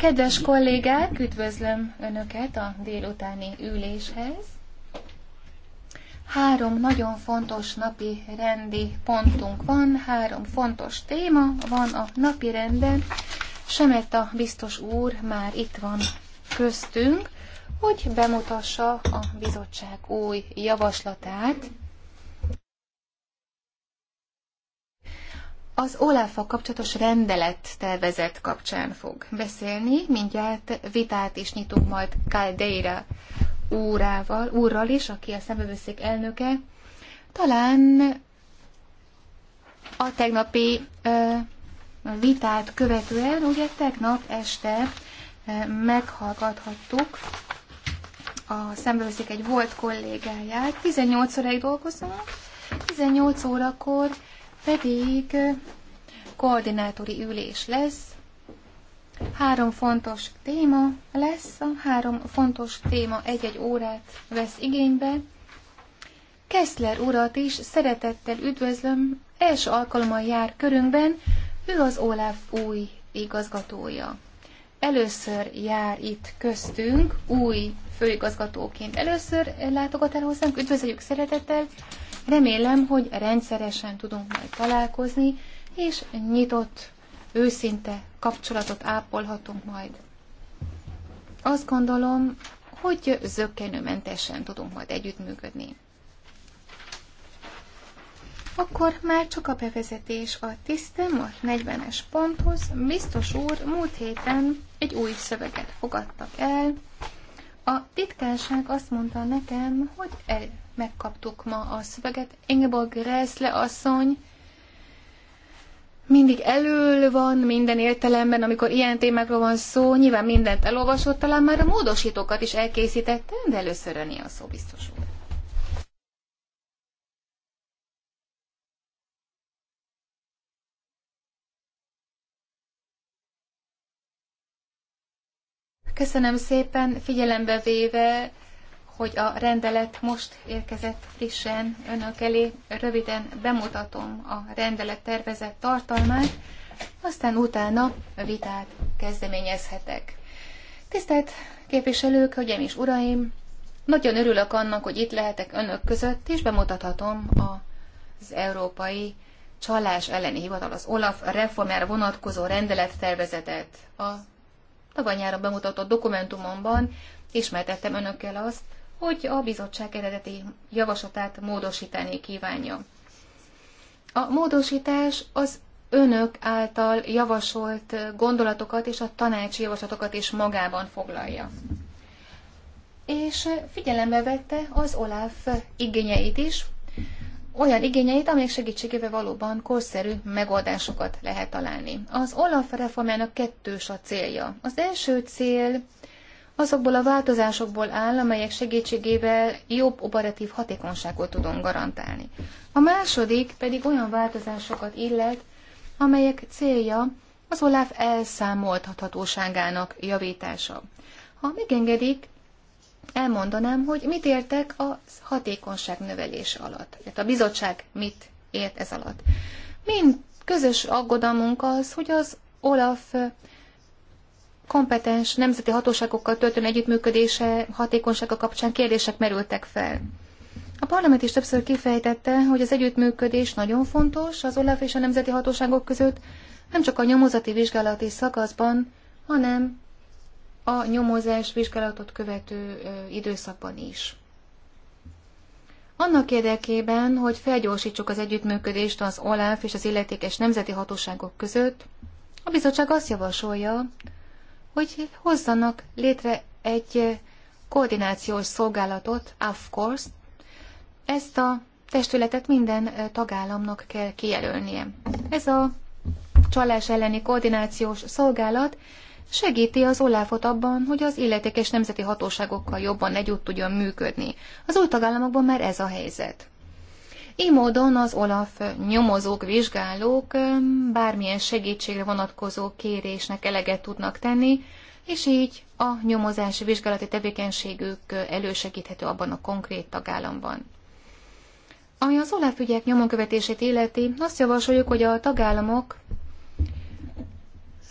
Kedves kollégák, üdvözlöm Önöket a délutáni üléshez. Három nagyon fontos napi rendi pontunk van, három fontos téma van a napi renden. Semeta biztos úr már itt van köztünk, hogy bemutassa a bizottság új javaslatát az olaf kapcsolatos rendelet tervezet kapcsán fog beszélni. Mindjárt vitát is nyitunk majd Caldeira úrával, úrral is, aki a szemövőszék elnöke. Talán a tegnapi ö, vitát követően, ugye tegnap este ö, meghallgathattuk a szemövőszék egy volt kollégáját. 18 óráig dolgozom, 18 órakor pedig koordinátori ülés lesz. Három fontos téma lesz, a három fontos téma egy-egy órát vesz igénybe. Keszler urat is szeretettel üdvözlöm, első alkalommal jár körünkben, ő az Olaf új igazgatója. Először jár itt köztünk, új főigazgatóként. Először látogat el hozzánk, üdvözöljük szeretettel, Remélem, hogy rendszeresen tudunk majd találkozni, és nyitott, őszinte kapcsolatot ápolhatunk majd. Azt gondolom, hogy zöggenőmentesen tudunk majd együttműködni. Akkor már csak a bevezetés a tisztem a 40-es ponthoz. Biztos úr múlt héten egy új szöveget fogadtak el, a titkárság azt mondta nekem, hogy el, megkaptuk ma a szöveget. Ingeborg Reszle asszony mindig elől van minden értelemben, amikor ilyen témákról van szó, nyilván mindent elolvasott, talán már a módosítókat is elkészítette, de először a szó biztos úr. Köszönöm szépen, figyelembe véve, hogy a rendelet most érkezett frissen önök elé. Röviden bemutatom a rendelet tervezett tartalmát, aztán utána vitát kezdeményezhetek. Tisztelt képviselők, hölgyeim és uraim! Nagyon örülök annak, hogy itt lehetek önök között, és bemutathatom az Európai Csalás elleni hivatal, az OLAF reformjára vonatkozó rendelettervezetet. A tavaly nyáron bemutatott dokumentumomban ismertettem önökkel azt, hogy a bizottság eredeti javaslatát módosítani kívánja. A módosítás az önök által javasolt gondolatokat és a tanácsi javaslatokat is magában foglalja. És figyelembe vette az Olaf igényeit is, olyan igényeit, amelyek segítségével valóban korszerű megoldásokat lehet találni. Az Olaf reformjának kettős a célja. Az első cél azokból a változásokból áll, amelyek segítségével jobb operatív hatékonyságot tudunk garantálni. A második pedig olyan változásokat illet, amelyek célja az Olaf elszámoltathatóságának javítása. Ha megengedik, elmondanám, hogy mit értek a hatékonyság növelése alatt. Tehát a bizottság mit ért ez alatt. Mind közös aggodalmunk az, hogy az Olaf kompetens nemzeti hatóságokkal történő együttműködése hatékonysága kapcsán kérdések merültek fel. A parlament is többször kifejtette, hogy az együttműködés nagyon fontos az OLAF és a nemzeti hatóságok között, nem csak a nyomozati vizsgálati szakaszban, hanem a nyomozás vizsgálatot követő időszakban is. Annak érdekében, hogy felgyorsítsuk az együttműködést az OLAF és az illetékes nemzeti hatóságok között, a bizottság azt javasolja, hogy hozzanak létre egy koordinációs szolgálatot, Of course, Ezt a testületet minden tagállamnak kell kijelölnie. Ez a csalás elleni koordinációs szolgálat segíti az Olafot abban, hogy az illetékes nemzeti hatóságokkal jobban együtt tudjon működni. Az új tagállamokban már ez a helyzet. Így módon az Olaf nyomozók, vizsgálók bármilyen segítségre vonatkozó kérésnek eleget tudnak tenni, és így a nyomozási vizsgálati tevékenységük elősegíthető abban a konkrét tagállamban. Ami az Olaf ügyek nyomon követését illeti, azt javasoljuk, hogy a tagállamok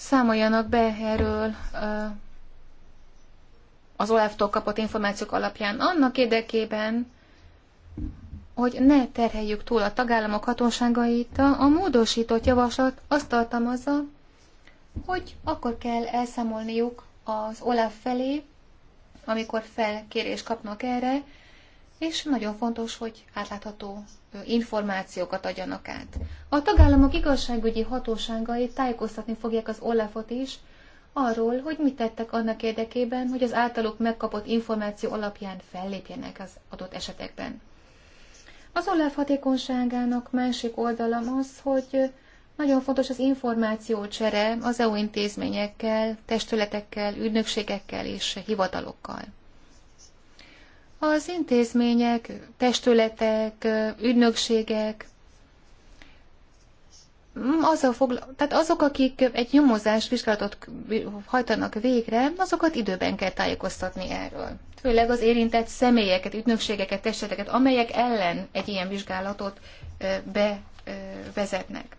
Számoljanak be erről az Olaftól kapott információk alapján annak érdekében, hogy ne terheljük túl a tagállamok hatóságait, a módosított javaslat azt tartalmazza, hogy akkor kell elszámolniuk az Olaf felé, amikor felkérés kapnak erre, és nagyon fontos, hogy átlátható információkat adjanak át. A tagállamok igazságügyi hatóságai tájékoztatni fogják az Olafot is arról, hogy mit tettek annak érdekében, hogy az általuk megkapott információ alapján fellépjenek az adott esetekben. Az Olaf hatékonyságának másik oldala az, hogy nagyon fontos az információcsere az EU intézményekkel, testületekkel, ügynökségekkel és hivatalokkal. Az intézmények, testületek, ügynökségek, az a fogla... tehát azok, akik egy nyomozás vizsgálatot hajtanak végre, azokat időben kell tájékoztatni erről. Főleg az érintett személyeket, ügynökségeket, testületeket, amelyek ellen egy ilyen vizsgálatot bevezetnek.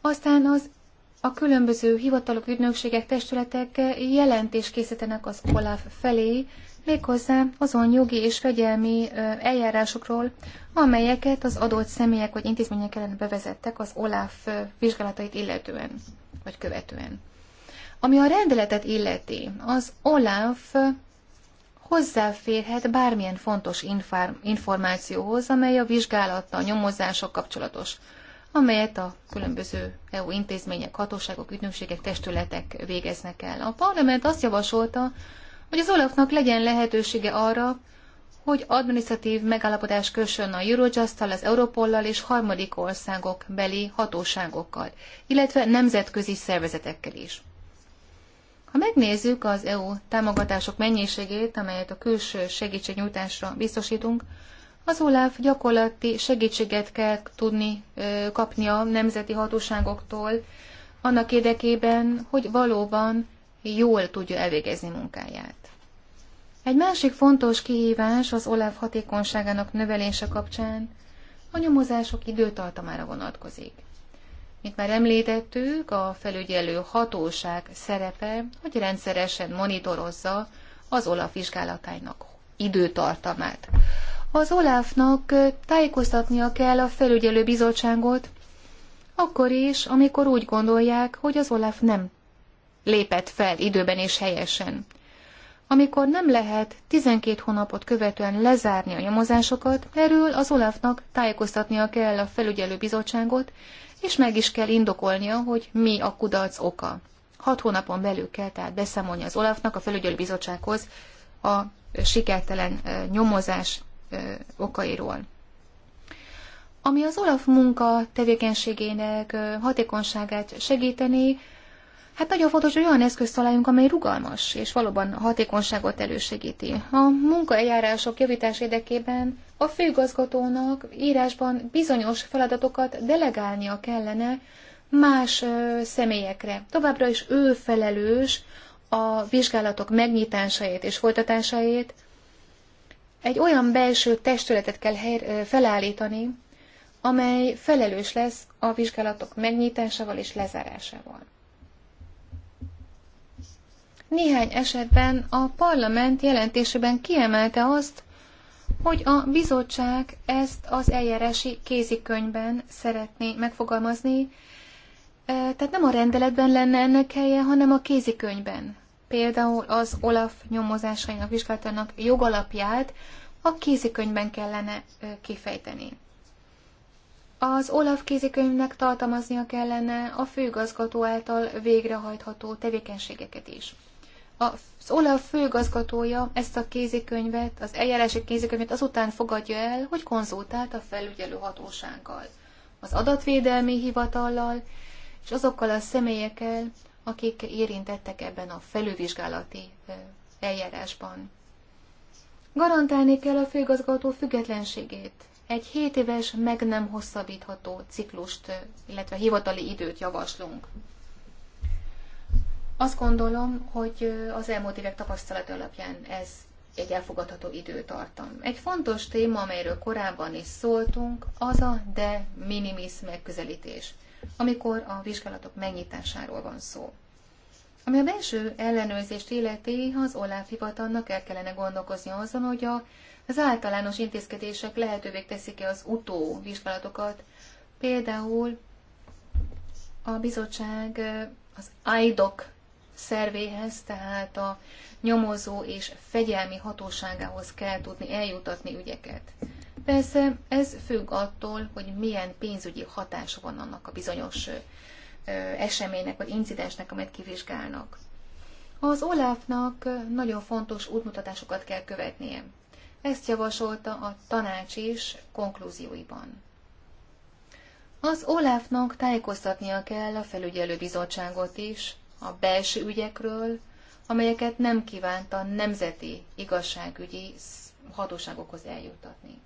Aztán az a különböző hivatalok, ügynökségek, testületek jelentést készítenek az OLAF felé, méghozzá azon jogi és fegyelmi eljárásokról, amelyeket az adott személyek vagy intézmények ellen bevezettek az OLAF vizsgálatait illetően, vagy követően. Ami a rendeletet illeti, az OLAF hozzáférhet bármilyen fontos információhoz, amely a vizsgálattal, nyomozással kapcsolatos amelyet a különböző EU intézmények, hatóságok, ügynökségek, testületek végeznek el. A parlament azt javasolta, hogy az Olafnak legyen lehetősége arra, hogy adminisztratív megállapodás kössön a eurojust az Europollal és harmadik országok beli hatóságokkal, illetve nemzetközi szervezetekkel is. Ha megnézzük az EU támogatások mennyiségét, amelyet a külső segítségnyújtásra biztosítunk, az OLAF gyakorlati segítséget kell tudni kapni a nemzeti hatóságoktól, annak érdekében, hogy valóban jól tudja elvégezni munkáját. Egy másik fontos kihívás az oláv hatékonyságának növelése kapcsán a nyomozások időtartamára vonatkozik. Mint már említettük, a felügyelő hatóság szerepe, hogy rendszeresen monitorozza az OLAF vizsgálatának időtartamát. Az Olafnak tájékoztatnia kell a felügyelő bizottságot, akkor is, amikor úgy gondolják, hogy az Olaf nem lépett fel időben és helyesen. Amikor nem lehet 12 hónapot követően lezárni a nyomozásokat, erről az Olafnak tájékoztatnia kell a felügyelő bizottságot, és meg is kell indokolnia, hogy mi a kudarc oka. Hat hónapon belül kell tehát beszámolni az Olafnak a felügyelő bizottsághoz a sikertelen nyomozás okairól. Ami az Olaf munka tevékenységének hatékonyságát segíteni, hát nagyon fontos, hogy olyan eszközt találjunk, amely rugalmas, és valóban hatékonyságot elősegíti. A munkaeljárások javítás érdekében a főgazgatónak írásban bizonyos feladatokat delegálnia kellene más személyekre. Továbbra is ő felelős a vizsgálatok megnyitásáért és folytatásáért, egy olyan belső testületet kell helyre, felállítani, amely felelős lesz a vizsgálatok megnyitásával és lezárásával. Néhány esetben a parlament jelentésében kiemelte azt, hogy a bizottság ezt az eljárási kézikönyvben szeretné megfogalmazni, tehát nem a rendeletben lenne ennek helye, hanem a kézikönyvben például az Olaf nyomozásainak, vizsgálatának jogalapját a kézikönyvben kellene kifejteni. Az Olaf kézikönyvnek tartalmaznia kellene a főgazgató által végrehajtható tevékenységeket is. Az Olaf főgazgatója ezt a kézikönyvet, az eljárási kézikönyvet azután fogadja el, hogy konzultált a felügyelő hatósággal, az adatvédelmi hivatallal és azokkal a személyekkel, akik érintettek ebben a felülvizsgálati eljárásban. Garantálni kell a főgazgató függetlenségét. Egy 7 éves, meg nem hosszabbítható ciklust, illetve hivatali időt javaslunk. Azt gondolom, hogy az elmúlt évek tapasztalat alapján ez egy elfogadható időtartam. Egy fontos téma, amelyről korábban is szóltunk, az a de minimis megközelítés amikor a vizsgálatok megnyitásáról van szó. Ami a belső ellenőrzést illeti, az Olaf hivatalnak el kellene gondolkozni azon, hogy a, az általános intézkedések lehetővé teszik-e az utó vizsgálatokat. Például a bizottság az IDOC szervéhez, tehát a nyomozó és fegyelmi hatóságához kell tudni eljutatni ügyeket. Persze ez függ attól, hogy milyen pénzügyi hatás van annak a bizonyos eseménynek vagy incidensnek, amelyet kivizsgálnak. Az Olafnak nagyon fontos útmutatásokat kell követnie. Ezt javasolta a tanács is konklúzióiban. Az Olafnak tájékoztatnia kell a felügyelőbizottságot is a belső ügyekről, amelyeket nem kívánta nemzeti igazságügyi hatóságokhoz eljutatni.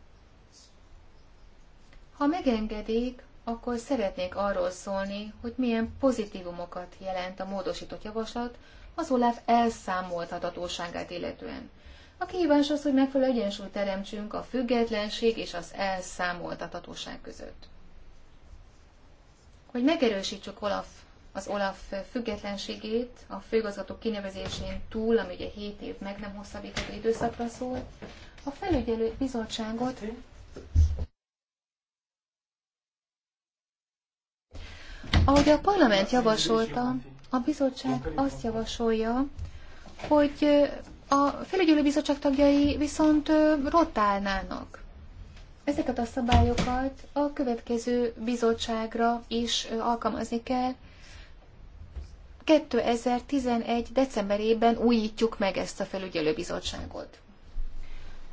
Ha megengedik, akkor szeretnék arról szólni, hogy milyen pozitívumokat jelent a módosított javaslat az Olaf elszámoltatatóságát illetően. A kívás az, hogy megfelelő egyensúlyt teremtsünk a függetlenség és az elszámoltatatóság között. Hogy megerősítsük Olaf, az Olaf függetlenségét a főgazgató kinevezésén túl, ami ugye 7 év meg nem hosszabbított időszakra szól, a felügyelő bizottságot Ahogy a parlament javasolta, a bizottság azt javasolja, hogy a felügyelő bizottság tagjai viszont rotálnának. Ezeket a szabályokat a következő bizottságra is alkalmazni kell. 2011. decemberében újítjuk meg ezt a felügyelőbizottságot.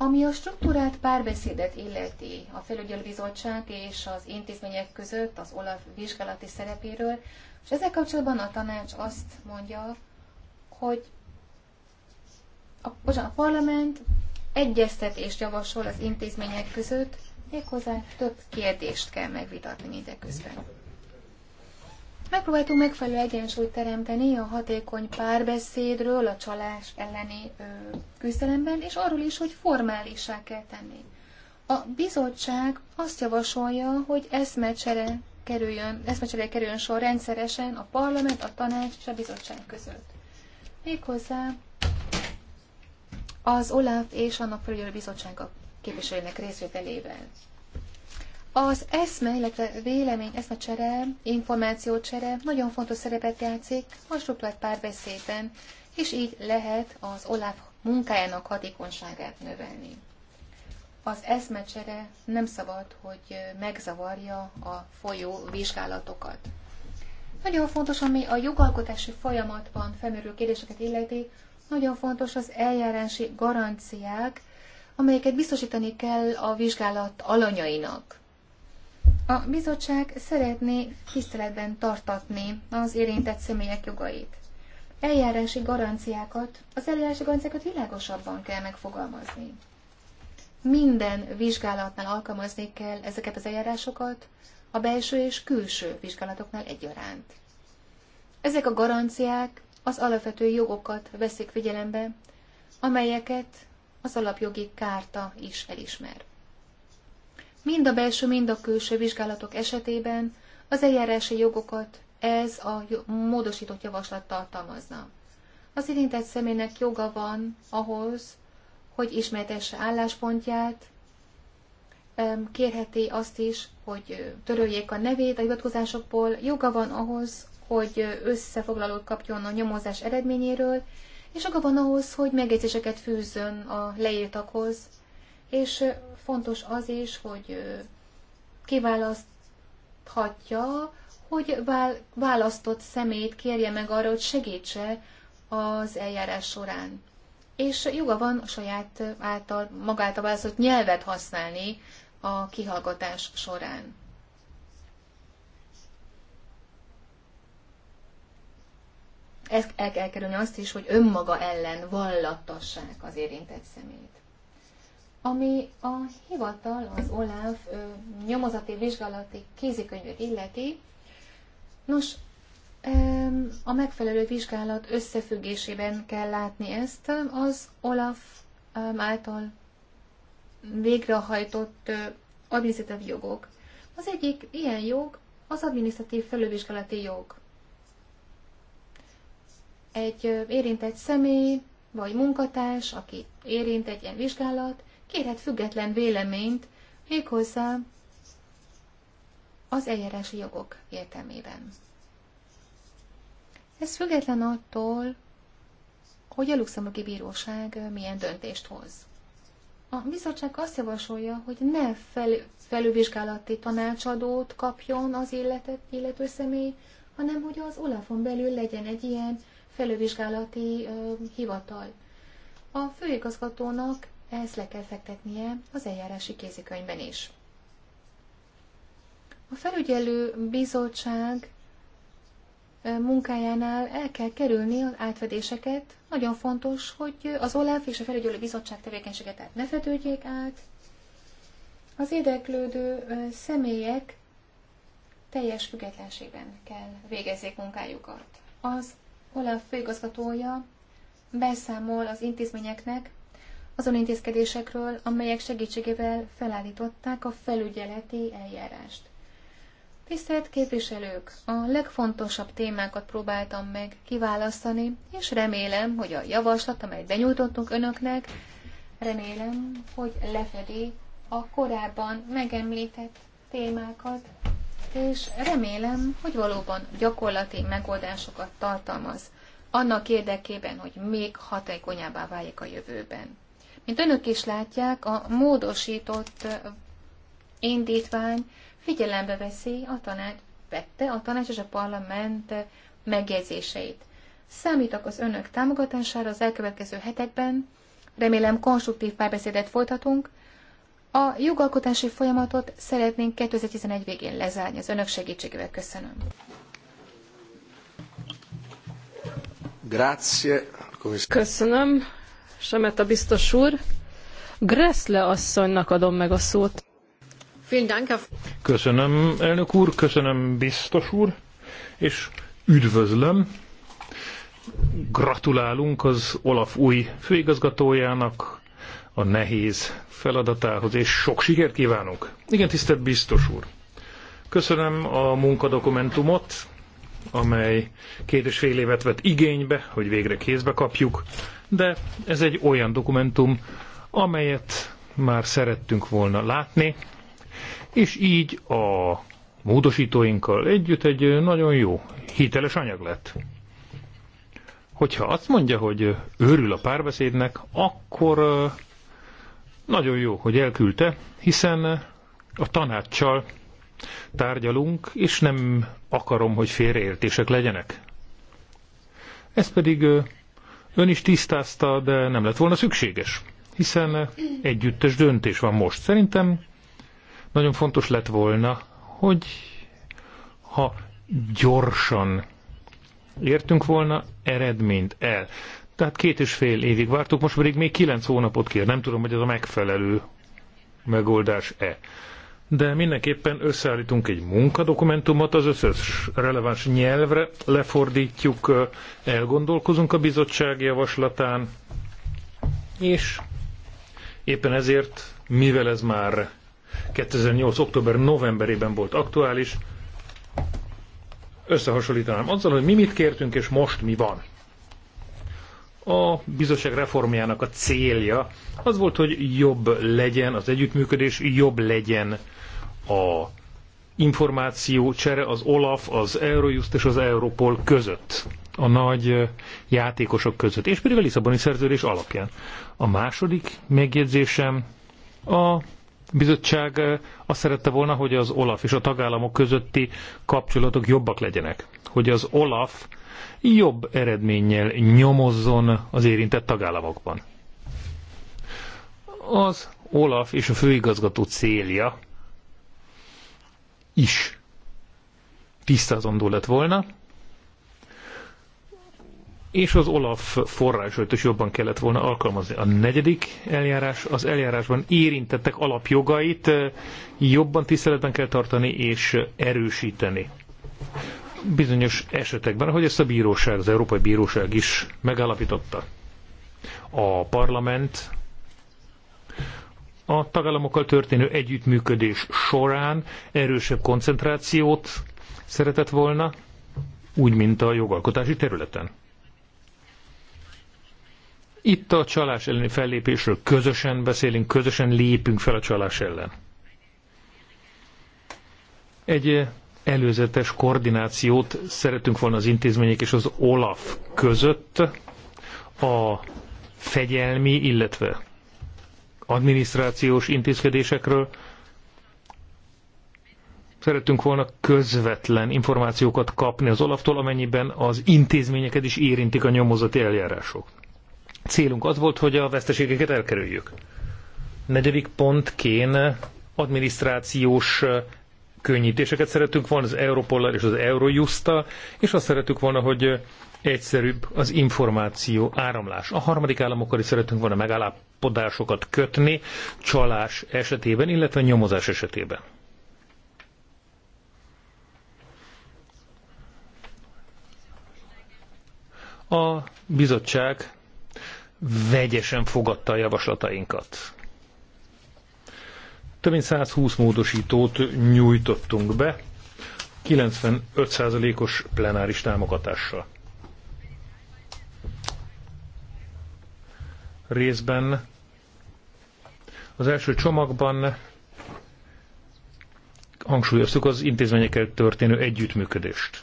Ami a struktúrált párbeszédet illeti a felügyelőbizottság és az intézmények között az OLAF vizsgálati szerepéről, és ezzel kapcsolatban a tanács azt mondja, hogy a, bocsánat, a parlament egyeztetést javasol az intézmények között, méghozzá több kérdést kell megvitatni mindeközben. Megpróbáltunk megfelelő egyensúlyt teremteni a hatékony párbeszédről, a csalás elleni ö, küzdelemben, és arról is, hogy formálissá kell tenni. A bizottság azt javasolja, hogy eszmecsere kerüljön, eszmecsere kerüljön sor rendszeresen a parlament, a tanács és a bizottság között. Méghozzá az OLAF és annak felügyelő bizottsága képviselőnek részvételével. Az eszme, illetve vélemény, csere, információcsere nagyon fontos szerepet játszik a struktúrált párbeszédben, és így lehet az OLAF munkájának hatékonyságát növelni. Az eszmecsere nem szabad, hogy megzavarja a folyó vizsgálatokat. Nagyon fontos, ami a jogalkotási folyamatban felmerülő kérdéseket illeti, nagyon fontos az eljárási garanciák, amelyeket biztosítani kell a vizsgálat alanyainak. A bizottság szeretné tiszteletben tartatni az érintett személyek jogait. Eljárási garanciákat, az eljárási garanciákat világosabban kell megfogalmazni. Minden vizsgálatnál alkalmazni kell ezeket az eljárásokat, a belső és külső vizsgálatoknál egyaránt. Ezek a garanciák az alapvető jogokat veszik figyelembe, amelyeket az alapjogi kárta is elismer. Mind a belső, mind a külső vizsgálatok esetében az eljárási jogokat ez a módosított javaslat tartalmazza. Az érintett személynek joga van ahhoz, hogy ismertesse álláspontját, kérheti azt is, hogy töröljék a nevét a hivatkozásokból, joga van ahhoz, hogy összefoglalót kapjon a nyomozás eredményéről, és joga van ahhoz, hogy megjegyzéseket fűzzön a leírtakhoz, és fontos az is, hogy kiválaszthatja, hogy választott szemét kérje meg arra, hogy segítse az eljárás során. És joga van a saját által, magát a választott nyelvet használni a kihallgatás során. Ezt el kell kerülni azt is, hogy önmaga ellen vallattassák az érintett szemét. Ami a hivatal, az OLAF nyomozati vizsgálati kézikönyvét illeti, nos, a megfelelő vizsgálat összefüggésében kell látni ezt, az OLAF által végrehajtott adminisztratív jogok. Az egyik ilyen jog az adminisztratív felülvizsgálati jog. Egy érintett személy vagy munkatárs, aki érint egy ilyen vizsgálat, kérhet független véleményt, méghozzá az eljárási jogok értelmében. Ez független attól, hogy a luxemburgi bíróság milyen döntést hoz. A bizottság azt javasolja, hogy ne fel, felülvizsgálati tanácsadót kapjon az illetett, illető személy, hanem hogy az Olafon belül legyen egy ilyen felülvizsgálati ö, hivatal. A főigazgatónak ezt le kell fektetnie az eljárási kézikönyvben is. A felügyelő bizottság munkájánál el kell kerülni az átfedéseket. Nagyon fontos, hogy az OLAF és a felügyelő bizottság tevékenységet át ne fedődjék át. Az érdeklődő személyek teljes függetlenségben kell végezzék munkájukat. Az OLAF főigazgatója beszámol az intézményeknek azon intézkedésekről, amelyek segítségével felállították a felügyeleti eljárást. Tisztelt képviselők, a legfontosabb témákat próbáltam meg kiválasztani, és remélem, hogy a javaslat, amelyet benyújtottunk önöknek, remélem, hogy lefedi a korábban megemlített témákat, és remélem, hogy valóban gyakorlati megoldásokat tartalmaz, annak érdekében, hogy még hatékonyabbá váljék a jövőben. Mint önök is látják, a módosított indítvány figyelembe veszi a tanács, vette a tanács és a parlament megjegyzéseit. Számítok az önök támogatására az elkövetkező hetekben, remélem konstruktív párbeszédet folytatunk, a jogalkotási folyamatot szeretnénk 2011 végén lezárni. Az önök segítségével köszönöm. Grazie. Köszönöm, Semeta biztos úr. Gressle asszonynak adom meg a szót. Köszönöm, elnök úr, köszönöm, biztos úr, és üdvözlöm. Gratulálunk az Olaf új főigazgatójának a nehéz feladatához, és sok sikert kívánunk. Igen, tisztelt biztos úr. Köszönöm a munkadokumentumot, amely két és fél évet vett igénybe, hogy végre kézbe kapjuk de ez egy olyan dokumentum, amelyet már szerettünk volna látni, és így a módosítóinkkal együtt egy nagyon jó, hiteles anyag lett. Hogyha azt mondja, hogy őrül a párbeszédnek, akkor nagyon jó, hogy elküldte, hiszen a tanácssal tárgyalunk, és nem akarom, hogy félreértések legyenek. Ez pedig Ön is tisztázta, de nem lett volna szükséges, hiszen eh, együttes döntés van most. Szerintem nagyon fontos lett volna, hogy ha gyorsan értünk volna eredményt el. Tehát két és fél évig vártuk, most pedig még kilenc hónapot kér. Nem tudom, hogy ez a megfelelő megoldás-e de mindenképpen összeállítunk egy munkadokumentumot az összes releváns nyelvre, lefordítjuk, elgondolkozunk a bizottság javaslatán, és éppen ezért, mivel ez már 2008. október-novemberében volt aktuális, összehasonlítanám azzal, hogy mi mit kértünk, és most mi van a bizottság reformjának a célja az volt, hogy jobb legyen az együttműködés, jobb legyen a információ csere az OLAF, az Eurojust és az Europol között, a nagy játékosok között, és pedig a Lisszaboni szerződés alapján. A második megjegyzésem a bizottság azt szerette volna, hogy az OLAF és a tagállamok közötti kapcsolatok jobbak legyenek. Hogy az OLAF jobb eredménnyel nyomozzon az érintett tagállamokban. Az Olaf és a főigazgató célja is tisztázandó lett volna, és az Olaf forrásait is jobban kellett volna alkalmazni. A negyedik eljárás, az eljárásban érintettek alapjogait jobban tiszteletben kell tartani és erősíteni bizonyos esetekben, ahogy ezt a bíróság, az Európai Bíróság is megállapította. A parlament a tagállamokkal történő együttműködés során erősebb koncentrációt szeretett volna, úgy, mint a jogalkotási területen. Itt a csalás elleni fellépésről közösen beszélünk, közösen lépünk fel a csalás ellen. Egy előzetes koordinációt szeretünk volna az intézmények és az OLAF között a fegyelmi, illetve adminisztrációs intézkedésekről. Szerettünk volna közvetlen információkat kapni az Olaf-tól amennyiben az intézményeket is érintik a nyomozati eljárások. Célunk az volt, hogy a veszteségeket elkerüljük. Negyedik kéne adminisztrációs könnyítéseket szeretünk volna az Europollal és az Eurojusta, és azt szeretünk, volna, hogy egyszerűbb az információ áramlás. A harmadik államokkal is szeretünk volna megállapodásokat kötni csalás esetében, illetve nyomozás esetében. A bizottság vegyesen fogadta a javaslatainkat. Több mint 120 módosítót nyújtottunk be, 95%-os plenáris támogatással. Részben az első csomagban hangsúlyoztuk az intézményekkel történő együttműködést.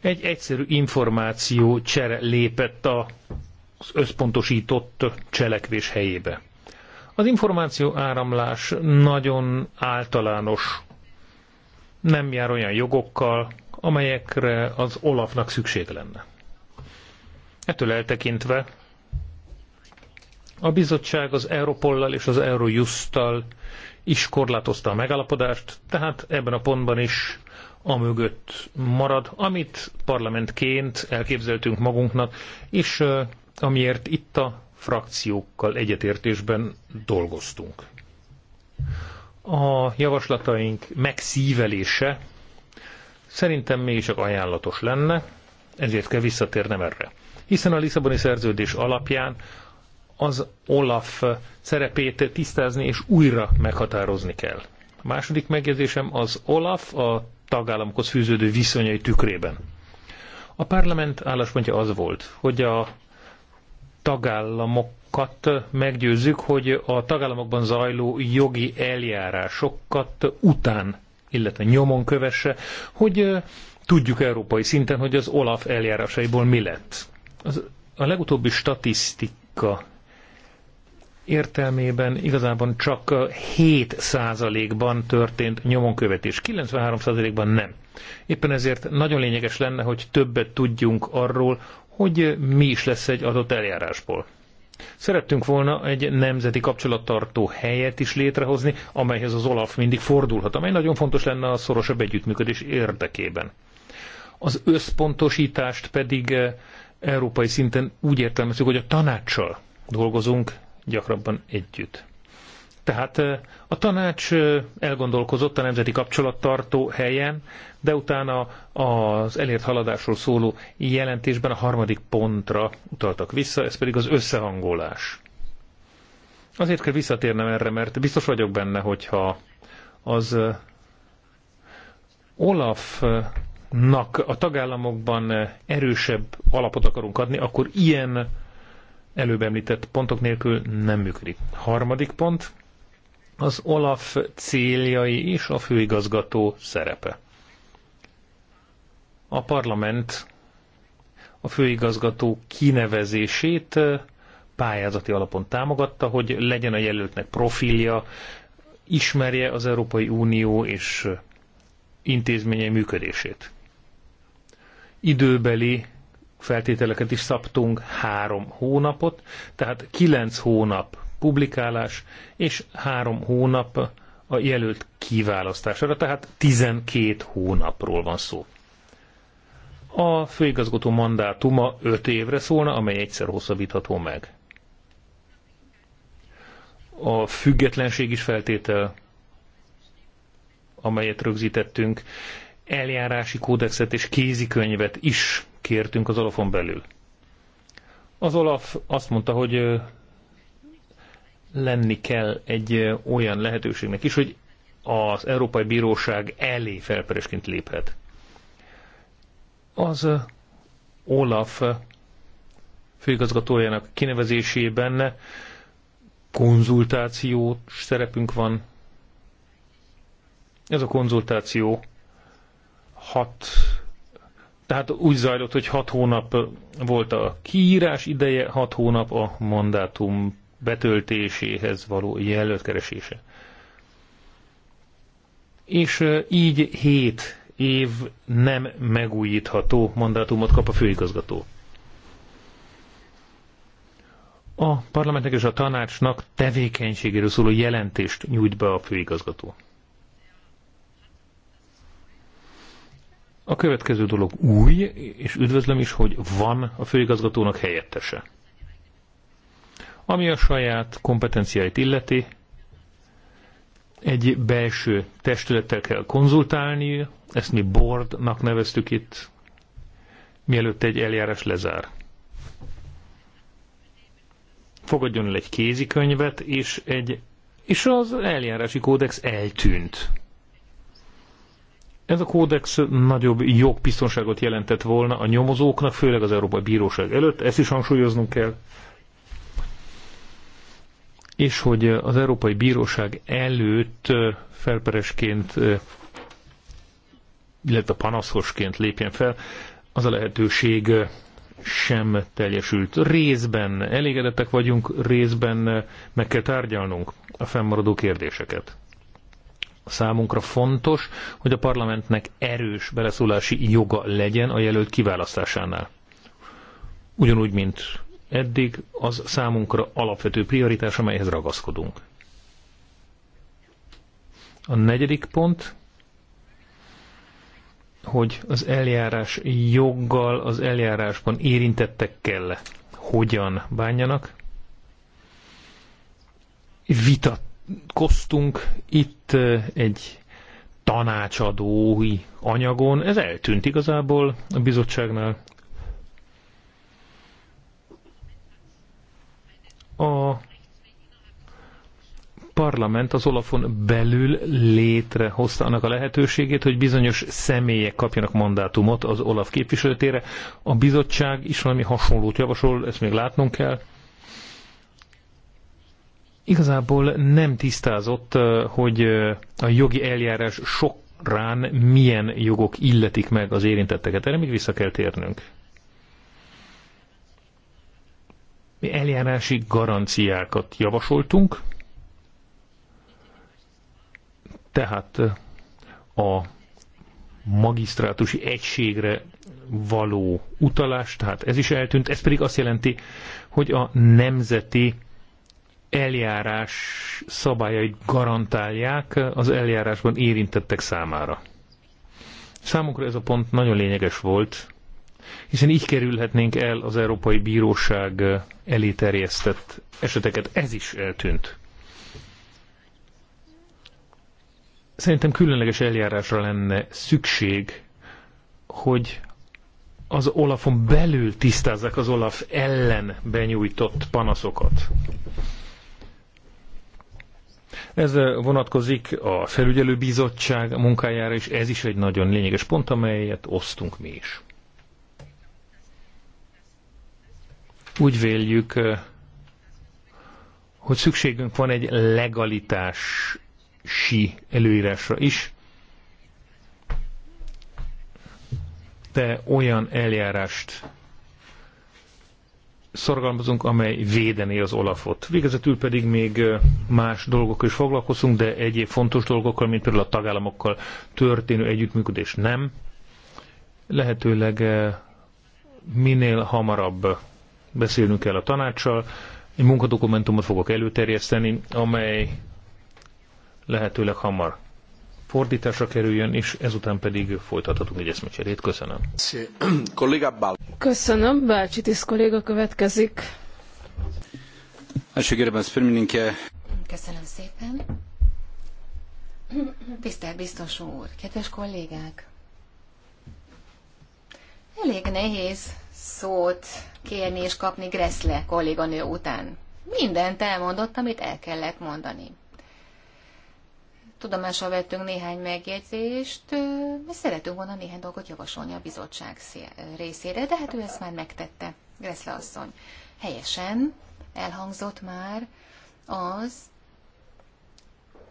Egy egyszerű információ csere lépett az összpontosított cselekvés helyébe. Az információ áramlás nagyon általános, nem jár olyan jogokkal, amelyekre az Olafnak szükség lenne. Ettől eltekintve a bizottság az Europollal és az Eurojusttal is korlátozta a megállapodást, tehát ebben a pontban is mögött marad, amit parlamentként elképzeltünk magunknak, és amiért itt a frakciókkal egyetértésben dolgoztunk. A javaslataink megszívelése szerintem mégiscsak ajánlatos lenne, ezért kell visszatérnem erre. Hiszen a Lisszaboni szerződés alapján az Olaf szerepét tisztázni és újra meghatározni kell. A második megjegyzésem az Olaf a tagállamokhoz fűződő viszonyai tükrében. A parlament álláspontja az volt, hogy a tagállamokat meggyőzzük, hogy a tagállamokban zajló jogi eljárásokat után, illetve nyomon kövesse, hogy tudjuk európai szinten, hogy az Olaf eljárásaiból mi lett. Az, a legutóbbi statisztika értelmében igazában csak 7%-ban történt nyomonkövetés, 93%-ban nem. Éppen ezért nagyon lényeges lenne, hogy többet tudjunk arról, hogy mi is lesz egy adott eljárásból. Szerettünk volna egy nemzeti kapcsolattartó helyet is létrehozni, amelyhez az OLAF mindig fordulhat, amely nagyon fontos lenne a szorosabb együttműködés érdekében. Az összpontosítást pedig eh, európai szinten úgy értelmezzük, hogy a tanácssal dolgozunk gyakrabban együtt. Tehát eh, a tanács eh, elgondolkozott a nemzeti kapcsolattartó helyen, de utána az elért haladásról szóló jelentésben a harmadik pontra utaltak vissza, ez pedig az összehangolás. Azért kell visszatérnem erre, mert biztos vagyok benne, hogyha az Olafnak a tagállamokban erősebb alapot akarunk adni, akkor ilyen előbb említett pontok nélkül nem működik. Harmadik pont, az Olaf céljai és a főigazgató szerepe a parlament a főigazgató kinevezését pályázati alapon támogatta, hogy legyen a jelöltnek profilja, ismerje az Európai Unió és intézményei működését. Időbeli feltételeket is szabtunk, három hónapot, tehát kilenc hónap publikálás, és három hónap a jelölt kiválasztására, tehát 12 hónapról van szó. A főigazgató mandátuma 5 évre szólna, amely egyszer hosszabbítható meg. A függetlenség is feltétel, amelyet rögzítettünk, eljárási kódexet és kézikönyvet is kértünk az Olafon belül. Az Olaf azt mondta, hogy lenni kell egy olyan lehetőségnek is, hogy az Európai Bíróság elé felperesként léphet. Az Olaf főigazgatójának kinevezésében konzultáció szerepünk van. Ez a konzultáció hat, tehát úgy zajlott, hogy hat hónap volt a kiírás ideje, hat hónap a mandátum betöltéséhez való jelöltkeresése. És így hét év nem megújítható mandátumot kap a főigazgató. A parlamentnek és a tanácsnak tevékenységéről szóló jelentést nyújt be a főigazgató. A következő dolog új, és üdvözlöm is, hogy van a főigazgatónak helyettese. Ami a saját kompetenciáit illeti, egy belső testülettel kell konzultálni ezt mi boardnak neveztük itt, mielőtt egy eljárás lezár. Fogadjon el egy kézikönyvet, és, egy, és az eljárási kódex eltűnt. Ez a kódex nagyobb jogbiztonságot jelentett volna a nyomozóknak, főleg az Európai Bíróság előtt, ezt is hangsúlyoznunk kell. És hogy az Európai Bíróság előtt felperesként illetve panaszosként lépjen fel, az a lehetőség sem teljesült. Részben elégedettek vagyunk, részben meg kell tárgyalnunk a fennmaradó kérdéseket. Számunkra fontos, hogy a parlamentnek erős beleszólási joga legyen a jelölt kiválasztásánál. Ugyanúgy, mint eddig, az számunkra alapvető prioritás, amelyhez ragaszkodunk. A negyedik pont hogy az eljárás joggal, az eljárásban érintettekkel hogyan bánjanak. Vitatkoztunk itt egy tanácsadói anyagon, ez eltűnt igazából a bizottságnál. A parlament az Olafon belül létrehozta annak a lehetőségét, hogy bizonyos személyek kapjanak mandátumot az Olaf képviselőtére. A bizottság is valami hasonlót javasol, ezt még látnunk kell. Igazából nem tisztázott, hogy a jogi eljárás sok rán milyen jogok illetik meg az érintetteket. Erre még vissza kell térnünk. Mi eljárási garanciákat javasoltunk, tehát a magisztrátusi egységre való utalás, tehát ez is eltűnt, ez pedig azt jelenti, hogy a nemzeti eljárás szabályait garantálják az eljárásban érintettek számára. Számunkra ez a pont nagyon lényeges volt, hiszen így kerülhetnénk el az Európai Bíróság elé terjesztett eseteket. Ez is eltűnt. Szerintem különleges eljárásra lenne szükség, hogy az Olafon belül tisztázzák az Olaf ellen benyújtott panaszokat. Ez eh, vonatkozik a felügyelőbizottság munkájára, és ez is egy nagyon lényeges pont, amelyet osztunk mi is. Úgy véljük, eh, hogy szükségünk van egy legalitás sí előírásra is, de olyan eljárást szorgalmazunk, amely védené az Olafot. Végezetül pedig még más dolgokkal is foglalkozunk, de egyéb fontos dolgokkal, mint például a tagállamokkal történő együttműködés nem. Lehetőleg minél hamarabb beszélnünk kell a tanácssal. Egy munkadokumentumot fogok előterjeszteni, amely lehetőleg hamar fordításra kerüljön, és ezután pedig folytathatunk egy eszmecserét. Köszönöm. Köszönöm, Bácsitis kolléga következik. Köszönöm szépen. Tisztelt biztos úr, kedves kollégák! Elég nehéz szót kérni és kapni greszle kolléganő után. Mindent elmondott, amit el kellett mondani tudomásra vettünk néhány megjegyzést, mi szeretünk volna néhány dolgot javasolni a bizottság részére, de hát ő ezt már megtette, Greszle asszony. Helyesen elhangzott már az,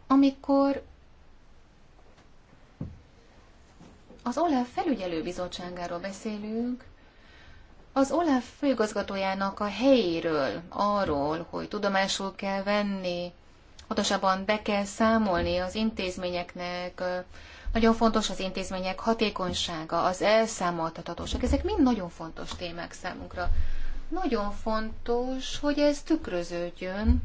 amikor az OLAF felügyelőbizottságáról beszélünk, az OLAF főgazgatójának a helyéről, arról, hogy tudomásul kell venni pontosabban be kell számolni az intézményeknek, nagyon fontos az intézmények hatékonysága, az elszámoltatatóság. Ezek mind nagyon fontos témák számunkra. Nagyon fontos, hogy ez tükröződjön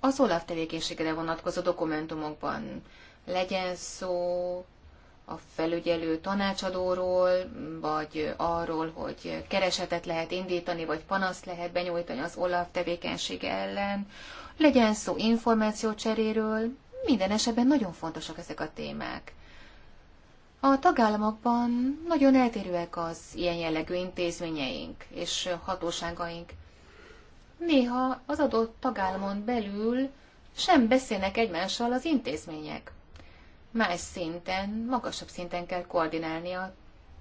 az OLAF tevékenységére vonatkozó dokumentumokban. Legyen szó a felügyelő tanácsadóról, vagy arról, hogy keresetet lehet indítani, vagy panaszt lehet benyújtani az OLAF tevékenysége ellen. Legyen szó információcseréről, minden esetben nagyon fontosak ezek a témák. A tagállamokban nagyon eltérőek az ilyen jellegű intézményeink és hatóságaink. Néha az adott tagállamon belül sem beszélnek egymással az intézmények más szinten, magasabb szinten kell koordinálni a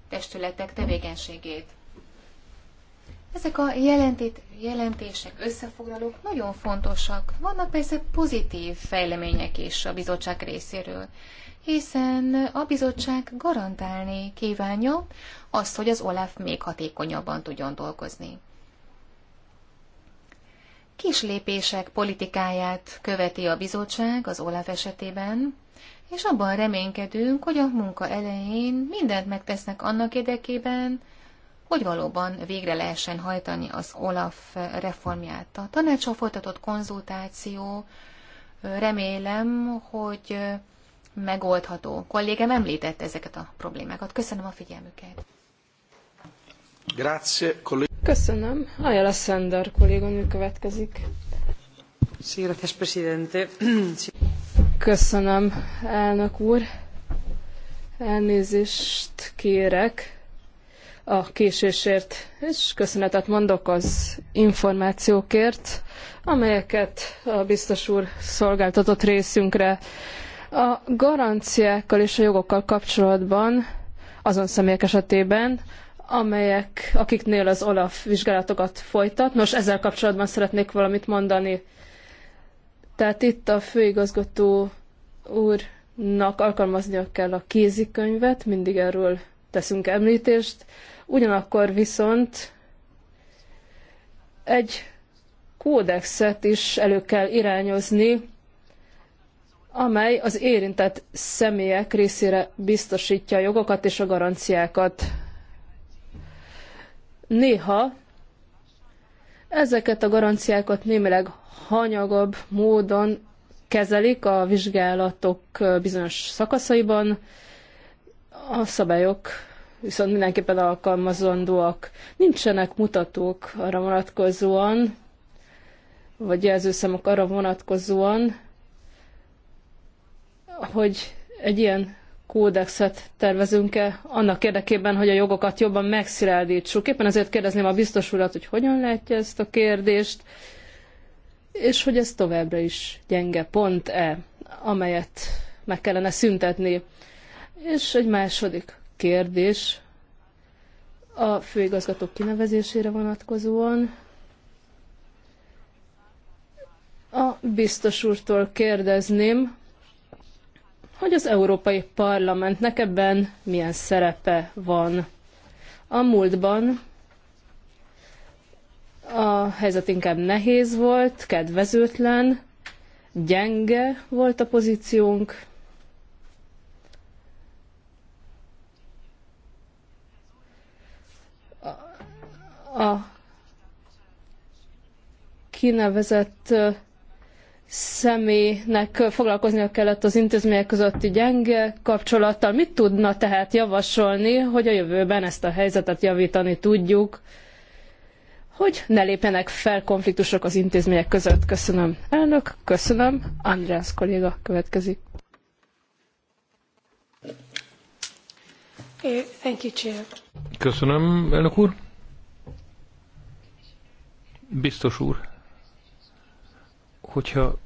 testületek tevékenységét. Ezek a jelentét, jelentések, összefoglalók nagyon fontosak. Vannak persze pozitív fejlemények is a bizottság részéről, hiszen a bizottság garantálni kívánja azt, hogy az OLAF még hatékonyabban tudjon dolgozni. Kis lépések politikáját követi a bizottság az OLAF esetében, és abban reménykedünk, hogy a munka elején mindent megtesznek annak érdekében, hogy valóban végre lehessen hajtani az Olaf reformját. A tanácsa folytatott konzultáció remélem, hogy megoldható. A kollégám említette ezeket a problémákat. Köszönöm a figyelmüket. Grazie, Köszönöm. Ajala Szender kolléganő következik. Sí, gracias, presidente. Köszönöm, elnök úr. Elnézést kérek a késésért, és köszönetet mondok az információkért, amelyeket a biztos úr szolgáltatott részünkre. A garanciákkal és a jogokkal kapcsolatban azon személyek esetében, amelyek, akiknél az OLAF vizsgálatokat folytat. Nos, ezzel kapcsolatban szeretnék valamit mondani. Tehát itt a főigazgató úrnak alkalmaznia kell a kézikönyvet, mindig erről teszünk említést. Ugyanakkor viszont egy kódexet is elő kell irányozni, amely az érintett személyek részére biztosítja a jogokat és a garanciákat. Néha Ezeket a garanciákat némileg hanyagabb módon kezelik a vizsgálatok bizonyos szakaszaiban. A szabályok viszont mindenképpen alkalmazandóak. Nincsenek mutatók arra vonatkozóan, vagy jelzőszemok arra vonatkozóan, hogy egy ilyen kódexet tervezünk-e annak érdekében, hogy a jogokat jobban megszilárdítsuk. Éppen ezért kérdezném a biztos urat, hogy hogyan látja ezt a kérdést, és hogy ez továbbra is gyenge pont-e, amelyet meg kellene szüntetni. És egy második kérdés a főigazgatók kinevezésére vonatkozóan. A biztos úrtól kérdezném, hogy az Európai Parlamentnek ebben milyen szerepe van. A múltban a helyzet inkább nehéz volt, kedvezőtlen, gyenge volt a pozíciónk. A kinevezett személynek foglalkoznia kellett az intézmények közötti gyenge kapcsolattal. Mit tudna tehát javasolni, hogy a jövőben ezt a helyzetet javítani tudjuk, hogy ne lépjenek fel konfliktusok az intézmények között? Köszönöm. Elnök, köszönöm. András kolléga következik. Eh, thank you, Chair. Köszönöm, elnök úr. Biztos úr hogyha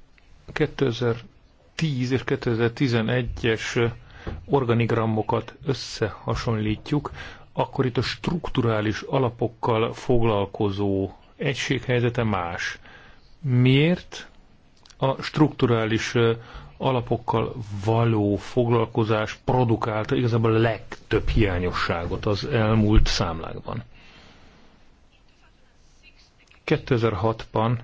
2010 és 2011-es organigrammokat összehasonlítjuk, akkor itt a strukturális alapokkal foglalkozó egységhelyzete más. Miért a strukturális alapokkal való foglalkozás produkálta igazából a legtöbb hiányosságot az elmúlt számlákban? 2006-ban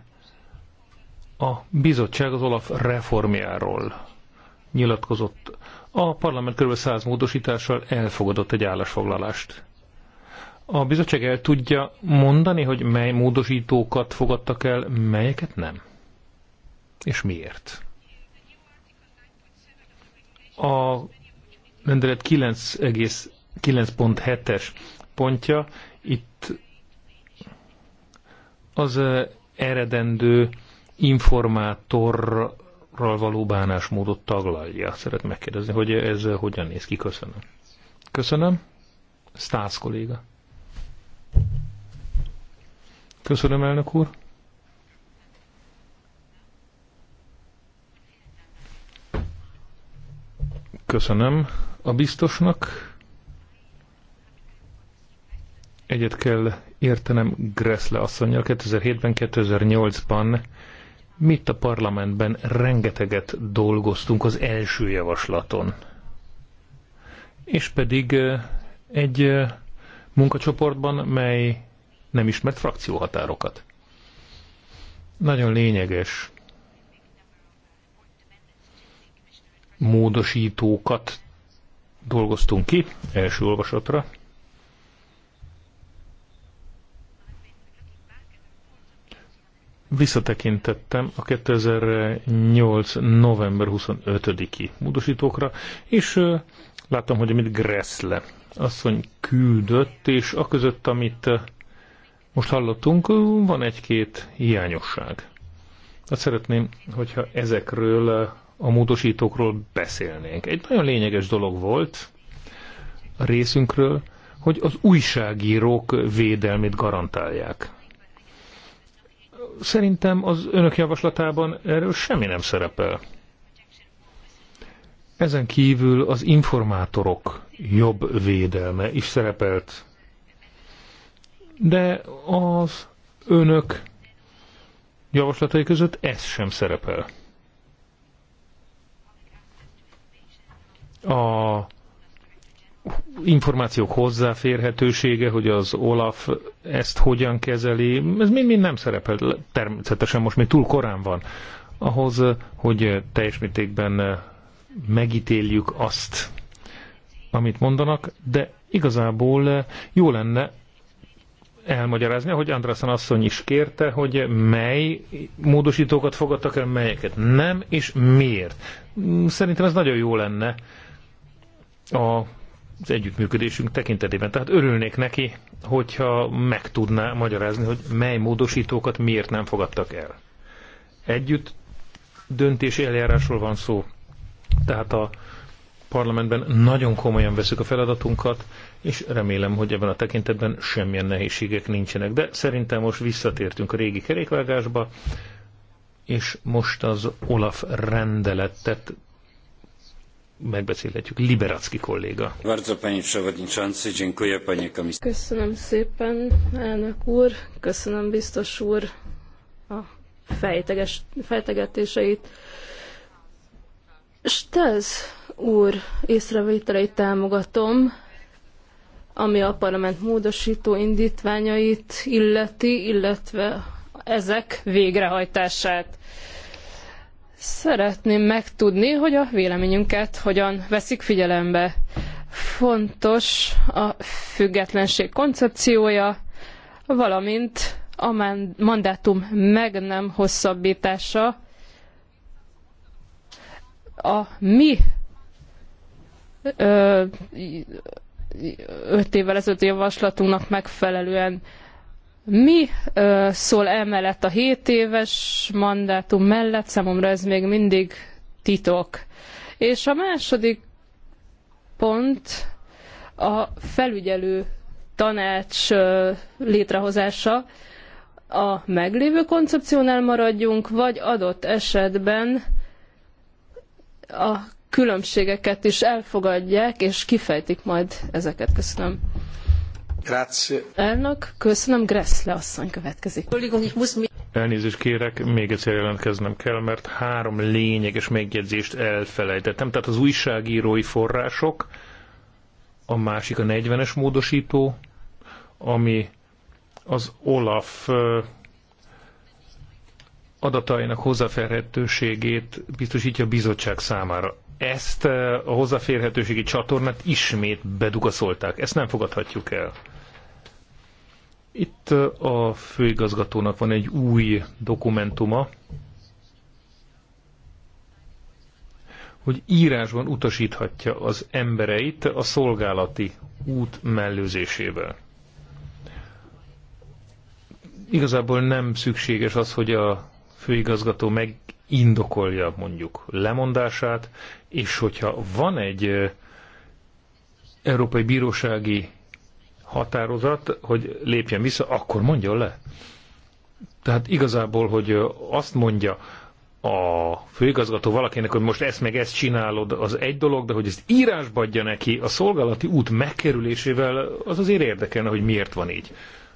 a bizottság az Olaf reformjáról nyilatkozott. A parlament kb. 100 módosítással elfogadott egy állásfoglalást. A bizottság el tudja mondani, hogy mely módosítókat fogadtak el, melyeket nem? És miért? A rendelet 9,9.7-es pontja itt az eredendő informátorral való bánásmódot taglalja. Szeret megkérdezni, hogy ez hogyan néz ki. Köszönöm. Köszönöm. Stász kolléga. Köszönöm, elnök úr. Köszönöm a biztosnak. Egyet kell értenem Gressle asszonynal. 2007-ben, 2008-ban mi itt a parlamentben rengeteget dolgoztunk az első javaslaton. És pedig egy munkacsoportban, mely nem ismert frakcióhatárokat. Nagyon lényeges módosítókat dolgoztunk ki első olvasatra, Visszatekintettem a 2008. november 25-i módosítókra, és láttam, hogy amit Gressle asszony küldött, és a között, amit most hallottunk, van egy-két hiányosság. Hát szeretném, hogyha ezekről a módosítókról beszélnénk. Egy nagyon lényeges dolog volt a részünkről, hogy az újságírók védelmét garantálják. Szerintem az önök javaslatában erről semmi nem szerepel. Ezen kívül az informátorok jobb védelme is szerepelt. De az önök javaslatai között ez sem szerepel. A információk hozzáférhetősége, hogy az Olaf ezt hogyan kezeli, ez mind-mind nem szerepel. Természetesen most még túl korán van ahhoz, hogy teljes mértékben megítéljük azt, amit mondanak, de igazából jó lenne elmagyarázni, hogy Andrászan asszony is kérte, hogy mely módosítókat fogadtak el, melyeket nem, és miért. Szerintem ez nagyon jó lenne a az együttműködésünk tekintetében. Tehát örülnék neki, hogyha meg tudná magyarázni, hogy mely módosítókat miért nem fogadtak el. Együtt döntési eljárásról van szó. Tehát a parlamentben nagyon komolyan veszük a feladatunkat, és remélem, hogy ebben a tekintetben semmilyen nehézségek nincsenek. De szerintem most visszatértünk a régi kerékvágásba, és most az Olaf rendeletet megbeszélhetjük. Liberacki kolléga. Köszönöm szépen, elnök úr, köszönöm biztos úr a fejteges, fejtegetéseit. Stez úr észrevételeit támogatom, ami a parlament módosító indítványait illeti, illetve ezek végrehajtását. Szeretném megtudni, hogy a véleményünket hogyan veszik figyelembe. Fontos a függetlenség koncepciója, valamint a mandátum meg nem hosszabbítása, a mi ö, öt évvel ezelőtti javaslatunknak megfelelően mi ö, szól emellett a 7 éves mandátum mellett? Számomra ez még mindig titok. És a második pont a felügyelő tanács ö, létrehozása. A meglévő koncepciónál maradjunk, vagy adott esetben a különbségeket is elfogadják, és kifejtik majd ezeket. Köszönöm. Elnök, köszönöm, Gressle asszony következik. Elnézést kérek, még egyszer jelentkeznem kell, mert három lényeges megjegyzést elfelejtettem. Tehát az újságírói források, a másik a 40-es módosító, ami az Olaf adatainak hozzáférhetőségét biztosítja a bizottság számára. Ezt a hozzáférhetőségi csatornát ismét bedugaszolták. Ezt nem fogadhatjuk el. Itt a főigazgatónak van egy új dokumentuma, hogy írásban utasíthatja az embereit a szolgálati út mellőzésével. Igazából nem szükséges az, hogy a főigazgató megindokolja mondjuk lemondását, és hogyha van egy Európai Bírósági határozat, hogy lépjen vissza, akkor mondjon le. Tehát igazából, hogy azt mondja a főigazgató valakinek, hogy most ezt meg ezt csinálod, az egy dolog, de hogy ezt írásba adja neki a szolgálati út megkerülésével, az azért érdekelne, hogy miért van így.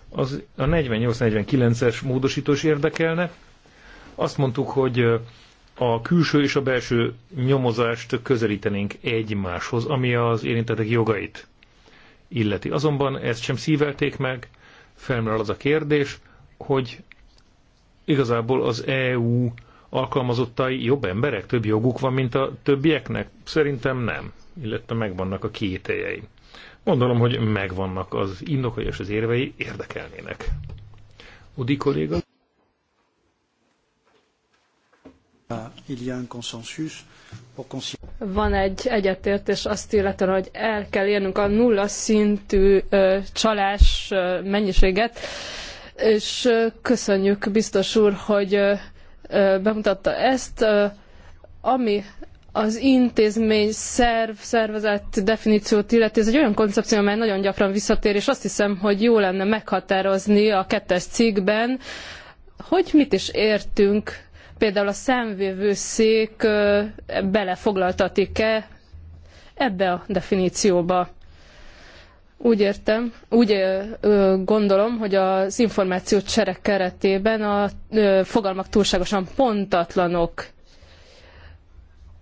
Az a 48-49-es módosítós érdekelne. Azt mondtuk, hogy a külső és a belső nyomozást közelítenénk egymáshoz, ami az érintettek jogait illeti. Azonban ezt sem szívelték meg, felmerül az a kérdés, hogy igazából az EU alkalmazottai jobb emberek, több joguk van, mint a többieknek? Szerintem nem, illetve megvannak a kételjei. Gondolom, hogy megvannak az indokai és az érvei érdekelnének. Udi kolléga? Van egy egyetértés azt illetően, hogy el kell érnünk a nulla szintű csalás mennyiséget, és köszönjük biztos úr, hogy bemutatta ezt, ami az intézmény, szerv, szervezet definíciót illeti, ez egy olyan koncepció, amely nagyon gyakran visszatér, és azt hiszem, hogy jó lenne meghatározni a kettes cikkben, hogy mit is értünk például a számvevőszék belefoglaltatik-e ebbe a definícióba. Úgy értem, úgy gondolom, hogy az információcsere keretében a fogalmak túlságosan pontatlanok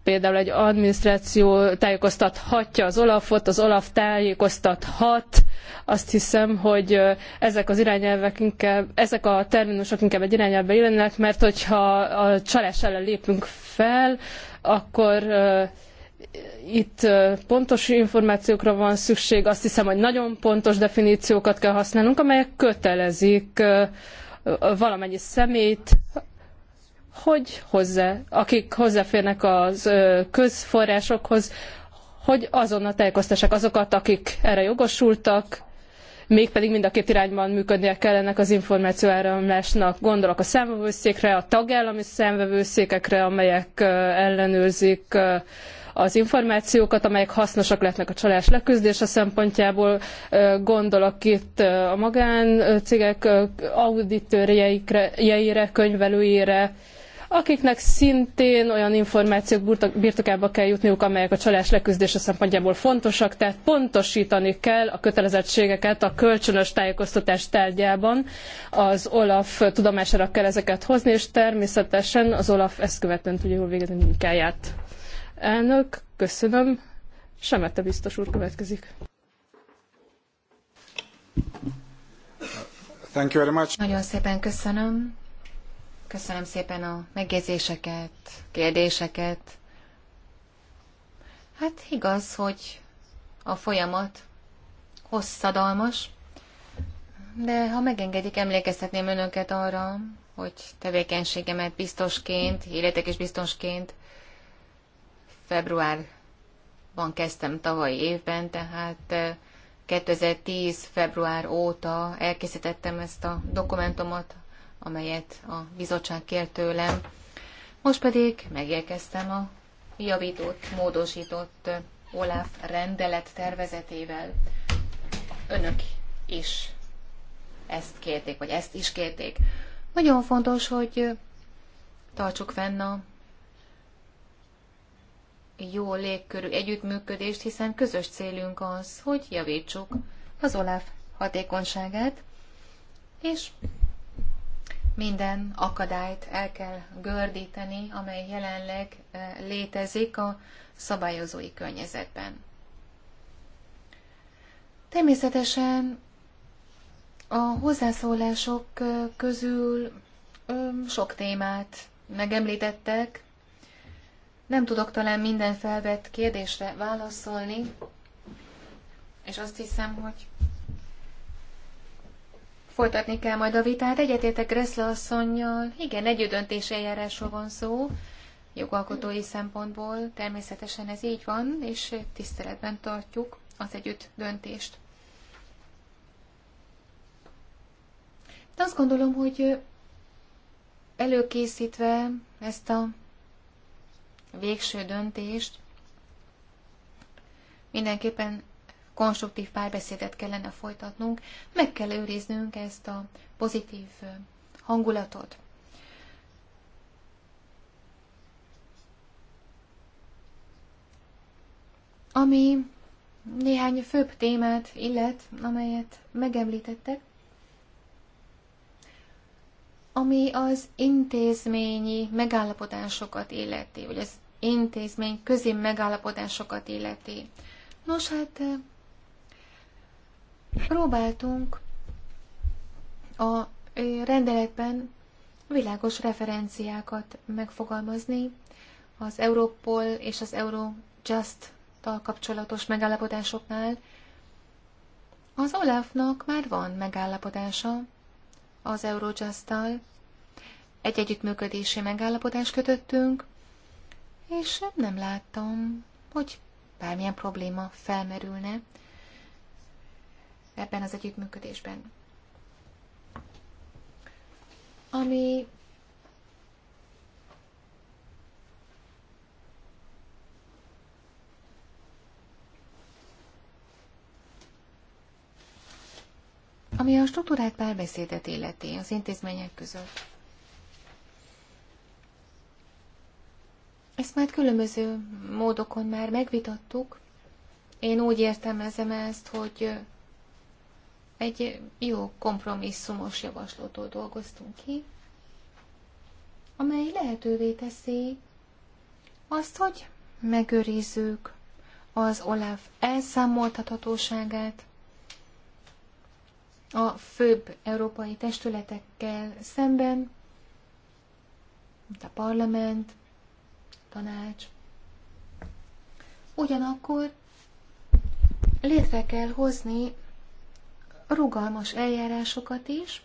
például egy adminisztráció tájékoztathatja az Olafot, az Olaf tájékoztathat. Azt hiszem, hogy ezek az irányelvek inkább, ezek a terminusok inkább egy irányelvbe illenek, mert hogyha a csalás ellen lépünk fel, akkor itt pontos információkra van szükség, azt hiszem, hogy nagyon pontos definíciókat kell használnunk, amelyek kötelezik valamennyi szemét hogy hozzá, akik hozzáférnek az közforrásokhoz, hogy azonnal tájékoztassák azokat, akik erre jogosultak, mégpedig mind a két irányban működnie kellene az információáramlásnak. Gondolok a számvevőszékre, a tagállami számvevőszékekre, amelyek ellenőrzik az információkat, amelyek hasznosak lehetnek a csalás leküzdése szempontjából. Gondolok itt a magáncégek auditőrjeire, könyvelőire, akiknek szintén olyan információk birtokába kell jutniuk, amelyek a csalás leküzdése szempontjából fontosak, tehát pontosítani kell a kötelezettségeket a kölcsönös tájékoztatás tárgyában. Az OLAF tudomására kell ezeket hozni, és természetesen az OLAF ezt követően tudja jól végezni munkáját. Elnök, köszönöm. Semette biztos úr következik. Nagyon szépen köszönöm. Köszönöm szépen a megjegyzéseket, kérdéseket. Hát igaz, hogy a folyamat hosszadalmas, de ha megengedik, emlékeztetném önöket arra, hogy tevékenységemet biztosként, életek is biztosként februárban kezdtem tavaly évben, tehát 2010. Eh, február óta elkészítettem ezt a dokumentumot, amelyet a bizottság kért tőlem. Most pedig megérkeztem a javított, módosított Olaf rendelet tervezetével. Önök is ezt kérték, vagy ezt is kérték. Nagyon fontos, hogy tartsuk fenn a jó légkörű együttműködést, hiszen közös célunk az, hogy javítsuk az Olaf hatékonyságát, és minden akadályt el kell gördíteni, amely jelenleg eh, létezik a szabályozói környezetben. Természetesen a hozzászólások eh, közül sok témát megemlítettek. Nem tudok talán minden felvett kérdésre válaszolni, és azt hiszem, hogy Folytatni kell majd a vitát. Egyetértek Greszle asszonynal. Igen, együttdöntés eljárásról van szó. Jogalkotói szempontból természetesen ez így van, és tiszteletben tartjuk az együtt döntést. De azt gondolom, hogy előkészítve ezt a végső döntést, mindenképpen konstruktív párbeszédet kellene folytatnunk, meg kell őriznünk ezt a pozitív hangulatot. Ami néhány főbb témát illet, amelyet megemlítettek, ami az intézményi megállapodásokat illeti, vagy az intézmény közé megállapodásokat illeti. Nos, hát Próbáltunk a rendeletben világos referenciákat megfogalmazni az Europol és az Eurojust-tal kapcsolatos megállapodásoknál. Az Olafnak már van megállapodása az Eurojust-tal, egy együttműködési megállapodást kötöttünk, és nem láttam, hogy bármilyen probléma felmerülne ebben az együttműködésben. Ami ami a struktúrált párbeszédet illeti az intézmények között. Ezt már különböző módokon már megvitattuk. Én úgy értelmezem ezt, hogy egy jó kompromisszumos javaslatot dolgoztunk ki, amely lehetővé teszi azt, hogy megőrizzük az Olaf elszámoltathatóságát a főbb európai testületekkel szemben, mint a parlament, a tanács. Ugyanakkor létre kell hozni rugalmas eljárásokat is,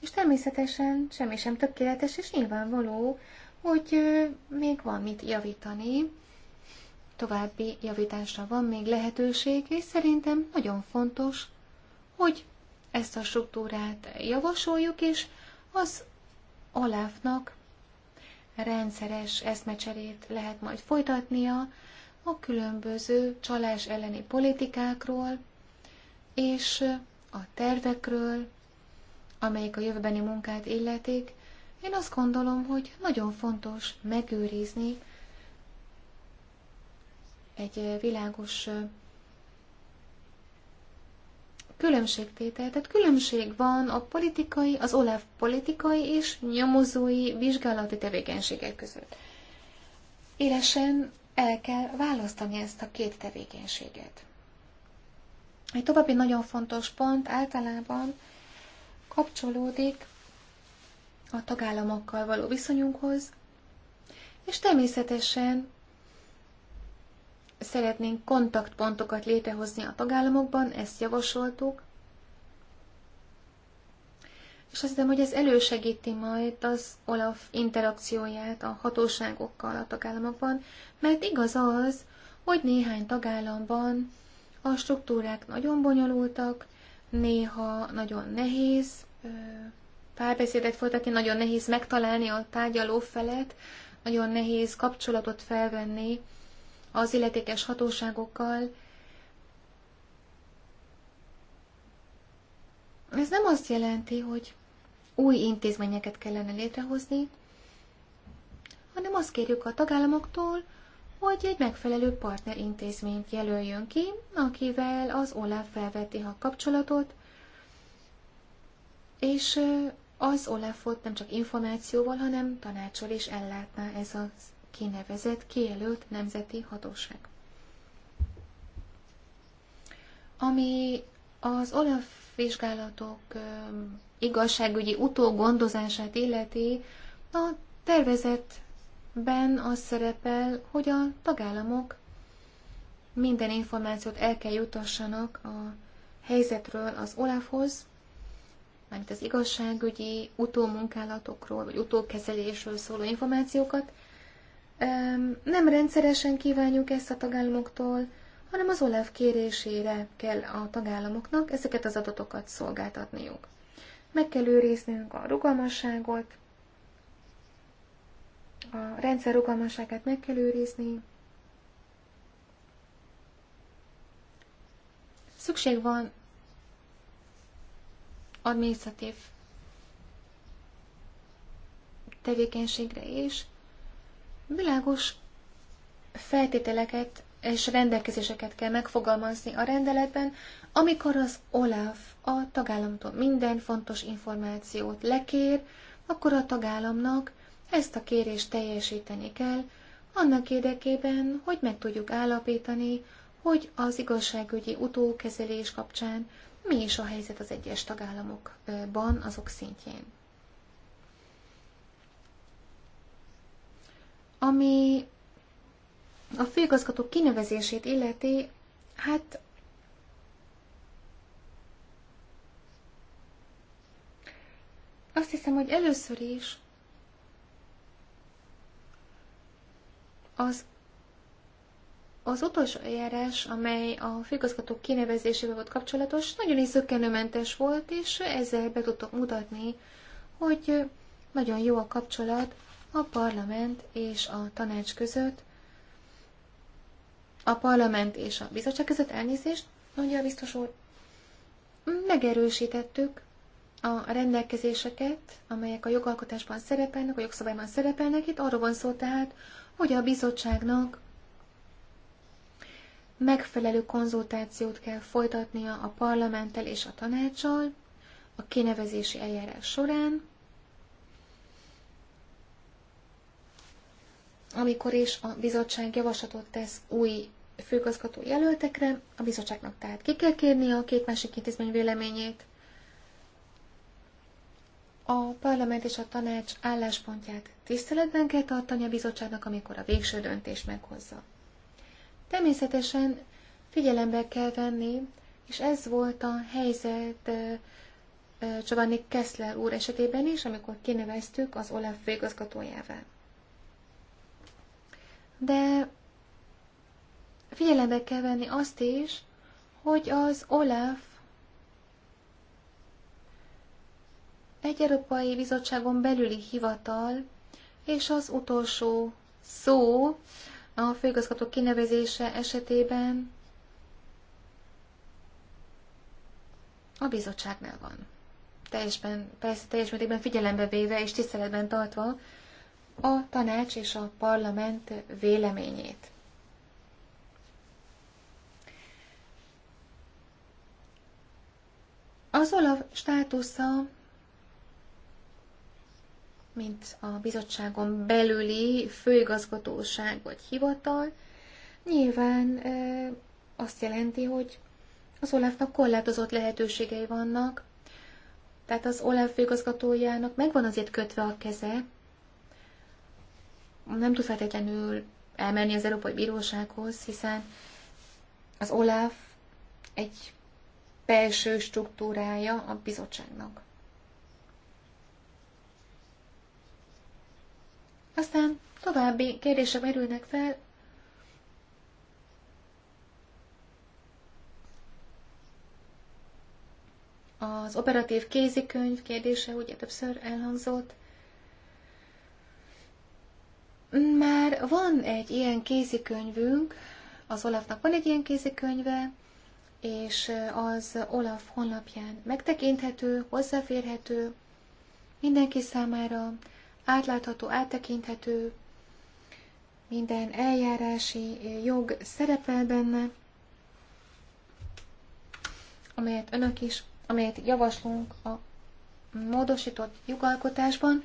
és természetesen semmi sem tökéletes, és nyilvánvaló, hogy még van mit javítani, további javításra van még lehetőség, és szerintem nagyon fontos, hogy ezt a struktúrát javasoljuk, és az Olafnak rendszeres eszmecserét lehet majd folytatnia a különböző csalás elleni politikákról, és a tervekről, amelyik a jövőbeni munkát illetik, én azt gondolom, hogy nagyon fontos megőrizni egy világos különbségtétel. Tehát különbség van a politikai, az OLAF politikai és nyomozói vizsgálati tevékenységek között. Élesen el kell választani ezt a két tevékenységet. Egy további nagyon fontos pont általában kapcsolódik a tagállamokkal való viszonyunkhoz, és természetesen szeretnénk kontaktpontokat létrehozni a tagállamokban, ezt javasoltuk, és azt hiszem, hogy ez elősegíti majd az Olaf interakcióját a hatóságokkal a tagállamokban, mert igaz az, hogy néhány tagállamban a struktúrák nagyon bonyolultak, néha nagyon nehéz párbeszédet folytatni, nagyon nehéz megtalálni a tárgyaló felet, nagyon nehéz kapcsolatot felvenni az illetékes hatóságokkal. Ez nem azt jelenti, hogy új intézményeket kellene létrehozni, hanem azt kérjük a tagállamoktól, hogy egy megfelelő partnerintézményt jelöljön ki, akivel az OLAF felveti a kapcsolatot, és az Olafot nem csak információval, hanem tanácsol is ellátná ez a kinevezett, kijelölt nemzeti hatóság. Ami az Olaf vizsgálatok igazságügyi utógondozását illeti, a tervezett ben az szerepel, hogy a tagállamok minden információt el kell jutassanak a helyzetről az Olafhoz, mármint az igazságügyi utómunkálatokról, vagy utókezelésről szóló információkat. Nem rendszeresen kívánjuk ezt a tagállamoktól, hanem az OLAF kérésére kell a tagállamoknak ezeket az adatokat szolgáltatniuk. Meg kell őriznünk a rugalmasságot, a rendszer rugalmasságát meg kell őrizni. Szükség van adminisztratív tevékenységre is, világos feltételeket és rendelkezéseket kell megfogalmazni a rendeletben, amikor az OLAF a tagállamtól minden fontos információt lekér, akkor a tagállamnak ezt a kérést teljesíteni kell, annak érdekében, hogy meg tudjuk állapítani, hogy az igazságügyi utókezelés kapcsán mi is a helyzet az egyes tagállamokban, eh, azok szintjén. Ami a főigazgató kinevezését illeti, hát azt hiszem, hogy először is Az, az utolsó eljárás, amely a főigazgató kinevezésével volt kapcsolatos, nagyon is zökkenőmentes volt, és ezzel be tudtok mutatni, hogy nagyon jó a kapcsolat a parlament és a tanács között, a parlament és a bizottság között elnézést, mondja a biztos úr, megerősítettük a rendelkezéseket, amelyek a jogalkotásban szerepelnek, a jogszabályban szerepelnek. Itt arról van szó tehát, hogy a bizottságnak megfelelő konzultációt kell folytatnia a parlamenttel és a tanácssal a kinevezési eljárás során, amikor is a bizottság javaslatot tesz új főgazgató jelöltekre, a bizottságnak tehát ki kell kérni a két másik intézmény véleményét, a parlament és a tanács álláspontját tiszteletben kell tartani a bizottságnak, amikor a végső döntést meghozza. Természetesen figyelembe kell venni, és ez volt a helyzet Giovanni Kessler úr esetében is, amikor kineveztük az Olaf végazgatójává. De figyelembe kell venni azt is, hogy az Olaf egy Európai Bizottságon belüli hivatal, és az utolsó szó a főigazgató kinevezése esetében a bizottságnál van. Teljesen, persze teljes mértékben figyelembe véve és tiszteletben tartva a tanács és a parlament véleményét. Az Olaf státusza mint a bizottságon belüli főigazgatóság vagy hivatal, nyilván azt jelenti, hogy az Olafnak korlátozott lehetőségei vannak, tehát az Olaf főigazgatójának megvan azért kötve a keze, nem tud feltétlenül elmenni az Európai Bírósághoz, hiszen az Olaf egy belső struktúrája a bizottságnak. Aztán további kérdések merülnek fel. Az operatív kézikönyv kérdése ugye többször elhangzott. Már van egy ilyen kézikönyvünk, az Olafnak van egy ilyen kézikönyve, és az Olaf honlapján megtekinthető, hozzáférhető mindenki számára átlátható, áttekinthető, minden eljárási jog szerepel benne, amelyet önök is, amelyet javaslunk a módosított jogalkotásban,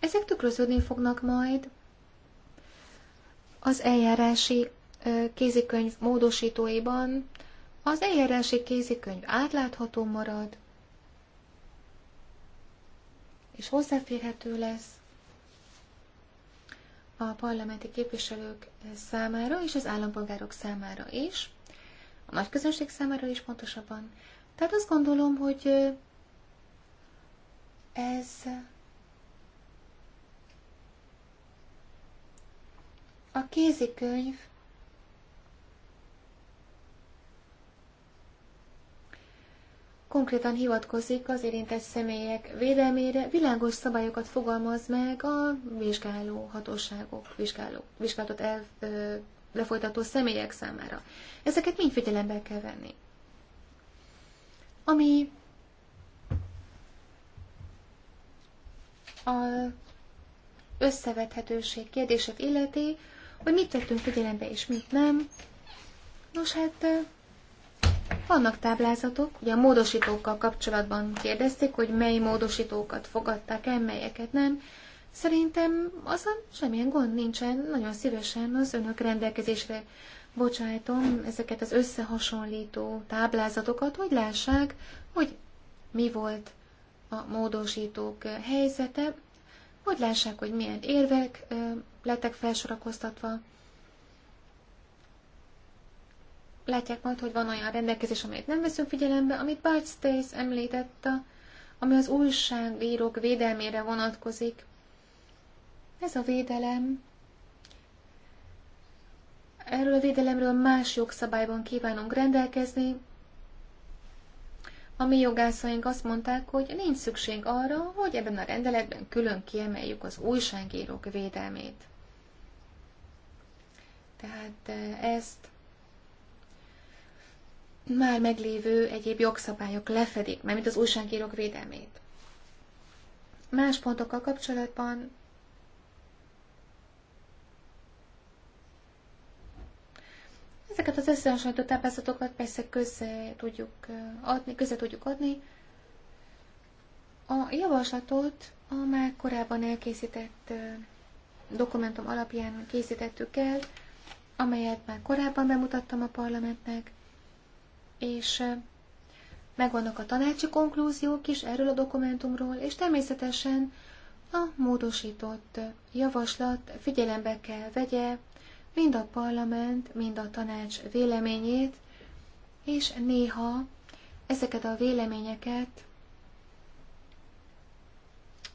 ezek tükröződni fognak majd az eljárási kézikönyv módosítóiban. Az eljárási kézikönyv átlátható marad, és hozzáférhető lesz a parlamenti képviselők számára és az állampolgárok számára is, a nagy közönség számára is pontosabban. Tehát azt gondolom, hogy ez a kézikönyv konkrétan hivatkozik az érintett személyek védelmére, világos szabályokat fogalmaz meg a vizsgáló hatóságok, vizsgáló, vizsgálatot el, ö, lefolytató személyek számára. Ezeket mind figyelembe kell venni. Ami a összevethetőség kérdését illeti, hogy mit tettünk figyelembe és mit nem. Nos, hát vannak táblázatok, ugye a módosítókkal kapcsolatban kérdezték, hogy mely módosítókat fogadták el, melyeket nem. Szerintem azon semmilyen gond nincsen, nagyon szívesen az önök rendelkezésre bocsájtom ezeket az összehasonlító táblázatokat, hogy lássák, hogy mi volt a módosítók helyzete, hogy lássák, hogy milyen érvek lettek felsorakoztatva, látják majd, hogy van olyan rendelkezés, amelyet nem veszünk figyelembe, amit Bart Stace említette, ami az újságírók védelmére vonatkozik. Ez a védelem. Erről a védelemről más jogszabályban kívánunk rendelkezni. A mi jogászaink azt mondták, hogy nincs szükség arra, hogy ebben a rendeletben külön kiemeljük az újságírók védelmét. Tehát eh, ezt már meglévő egyéb jogszabályok lefedik, mert mint az újságírók védelmét. Más pontokkal kapcsolatban ezeket az összehasonlított tápászatokat persze közze tudjuk eh, adni, közze tudjuk adni. A javaslatot a már korábban elkészített eh, dokumentum alapján készítettük el, amelyet már korábban bemutattam a parlamentnek, és megvannak a tanácsi konklúziók is erről a dokumentumról, és természetesen a módosított javaslat figyelembe kell vegye mind a parlament, mind a tanács véleményét, és néha ezeket a véleményeket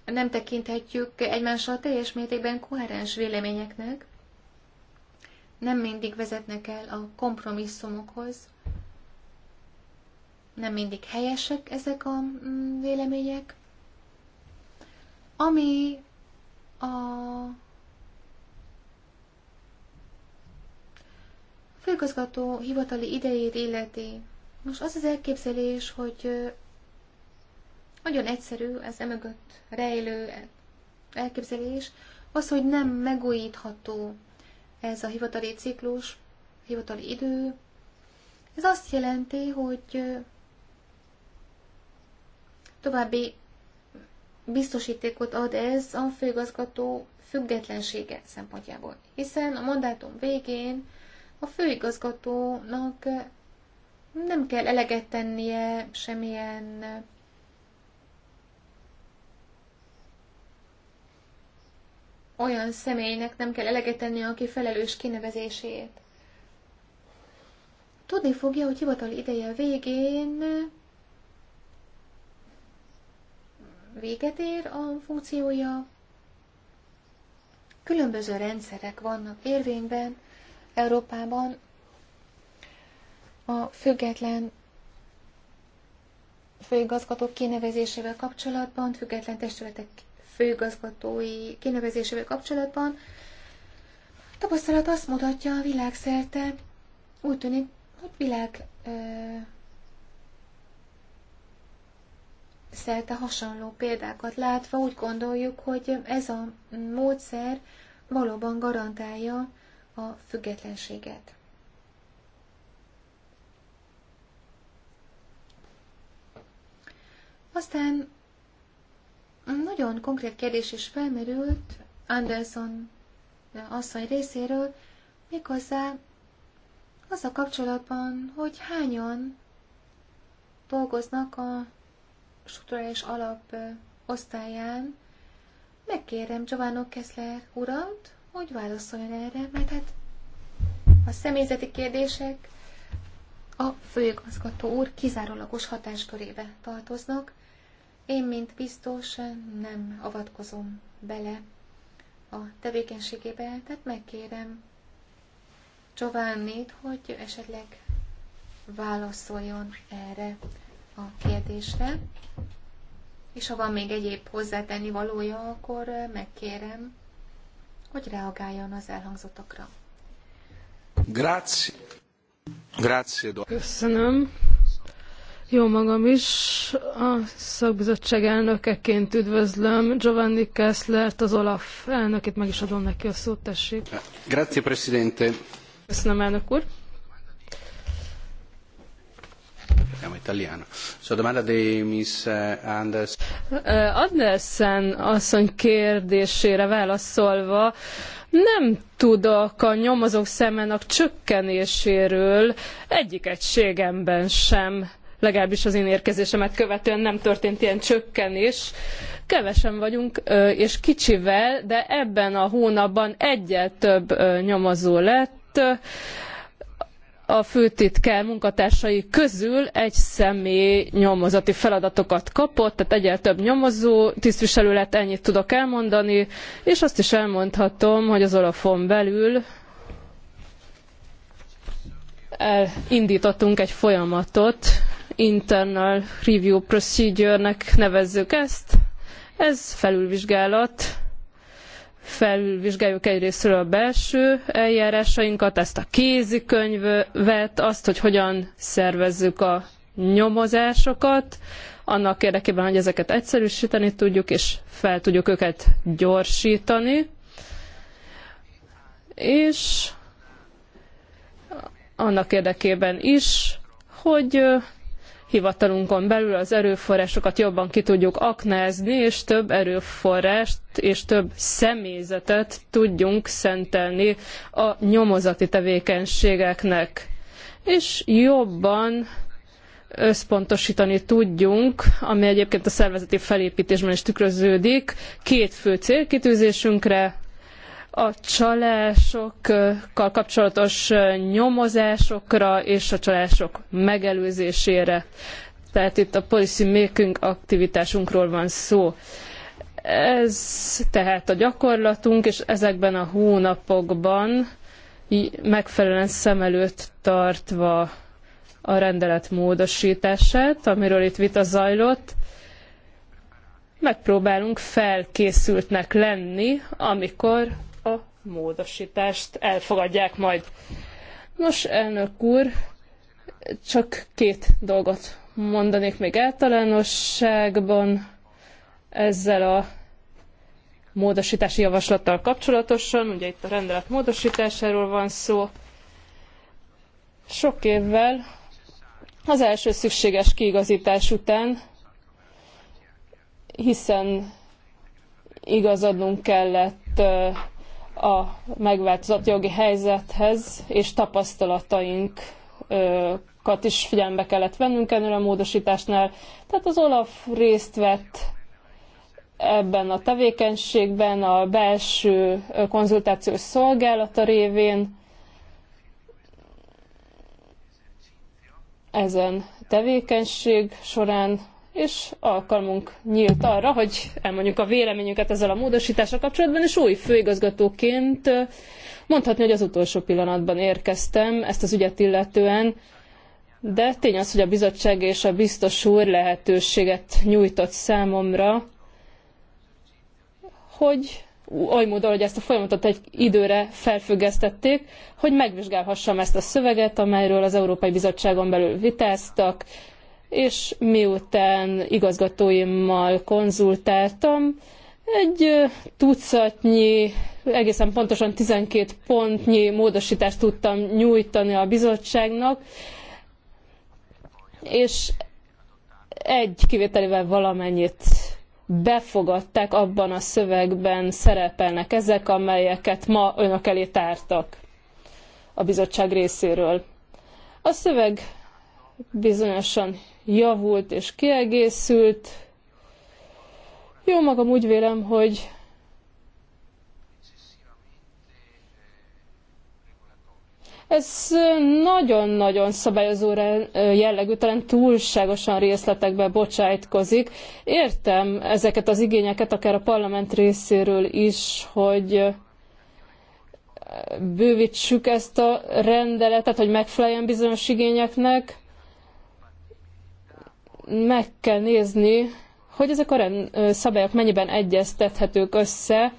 nem tekinthetjük egymással teljes mértékben koherens véleményeknek, nem mindig vezetnek el a kompromisszumokhoz, nem mindig helyesek ezek a mm, vélemények. Ami a főgazgató hivatali idejét illeti, most az az elképzelés, hogy nagyon egyszerű ez emögött rejlő elképzelés, az, hogy nem megújítható ez a hivatali ciklus, hivatali idő, ez azt jelenti, hogy További biztosítékot ad ez a főigazgató függetlensége szempontjából, hiszen a mandátum végén a főigazgatónak nem kell eleget tennie semmilyen olyan személynek nem kell eleget tennie, aki felelős kinevezését. Tudni fogja, hogy hivatali ideje végén véget ér a funkciója. Különböző rendszerek vannak érvényben Európában. A független főigazgatók kinevezésével kapcsolatban, független testületek főigazgatói kinevezésével kapcsolatban. tapasztalat azt mutatja a világszerte, úgy tűnik, hogy világ szerte hasonló példákat látva úgy gondoljuk, hogy ez a módszer valóban garantálja a függetlenséget. Aztán nagyon konkrét kérdés is felmerült Anderson asszony részéről, méghozzá az a kapcsolatban, hogy hányan dolgoznak a strukturális alap osztályán megkérem Giovanni Kessler urat, hogy válaszoljon erre, mert hát a személyzeti kérdések a főigazgató úr kizárólagos hatáskörébe tartoznak. Én, mint biztos, nem avatkozom bele a tevékenységébe, tehát megkérem Giovannit, hogy esetleg válaszoljon erre a kérdésre, és ha van még egyéb hozzátenni valója, akkor eh, megkérem, hogy reagáljon az elhangzottakra. Grazie. Grazie. Köszönöm. Jó magam is. A szakbizottság elnökeként üdvözlöm Giovanni Kesslert, az Olaf elnökét, meg is adom neki a szót, tessék. Grazie, Presidente. Köszönöm, elnök úr. italiano. So domanda di Miss eh, Anders. Eh, Andersen asszony kérdésére válaszolva, nem tudok a nyomozók szemének csökkenéséről egyik egységemben sem legalábbis az én érkezésemet követően nem történt ilyen csökkenés. Kevesen vagyunk, és kicsivel, de ebben a hónapban egyel több nyomozó lett, a főtitkár munkatársai közül egy személy nyomozati feladatokat kapott, tehát egyel több nyomozó tisztviselő lett, ennyit tudok elmondani, és azt is elmondhatom, hogy az Olafon belül elindítottunk egy folyamatot, internal review procedure-nek nevezzük ezt, ez felülvizsgálat, felülvizsgáljuk egyrésztről a belső eljárásainkat, ezt a kézikönyvet, azt, hogy hogyan szervezzük a nyomozásokat, annak érdekében, hogy ezeket egyszerűsíteni tudjuk, és fel tudjuk őket gyorsítani. És annak érdekében is, hogy hivatalunkon belül az erőforrásokat jobban ki tudjuk aknázni, és több erőforrást és több személyzetet tudjunk szentelni a nyomozati tevékenységeknek. És jobban összpontosítani tudjunk, ami egyébként a szervezeti felépítésben is tükröződik, két fő célkitűzésünkre, a csalásokkal kapcsolatos nyomozásokra és a csalások megelőzésére. Tehát itt a policy making aktivitásunkról van szó. Ez tehát a gyakorlatunk, és ezekben a hónapokban megfelelően szem előtt tartva a rendelet módosítását, amiről itt vita zajlott, megpróbálunk felkészültnek lenni, amikor módosítást elfogadják majd. Nos, elnök úr, csak két dolgot mondanék még általánosságban ezzel a módosítási javaslattal kapcsolatosan. Ugye itt a rendelet módosításáról van szó. Sok évvel az első szükséges kiigazítás után, hiszen igazadnunk kellett a megváltozott jogi helyzethez és tapasztalatainkat is figyelembe kellett vennünk ennél a módosításnál. Tehát az Olaf részt vett ebben a tevékenységben a belső konzultációs szolgálata révén ezen tevékenység során és alkalmunk nyílt arra, hogy elmondjuk a véleményünket ezzel a módosítással kapcsolatban, és új főigazgatóként mondhatni, hogy az utolsó pillanatban érkeztem ezt az ügyet illetően, de tény az, hogy a bizottság és a biztos úr lehetőséget nyújtott számomra, hogy oly módon, hogy ezt a folyamatot egy időre felfüggesztették, hogy megvizsgálhassam ezt a szöveget, amelyről az Európai Bizottságon belül vitáztak, és miután igazgatóimmal konzultáltam, egy tucatnyi, egészen pontosan 12 pontnyi módosítást tudtam nyújtani a bizottságnak, és egy kivételével valamennyit befogadták, abban a szövegben szerepelnek ezek, amelyeket ma önök elé tártak a bizottság részéről. A szöveg bizonyosan javult és kiegészült. Jó magam úgy vélem, hogy Ez nagyon-nagyon szabályozó jellegű, talán túlságosan részletekbe bocsájtkozik. Értem ezeket az igényeket, akár a parlament részéről is, hogy bővítsük ezt a rendeletet, hogy megfeleljen bizonyos igényeknek, meg kell nézni, hogy ezek a szabályok mennyiben egyeztethetők össze.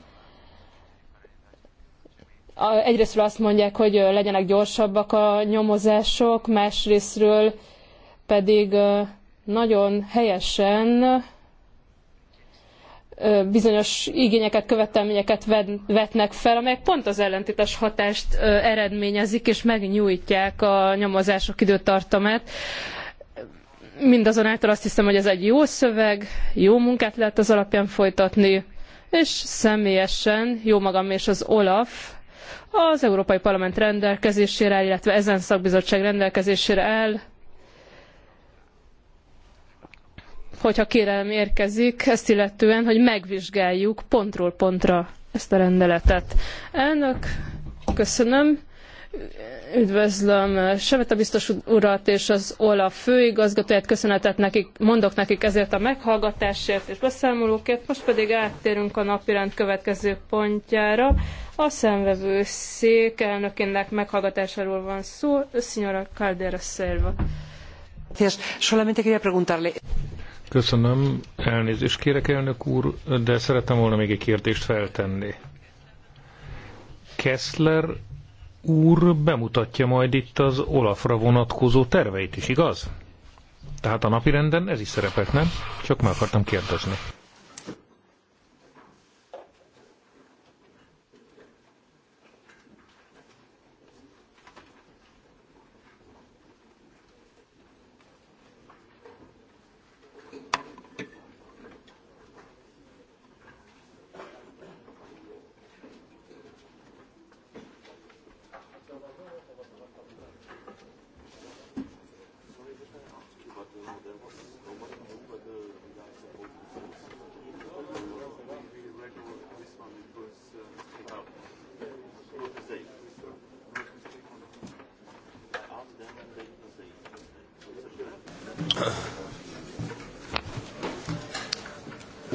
Egyrésztről azt mondják, hogy legyenek gyorsabbak a nyomozások, másrésztről pedig nagyon helyesen bizonyos igényeket, követelményeket vetnek fel, amelyek pont az ellentétes hatást eredményezik, és megnyújtják a nyomozások időtartamát. Mindazonáltal azt hiszem, hogy ez egy jó szöveg, jó munkát lehet az alapján folytatni, és személyesen jó magam és az Olaf az Európai Parlament rendelkezésére áll, illetve ezen szakbizottság rendelkezésére áll, hogyha kérelem érkezik, ezt illetően, hogy megvizsgáljuk pontról pontra ezt a rendeletet. Elnök, köszönöm. Üdvözlöm eh, Semeta biztos urat és az OLAF főigazgatóját, köszönetet nekik, mondok nekik ezért a meghallgatásért és beszámolókért. Most pedig áttérünk a napirend következő pontjára. A szemvevőszék elnökének meghallgatásáról van szó, Signora Caldera Silva. Köszönöm, elnézést kérek elnök úr, de szerettem volna még egy kérdést feltenni. Kessler úr bemutatja majd itt az Olafra vonatkozó terveit is, igaz? Tehát a napirenden ez is szerepelt, nem? Csak meg akartam kérdezni.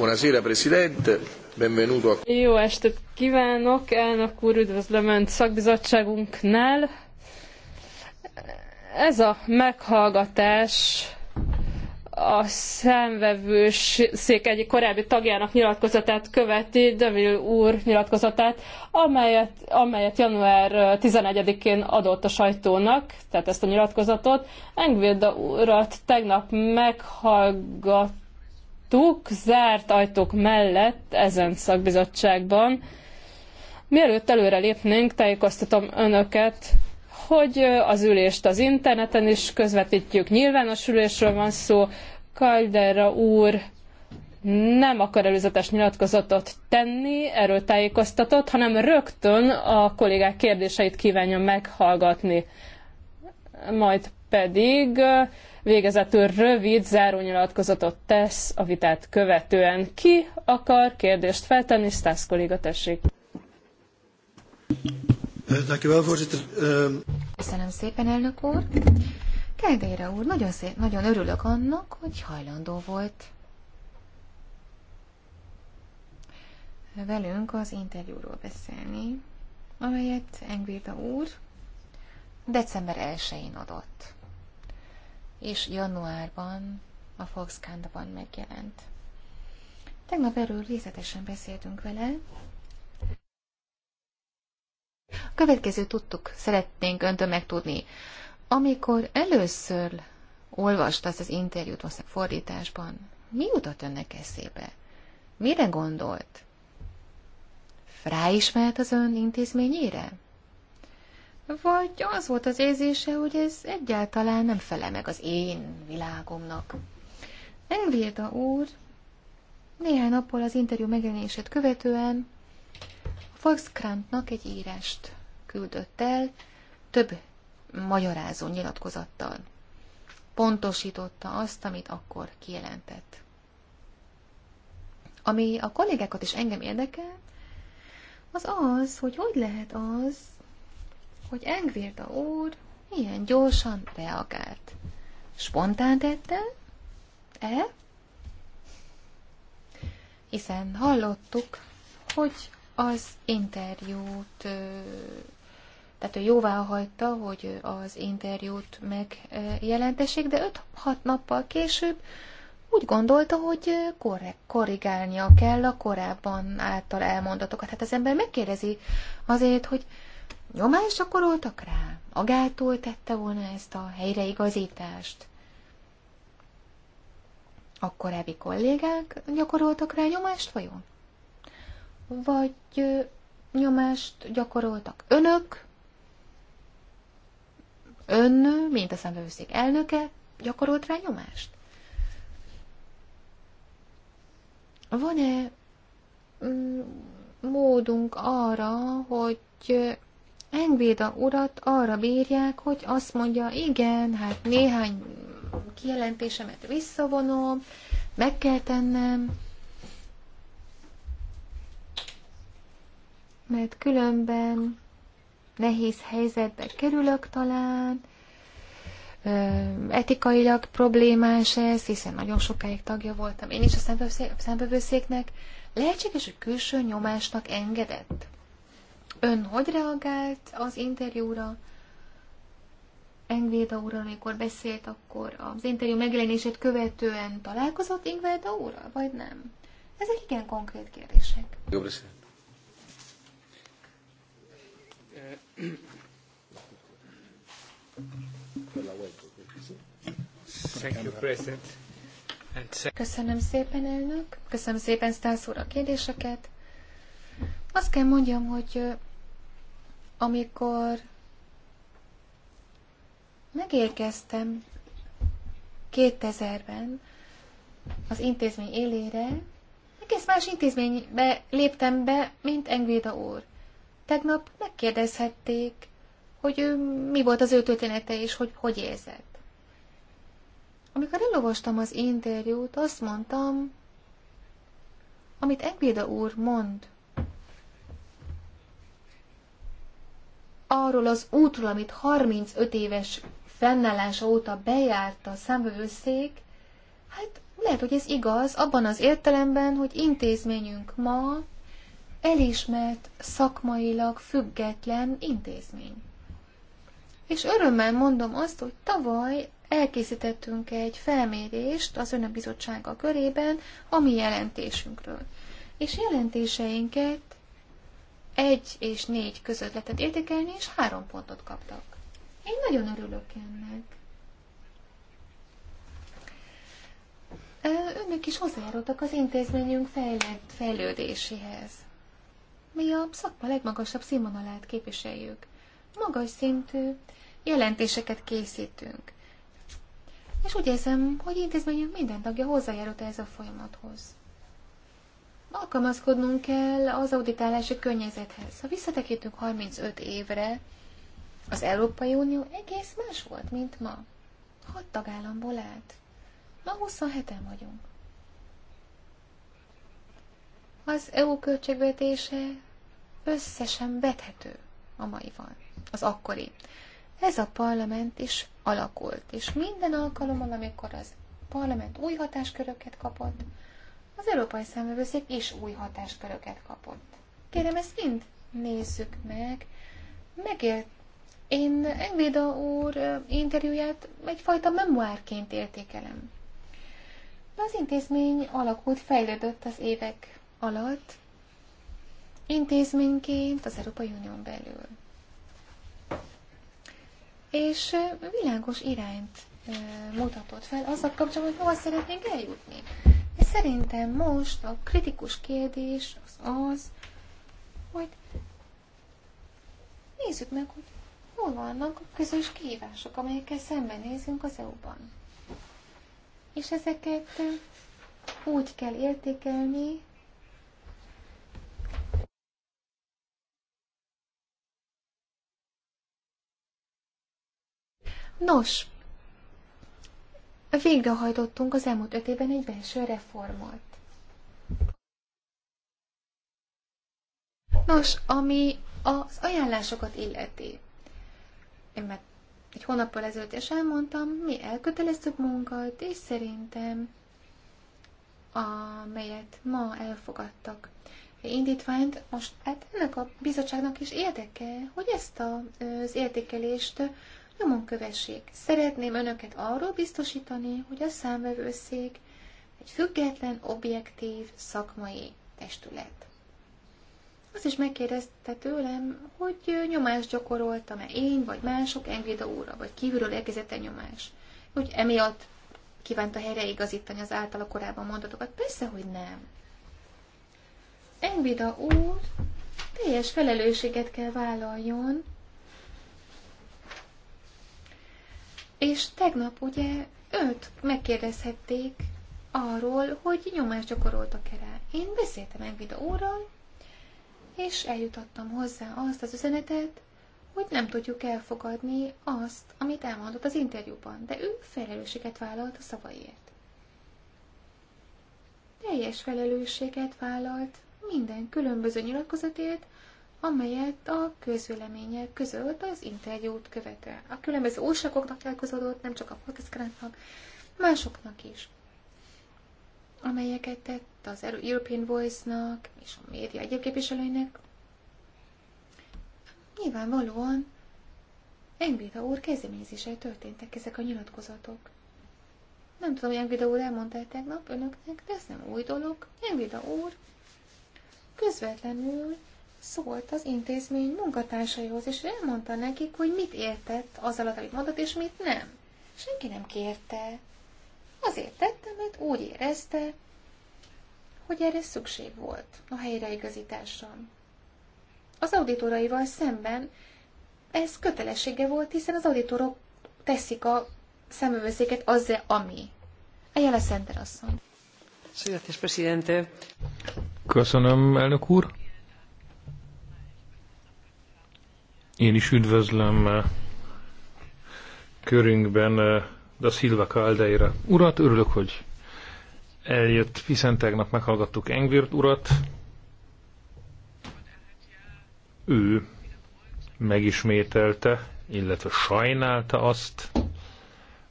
Buonasera, Presidente. Benvenuto. Jó estét kívánok, elnök úr, üdvözlöm Önt szakbizottságunknál. Ez a meghallgatás a szék egyik korábbi tagjának nyilatkozatát követi, Dömil úr nyilatkozatát, amelyet, amelyet január 11-én adott a sajtónak, tehát ezt a nyilatkozatot. Engvéda urat tegnap meghallgat láttuk zárt ajtók mellett ezen szakbizottságban. Mielőtt előre lépnénk, tájékoztatom önöket, hogy az ülést az interneten is közvetítjük. Nyilvános ülésről van szó. Caldera úr nem akar előzetes nyilatkozatot tenni, erről tájékoztatott, hanem rögtön a kollégák kérdéseit kívánja meghallgatni. Majd pedig végezetül rövid zárónyilatkozatot tesz a vitát követően. Ki akar kérdést feltenni? Stász kolléga, tessék. Ehm, Köszönöm szépen, elnök úr. Kedére úr, nagyon, szép, nagyon örülök annak, hogy hajlandó volt velünk az interjúról beszélni, amelyet Engvirda úr december 1-én adott és januárban a Foxcanda-ban megjelent. Tegnap erről részletesen beszéltünk vele. A következő tudtuk, szeretnénk öntől megtudni. Amikor először olvast azt az interjút, most fordításban, mi jutott önnek eszébe? Mire gondolt? Ráismert az ön intézményére? vagy az volt az érzése, hogy ez egyáltalán nem felel meg az én világomnak. Engvéda úr néhány nappal az interjú megjelenését követően a Volkskrantnak egy írást küldött el, több magyarázó nyilatkozattal. Pontosította azt, amit akkor kijelentett. Ami a kollégákat és engem érdekel, az az, hogy hogy lehet az, hogy Engvirda úr milyen gyorsan reagált. Spontán tette? E? Hiszen hallottuk, hogy az interjút, tehát ő jóvá hagyta, hogy az interjút megjelentessék, de 5-6 nappal később úgy gondolta, hogy korrekt, korrigálnia kell a korábban által elmondatokat. Hát az ember megkérdezi azért, hogy nyomást gyakoroltak rá, magától tette volna ezt a helyreigazítást. A korábbi kollégák gyakoroltak rá nyomást vajon? Vagy nyomást gyakoroltak önök, ön, mint a szemvevőszék elnöke, gyakorolt rá nyomást? Van-e mm, módunk arra, hogy Engvéda urat arra bírják, hogy azt mondja, igen, hát néhány kijelentésemet visszavonom, meg kell tennem, mert különben nehéz helyzetbe kerülök talán, etikailag problémás ez, hiszen nagyon sokáig tagja voltam. Én is a szembevőszéknek lehetséges, hogy külső nyomásnak engedett. Ön hogy reagált az interjúra? Engvéda úrral, amikor beszélt, akkor az interjú megjelenését követően találkozott Engvéda úrral, vagy nem? Ezek igen konkrét kérdések. Jó Köszönöm szépen, elnök. Köszönöm szépen Stász úr a kérdéseket. Azt kell mondjam, hogy amikor megérkeztem 2000-ben az intézmény élére, egész más intézménybe léptem be, mint Engvéda úr. Tegnap megkérdezhették, hogy ő, mi volt az ő története, és hogy hogy érzett. Amikor elolvastam az interjút, azt mondtam, amit Engvéda úr mond arról az útról, amit 35 éves fennállása óta bejárt a számvevőszék, hát lehet, hogy ez igaz, abban az értelemben, hogy intézményünk ma elismert, szakmailag független intézmény. És örömmel mondom azt, hogy tavaly elkészítettünk egy felmérést az Önök Bizottsága körében a mi jelentésünkről. És jelentéseinket egy és négy között lehetett értékelni, és három pontot kaptak. Én nagyon örülök ennek. Önök is hozzájárultak az intézményünk fejlett fejlődéséhez. Mi a szakma legmagasabb színvonalát képviseljük. Magas szintű jelentéseket készítünk. És úgy érzem, hogy intézményünk minden tagja hozzájárult ez a folyamathoz alkalmazkodnunk kell az auditálási környezethez. Ha visszatekintünk 35 évre, az Európai Unió egész más volt, mint ma. Hat tagállamból állt. Ma 27-en vagyunk. Az EU költségvetése összesen vethető a mai van. az akkori. Ez a parlament is alakult, és minden alkalommal, amikor az parlament új hatásköröket kapott, az Európai szemvevőszék is új hatásköröket kapott. Kérem, ezt mind nézzük meg. Megért én Engvéda úr interjúját egyfajta memoárként értékelem. Az intézmény alakult, fejlődött az évek alatt, intézményként az Európai Unión belül. És világos irányt mutatott fel azzal kapcsolatban, hogy hova szeretnénk eljutni. De szerintem most a kritikus kérdés az az, hogy nézzük meg, hogy hol vannak a közös kívások, amelyekkel szembenézünk az EU-ban. És ezeket úgy kell értékelni, Nos, végrehajtottunk az elmúlt öt évben egy belső reformot. Nos, ami az ajánlásokat illeti. Én meg egy hónappal ezelőtt is elmondtam, mi elköteleztük munkat, és szerintem, amelyet ma elfogadtak indítványt, most hát ennek a bizottságnak is érdeke, hogy ezt az értékelést nyomon kövessék. Szeretném önöket arról biztosítani, hogy a számvevőszék egy független, objektív, szakmai testület. Azt is megkérdezte tőlem, hogy nyomást gyakoroltam-e én, vagy mások, Engvida úrra, vagy kívülről érkezett nyomás. Hogy emiatt kívánta helyreigazítani az általa korábban mondatokat? Persze, hogy nem. Engvida úr teljes felelősséget kell vállaljon És tegnap ugye őt megkérdezhették arról, hogy nyomást gyakoroltak-e rá. Én beszéltem egy videóról, és eljutottam hozzá azt az üzenetet, hogy nem tudjuk elfogadni azt, amit elmondott az interjúban, de ő felelősséget vállalt a szavaiért. Teljes felelősséget vállalt minden különböző nyilatkozatért, amelyet a közvéleménye közölt az interjút követel. A különböző újságoknak elkozódott, nem csak a protestánknak, másoknak is, amelyeket tett az European Voice-nak és a média egyéb képviselőinek. Nyilvánvalóan Engvida úr kezdeményezései történtek ezek a nyilatkozatok. Nem tudom, hogy Engvida úr elmondta tegnap önöknek, de ez nem új dolog. Engvida úr közvetlenül szólt az intézmény munkatársaihoz, és elmondta nekik, hogy mit értett az alatt, amit mondott, és mit nem. Senki nem kérte. Azért tette, mert úgy érezte, hogy erre szükség volt a helyreigazításra. Az auditoraival szemben ez kötelessége volt, hiszen az auditorok teszik a szemövőszéket azzal, ami. Egyel a Szenter asszony. Köszönöm, elnök úr. Én is üdvözlöm eh, körünkben eh, a Silva Caldeira urat. Örülök, hogy eljött, hiszen tegnap meghallgattuk Engvirt urat. Ő megismételte, illetve sajnálta azt,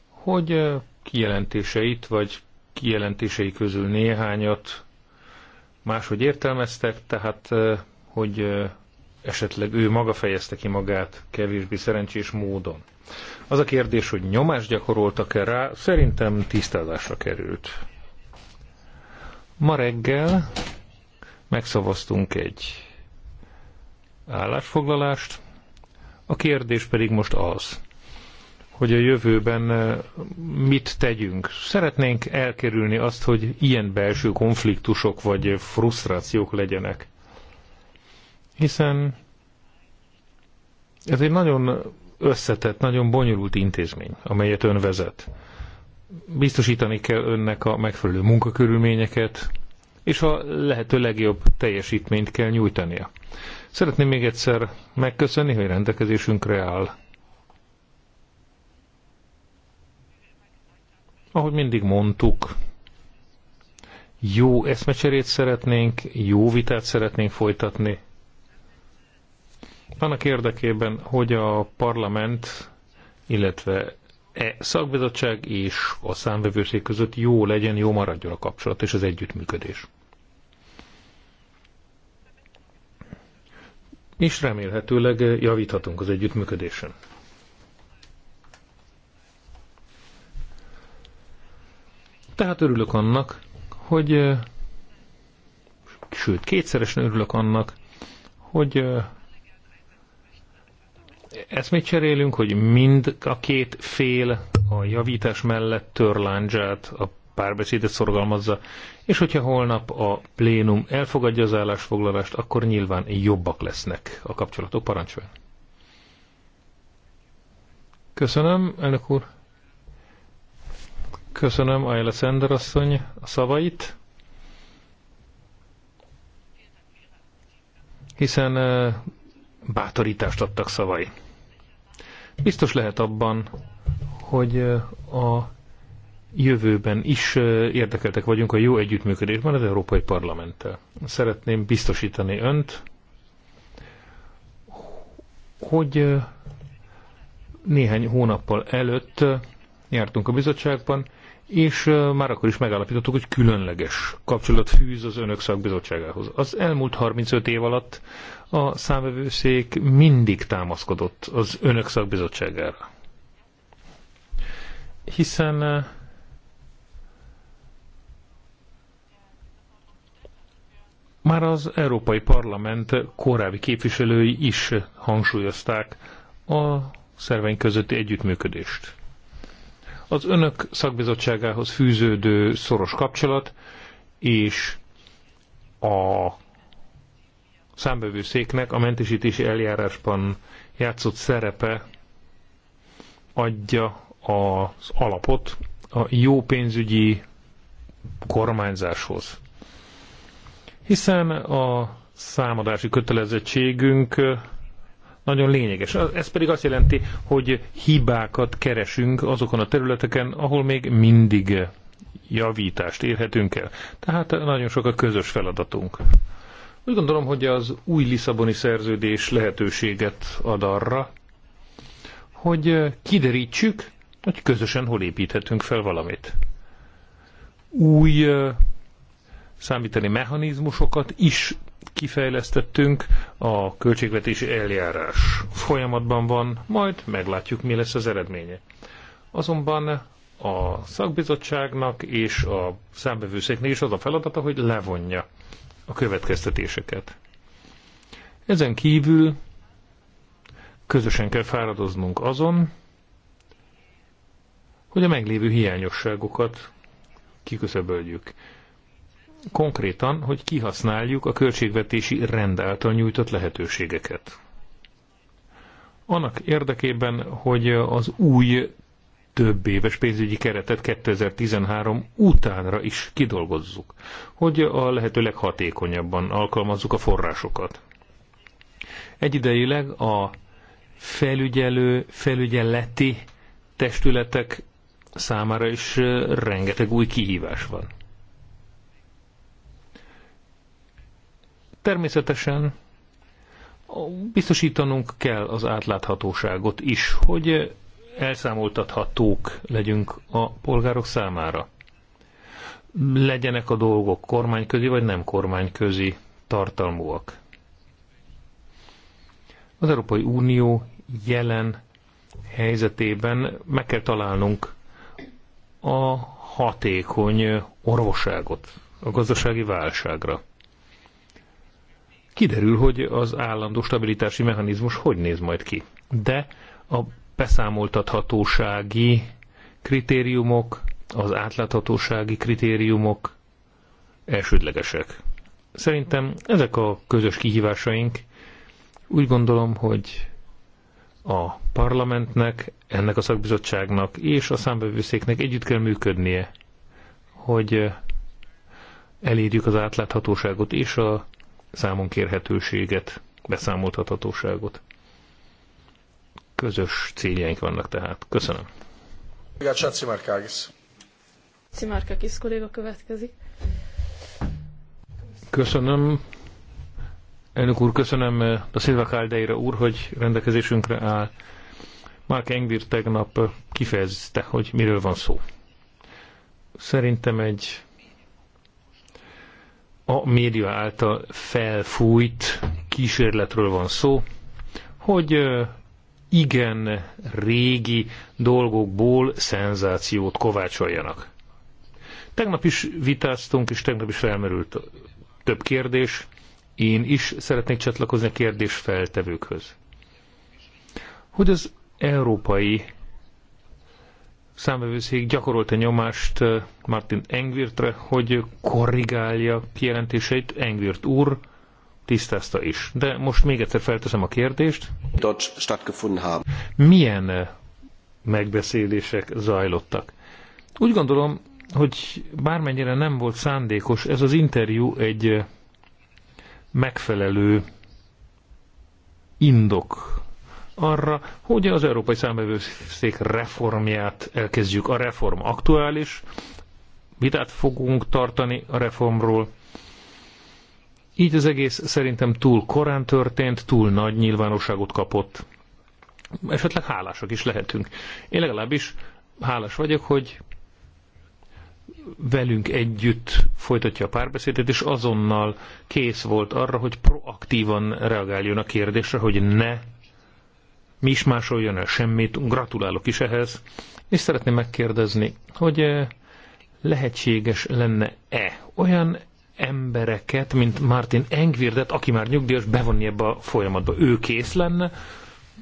hogy eh, kijelentéseit, vagy kijelentései közül néhányat máshogy értelmeztek, tehát hogy esetleg ő maga fejezte ki magát kevésbé szerencsés módon. Az a kérdés, hogy nyomást gyakoroltak-e rá, szerintem tisztázásra került. Ma reggel megszavaztunk egy állásfoglalást, a kérdés pedig most az, hogy a jövőben eh, mit tegyünk. Szeretnénk elkerülni azt, hogy ilyen belső konfliktusok vagy frusztrációk legyenek hiszen ez egy nagyon összetett, nagyon bonyolult intézmény, amelyet ön vezet. Biztosítani kell önnek a megfelelő munkakörülményeket, és a lehető legjobb teljesítményt kell nyújtania. Szeretném még egyszer megköszönni, hogy rendelkezésünkre áll. Ahogy mindig mondtuk, jó eszmecserét szeretnénk, jó vitát szeretnénk folytatni, annak érdekében, hogy a parlament, illetve e szakbizottság és a számvevőszék között jó legyen, jó maradjon a kapcsolat és az együttműködés. És remélhetőleg javíthatunk az együttműködésen. Tehát örülök annak, hogy sőt, kétszeresen örülök annak, hogy eszmét cserélünk, hogy mind a két fél a javítás mellett törláncsát, a párbeszédet szorgalmazza, és hogyha holnap a plénum elfogadja az állásfoglalást, akkor nyilván jobbak lesznek a kapcsolatok. Parancsoljon! Köszönöm, elnök úr! Köszönöm Ayla Szender asszony a szavait, hiszen bátorítást adtak szavai biztos lehet abban, hogy a jövőben is érdekeltek vagyunk a jó együttműködésben az Európai Parlamenttel. Szeretném biztosítani önt, hogy néhány hónappal előtt jártunk a bizottságban, és már akkor is megállapítottuk, hogy különleges kapcsolat fűz az önök szakbizottságához. Az elmúlt 35 év alatt a számvevőszék mindig támaszkodott az önök szakbizottságára. Hiszen már az Európai Parlament korábbi képviselői is hangsúlyozták a szerveink közötti együttműködést. Az önök szakbizottságához fűződő szoros kapcsolat és a számbevőszéknek a mentesítési eljárásban játszott szerepe adja az alapot a jó pénzügyi kormányzáshoz. Hiszen a számadási kötelezettségünk nagyon lényeges. Ez pedig azt jelenti, hogy hibákat keresünk azokon a területeken, ahol még mindig javítást érhetünk el. Tehát nagyon sok a közös feladatunk. Úgy gondolom, hogy az új Lisszaboni szerződés lehetőséget ad arra, hogy kiderítsük, hogy közösen hol építhetünk fel valamit. Új számítani mechanizmusokat is kifejlesztettünk, a költségvetési eljárás folyamatban van, majd meglátjuk, mi lesz az eredménye. Azonban a szakbizottságnak és a számbevőszéknek is az a feladata, hogy levonja a következtetéseket. Ezen kívül közösen kell fáradoznunk azon, hogy a meglévő hiányosságokat kiköszöböljük konkrétan, hogy kihasználjuk a költségvetési rend által nyújtott lehetőségeket. Annak érdekében, hogy az új több éves pénzügyi keretet 2013 utánra is kidolgozzuk, hogy a lehető leghatékonyabban alkalmazzuk a forrásokat. Egyidejileg a felügyelő, felügyeleti testületek számára is rengeteg új kihívás van. Természetesen biztosítanunk kell az átláthatóságot is, hogy elszámoltathatók legyünk a polgárok számára. Legyenek a dolgok kormányközi vagy nem kormányközi tartalmúak. Az Európai Unió jelen helyzetében meg kell találnunk a hatékony orvoságot a gazdasági válságra kiderül, hogy az állandó stabilitási mechanizmus hogy néz majd ki. De a beszámoltathatósági kritériumok, az átláthatósági kritériumok elsődlegesek. Szerintem ezek a közös kihívásaink. Úgy gondolom, hogy a parlamentnek, ennek a szakbizottságnak és a számbevőszéknek együtt kell működnie, hogy elérjük az átláthatóságot és a számon kérhetőséget, beszámoltathatóságot. Közös céljaink vannak tehát. Köszönöm. Cimarkakis kolléga következik. Köszönöm. Elnök úr, köszönöm a eh, Szilva Káldeira úr, hogy rendelkezésünkre áll. Mark Engvir tegnap kifejezte, hogy miről van szó. Szerintem egy a média által felfújt kísérletről van szó, hogy igen régi dolgokból szenzációt kovácsoljanak. Tegnap is vitáztunk, és tegnap is felmerült több kérdés. Én is szeretnék csatlakozni a kérdés feltevőkhöz. Hogy az európai számvevőszék gyakorolta nyomást eh, Martin Engvirtre, hogy korrigálja kijelentéseit. Engvirt úr tisztázta is. De most még egyszer felteszem a kérdést. Milyen eh, megbeszélések zajlottak? Úgy gondolom, hogy bármennyire nem volt szándékos, ez az interjú egy eh, megfelelő indok arra, hogy az Európai Számbevőszék reformját elkezdjük. A reform aktuális, vitát fogunk tartani a reformról. Így az egész szerintem túl korán történt, túl nagy nyilvánosságot kapott. Esetleg hálásak is lehetünk. Én legalábbis hálás vagyok, hogy velünk együtt folytatja a párbeszédet, és azonnal kész volt arra, hogy proaktívan reagáljon a kérdésre, hogy ne mi is másoljon el semmit, gratulálok is ehhez, és szeretném megkérdezni, hogy eh, lehetséges lenne-e olyan embereket, mint Martin Engvirdet, aki már nyugdíjas, bevonni ebbe a folyamatba. Ő kész lenne,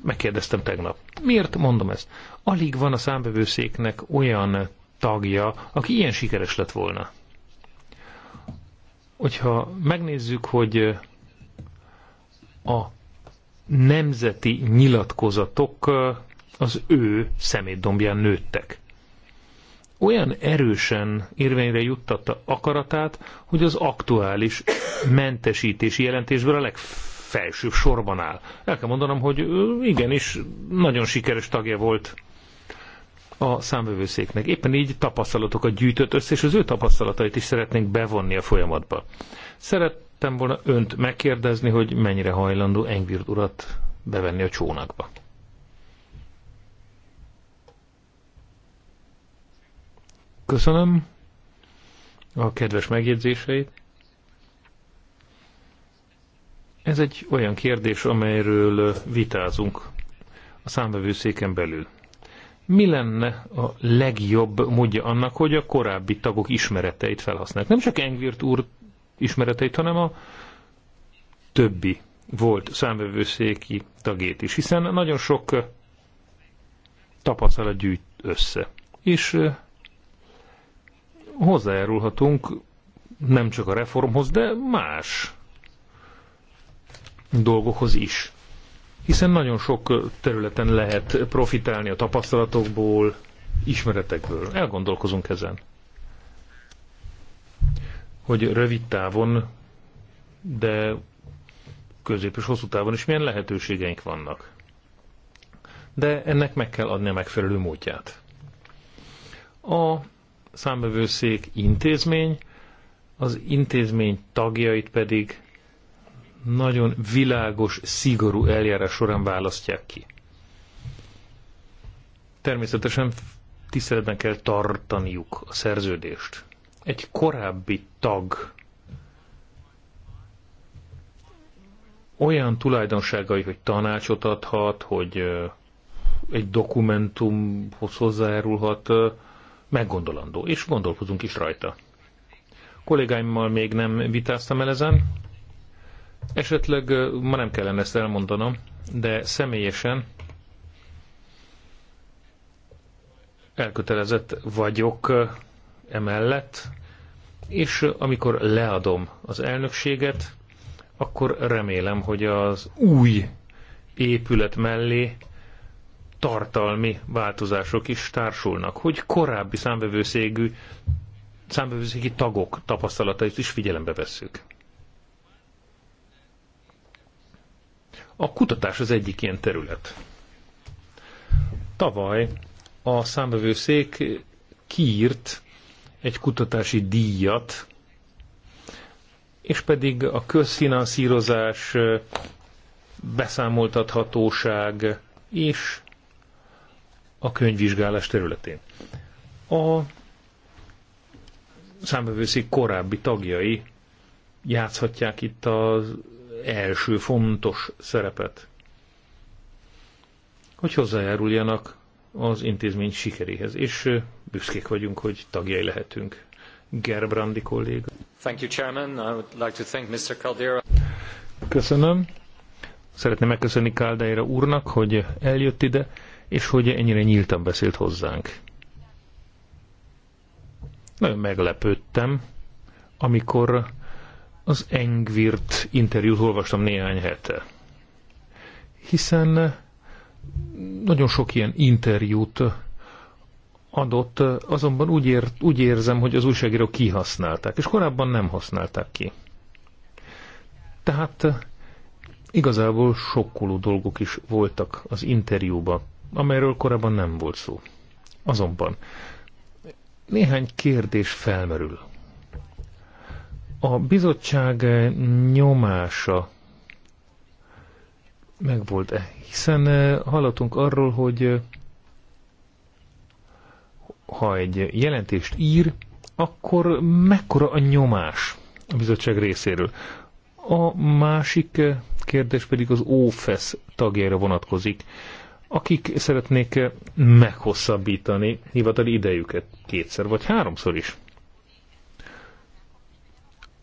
megkérdeztem tegnap. Miért mondom ezt? Alig van a számbevőszéknek olyan tagja, aki ilyen sikeres lett volna. Hogyha megnézzük, hogy eh, a nemzeti nyilatkozatok az ő szemétdombján nőttek. Olyan erősen érvényre juttatta akaratát, hogy az aktuális mentesítési jelentésből a legfelsőbb sorban áll. El kell mondanom, hogy igenis nagyon sikeres tagja volt a számvevőszéknek. Éppen így tapasztalatokat gyűjtött össze, és az ő tapasztalatait is szeretnénk bevonni a folyamatba. Szeret, szerettem volna önt megkérdezni, hogy mennyire hajlandó Engvird urat bevenni a csónakba. Köszönöm a kedves megjegyzéseit. Ez egy olyan kérdés, amelyről vitázunk a számvevőszéken belül. Mi lenne a legjobb módja annak, hogy a korábbi tagok ismereteit felhasználják? Nem csak Engvirt úr ismereteit, hanem a többi volt számvevőszéki tagét is, hiszen nagyon sok tapasztalat gyűjt össze. És hozzájárulhatunk nem csak a reformhoz, de más dolgokhoz is. Hiszen nagyon sok területen lehet profitálni a tapasztalatokból, ismeretekből. Elgondolkozunk ezen hogy rövid távon, de közép és hosszú távon is milyen lehetőségeink vannak. De ennek meg kell adni a megfelelő módját. A számbevőszék intézmény, az intézmény tagjait pedig nagyon világos, szigorú eljárás során választják ki. Természetesen tiszteletben kell tartaniuk a szerződést egy korábbi tag olyan tulajdonságai, hogy tanácsot adhat, hogy egy dokumentumhoz hozzájárulhat, meggondolandó, és gondolkozunk is rajta. Kollégáimmal még nem vitáztam el ezen, esetleg ma nem kellene ezt elmondanom, de személyesen elkötelezett vagyok emellett, és amikor leadom az elnökséget, akkor remélem, hogy az új épület mellé tartalmi változások is társulnak, hogy korábbi számbevőszégű, számbevőszégi tagok tapasztalatait is figyelembe vesszük. A kutatás az egyik ilyen terület. Tavaly a számbevőszék kiírt egy kutatási díjat, és pedig a közfinanszírozás, beszámoltathatóság és a könyvvizsgálás területén. A számbevőszék korábbi tagjai játszhatják itt az első fontos szerepet, hogy hozzájáruljanak az intézmény sikeréhez, és büszkék vagyunk, hogy tagjai lehetünk. Gerbrandi kolléga. Thank you, Chairman. I would like to thank Mr. Caldera. Köszönöm. Szeretném megköszönni Caldera úrnak, hogy eljött ide, és hogy ennyire nyíltan beszélt hozzánk. Nagyon meglepődtem, amikor az Engvirt interjút olvastam néhány hete. Hiszen nagyon sok ilyen interjút adott, azonban úgy, ér, úgy érzem, hogy az újságírók kihasználták, és korábban nem használták ki. Tehát eh, igazából sokkoló dolgok is voltak az interjúban, amelyről korábban nem volt szó. Azonban néhány kérdés felmerül. A bizottság nyomása megvolt-e. Hiszen e, hallottunk arról, hogy e, ha egy jelentést ír, akkor mekkora a nyomás a bizottság részéről. A másik e, kérdés pedig az OFESZ tagjára vonatkozik, akik szeretnék meghosszabbítani hivatali idejüket kétszer vagy háromszor is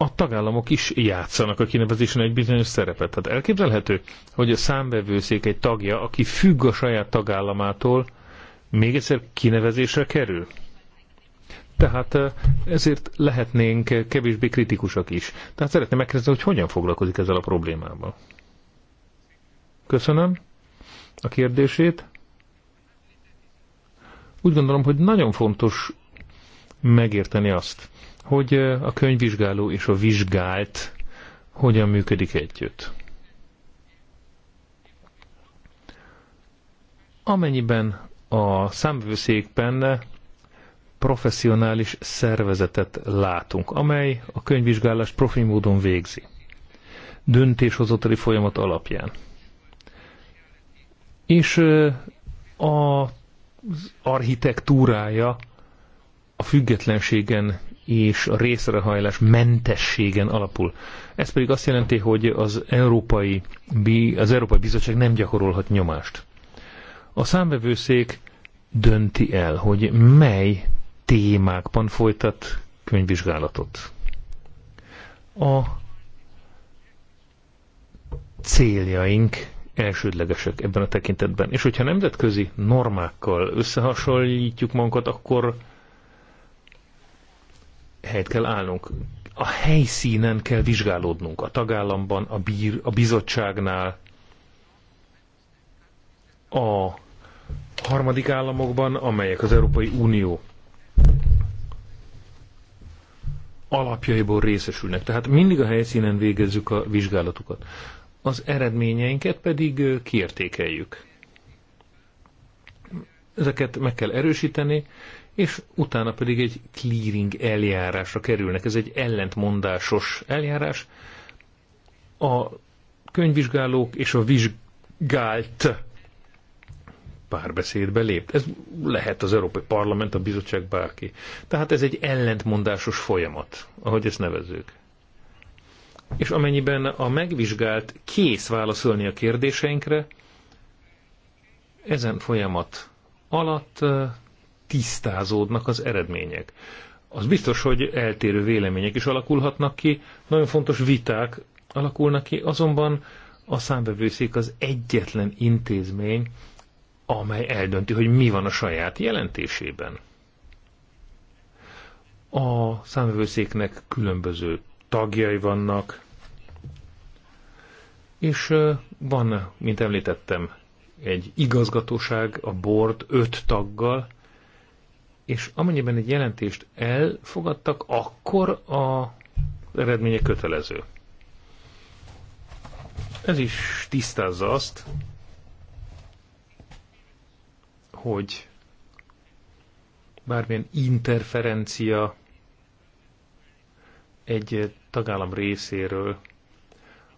a tagállamok is játszanak a kinevezésen egy bizonyos szerepet. Tehát elképzelhető, hogy a számbevőszék egy tagja, aki függ a saját tagállamától, még egyszer kinevezésre kerül. Tehát eh, ezért lehetnénk kevésbé kritikusak is. Tehát szeretném megkérdezni, hogy hogyan foglalkozik ezzel a problémával. Köszönöm a kérdését. Úgy gondolom, hogy nagyon fontos megérteni azt, hogy a könyvvizsgáló és a vizsgált hogyan működik együtt. Amennyiben a számvőszékben professzionális szervezetet látunk, amely a könyvvizsgálást profi módon végzi, döntéshozatali folyamat alapján. És az architektúrája a függetlenségen és a részrehajlás mentességen alapul. Ez pedig azt jelenti, hogy az Európai, az Európai Bizottság nem gyakorolhat nyomást. A számvevőszék dönti el, hogy mely témákban folytat könyvvizsgálatot. A céljaink elsődlegesek ebben a tekintetben. És hogyha nemzetközi normákkal összehasonlítjuk magunkat, akkor helyet kell állnunk. A helyszínen kell vizsgálódnunk, a tagállamban, a, bír, a bizottságnál, a harmadik államokban, amelyek az Európai Unió alapjaiból részesülnek. Tehát mindig a helyszínen végezzük a vizsgálatukat. Az eredményeinket pedig kiértékeljük. Ezeket meg kell erősíteni, és utána pedig egy clearing eljárásra kerülnek. Ez egy ellentmondásos eljárás. A könyvvizsgálók és a vizsgált párbeszédbe lép. Ez lehet az Európai Parlament, a bizottság, bárki. Tehát ez egy ellentmondásos folyamat, ahogy ezt nevezzük. És amennyiben a megvizsgált kész válaszolni a kérdéseinkre, ezen folyamat alatt tisztázódnak az eredmények. Az biztos, hogy eltérő vélemények is alakulhatnak ki, nagyon fontos viták alakulnak ki, azonban a számbevőszék az egyetlen intézmény, amely eldönti, hogy mi van a saját jelentésében. A számvevőszéknek különböző tagjai vannak, és van, mint említettem, egy igazgatóság, a board öt taggal, és amennyiben egy jelentést elfogadtak, akkor a eredménye kötelező. Ez is tisztázza azt, hogy bármilyen interferencia egy tagállam részéről,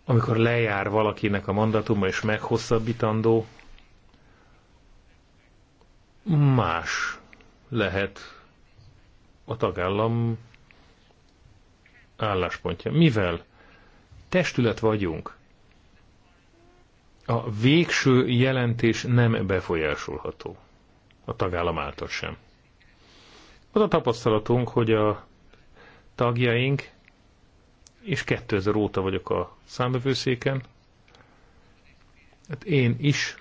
amikor lejár valakinek a mandatuma és meghosszabbítandó, más lehet a tagállam álláspontja. Mivel testület vagyunk, a végső jelentés nem befolyásolható. A tagállam által sem. Az a tapasztalatunk, hogy a tagjaink, és 2000 óta vagyok a számbevőszéken, hát én is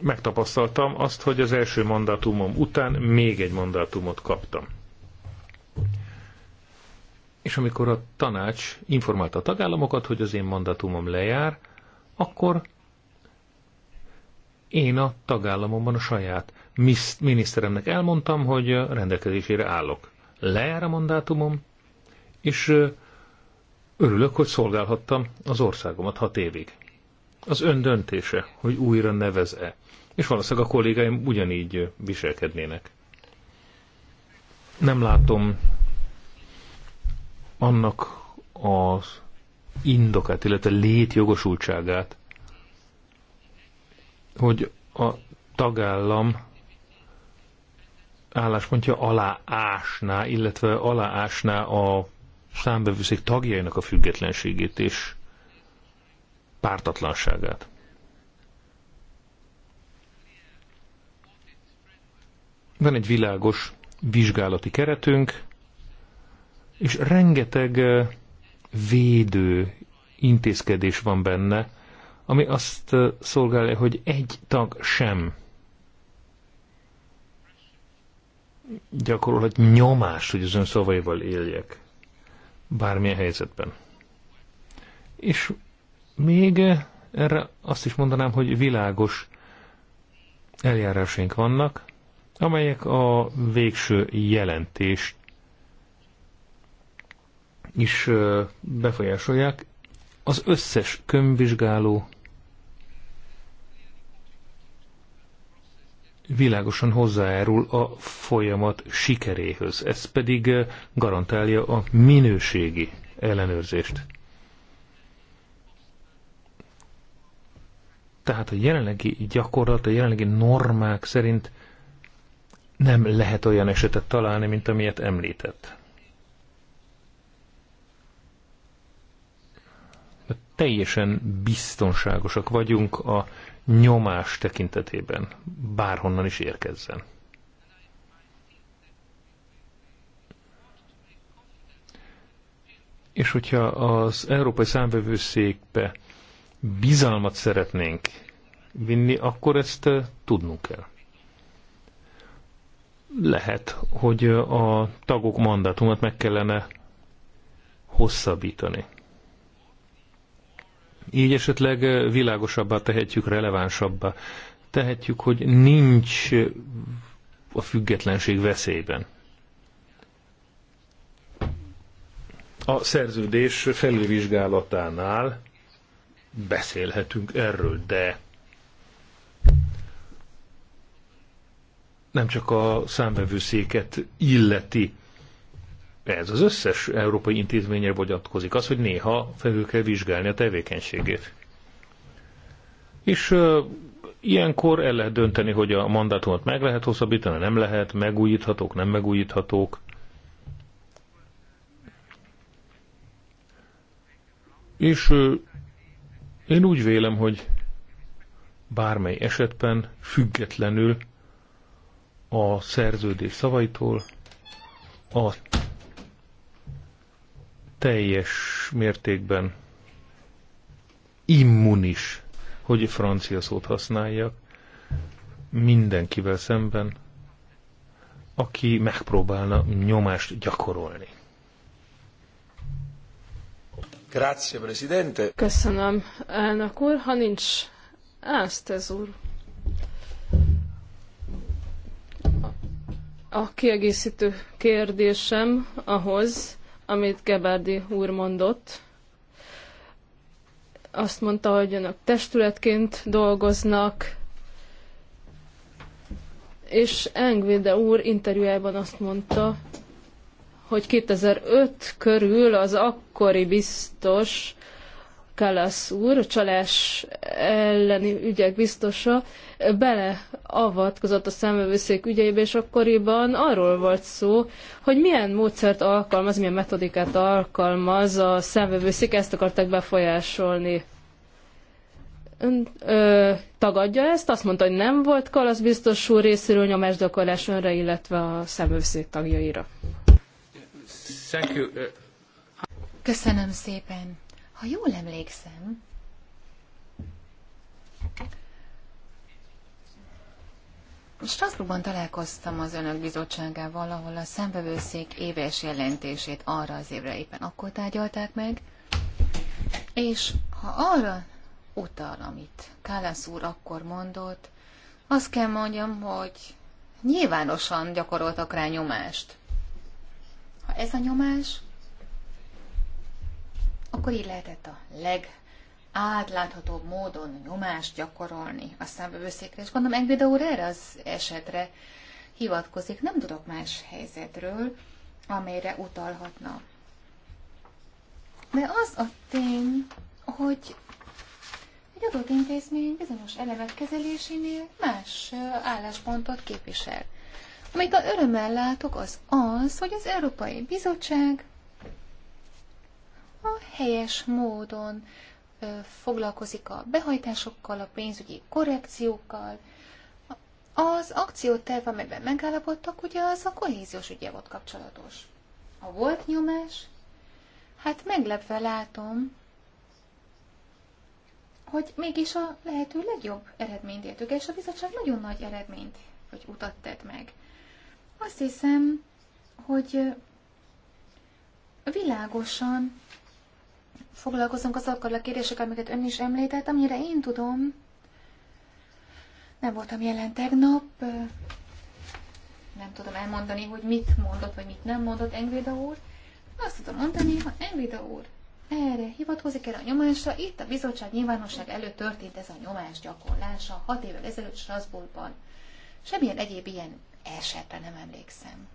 megtapasztaltam azt, hogy az első mandátumom után még egy mandátumot kaptam. És amikor a tanács informálta a tagállamokat, hogy az én mandátumom lejár, akkor én a tagállamomban a saját miniszteremnek elmondtam, hogy rendelkezésére állok. Lejár a mandátumom, és örülök, hogy szolgálhattam az országomat hat évig. Az ön döntése, hogy újra nevez-e és valószínűleg a kollégáim ugyanígy viselkednének. Nem látom annak az indokát, illetve létjogosultságát, hogy a tagállam álláspontja aláásná, illetve aláásná a számbevőszék tagjainak a függetlenségét és pártatlanságát. Van egy világos vizsgálati keretünk, és rengeteg védő intézkedés van benne, ami azt szolgálja, hogy egy tag sem gyakorolhat nyomást, hogy az ön szavaival éljek bármilyen helyzetben. És még erre azt is mondanám, hogy világos eljárásaink vannak, amelyek a végső jelentést is befolyásolják. Az összes könyvvizsgáló világosan hozzájárul a folyamat sikeréhöz, ez pedig garantálja a minőségi ellenőrzést. Tehát a jelenlegi gyakorlat, a jelenlegi normák szerint nem lehet olyan esetet találni, mint amilyet említett. Teljesen biztonságosak vagyunk a nyomás tekintetében, bárhonnan is érkezzen. És hogyha az Európai Számvevőszékbe bizalmat szeretnénk vinni, akkor ezt eh, tudnunk kell lehet, hogy a tagok mandátumát meg kellene hosszabbítani. Így esetleg világosabbá tehetjük, relevánsabbá tehetjük, hogy nincs a függetlenség veszélyben. A szerződés felülvizsgálatánál beszélhetünk erről, de nem csak a számvevőszéket illeti, ez az összes európai intézményre bogyatkozik, az, hogy néha felül kell vizsgálni a tevékenységét. És uh, ilyenkor el lehet dönteni, hogy a mandátumot meg lehet hosszabbítani, nem lehet, megújíthatók, nem megújíthatók. És uh, én úgy vélem, hogy bármely esetben függetlenül a szerződés szavaitól a teljes mértékben immunis, hogy francia szót használjak, mindenkivel szemben, aki megpróbálna nyomást gyakorolni. Grazie, Presidente. Köszönöm, elnök úr. Ha nincs, ezt ez úr A kiegészítő kérdésem ahhoz, amit Gebárdi úr mondott, azt mondta, hogy önök testületként dolgoznak, és Engvéde úr interjújában azt mondta, hogy 2005 körül az akkori biztos Kalasz úr, a csalás elleni ügyek biztosa, beleavatkozott a számövőszék ügyeibe, és akkoriban arról volt szó, hogy milyen módszert alkalmaz, milyen metodikát alkalmaz a számövőszék, ezt akarták befolyásolni. Ön ö, tagadja ezt, azt mondta, hogy nem volt Kalasz biztos úr részéről nyomásgyakorlás önre, illetve a számövőszék tagjaira. Thank you. Köszönöm szépen. Ha jól emlékszem, Strasbourgban találkoztam az önök bizottságával, ahol a szembevőszék éves jelentését arra az évre éppen akkor tárgyalták meg, és ha arra utal, amit Kálász úr akkor mondott, azt kell mondjam, hogy nyilvánosan gyakoroltak rá nyomást. Ha ez a nyomás akkor így lehetett a legátláthatóbb módon nyomást gyakorolni a számbevőszékre. És gondolom, Engvida úr erre az esetre hivatkozik. Nem tudok más helyzetről, amelyre utalhatna. De az a tény, hogy egy adott intézmény bizonyos elemek kezelésénél más álláspontot képvisel. Amit a örömmel látok, az az, hogy az Európai Bizottság a helyes módon foglalkozik a behajtásokkal, a pénzügyi korrekciókkal. Az akcióterv, amelyben megállapodtak, ugye az a kohéziós ügye volt kapcsolatos. A volt nyomás, hát meglepve látom, hogy mégis a lehető legjobb eredményt értük, és a bizottság nagyon nagy eredményt, vagy utat tett meg. Azt hiszem, hogy világosan foglalkozunk azokkal a kérdésekkel, amiket ön is említett, amire én tudom. Nem voltam jelen tegnap, nem tudom elmondani, hogy mit mondott, vagy mit nem mondott Engvéda úr. Azt tudom mondani, ha Engvéda úr erre hivatkozik erre a nyomásra, itt a bizottság nyilvánosság előtt történt ez a nyomás gyakorlása, hat évvel ezelőtt Strasbourgban. Semmilyen egyéb ilyen esetre nem emlékszem.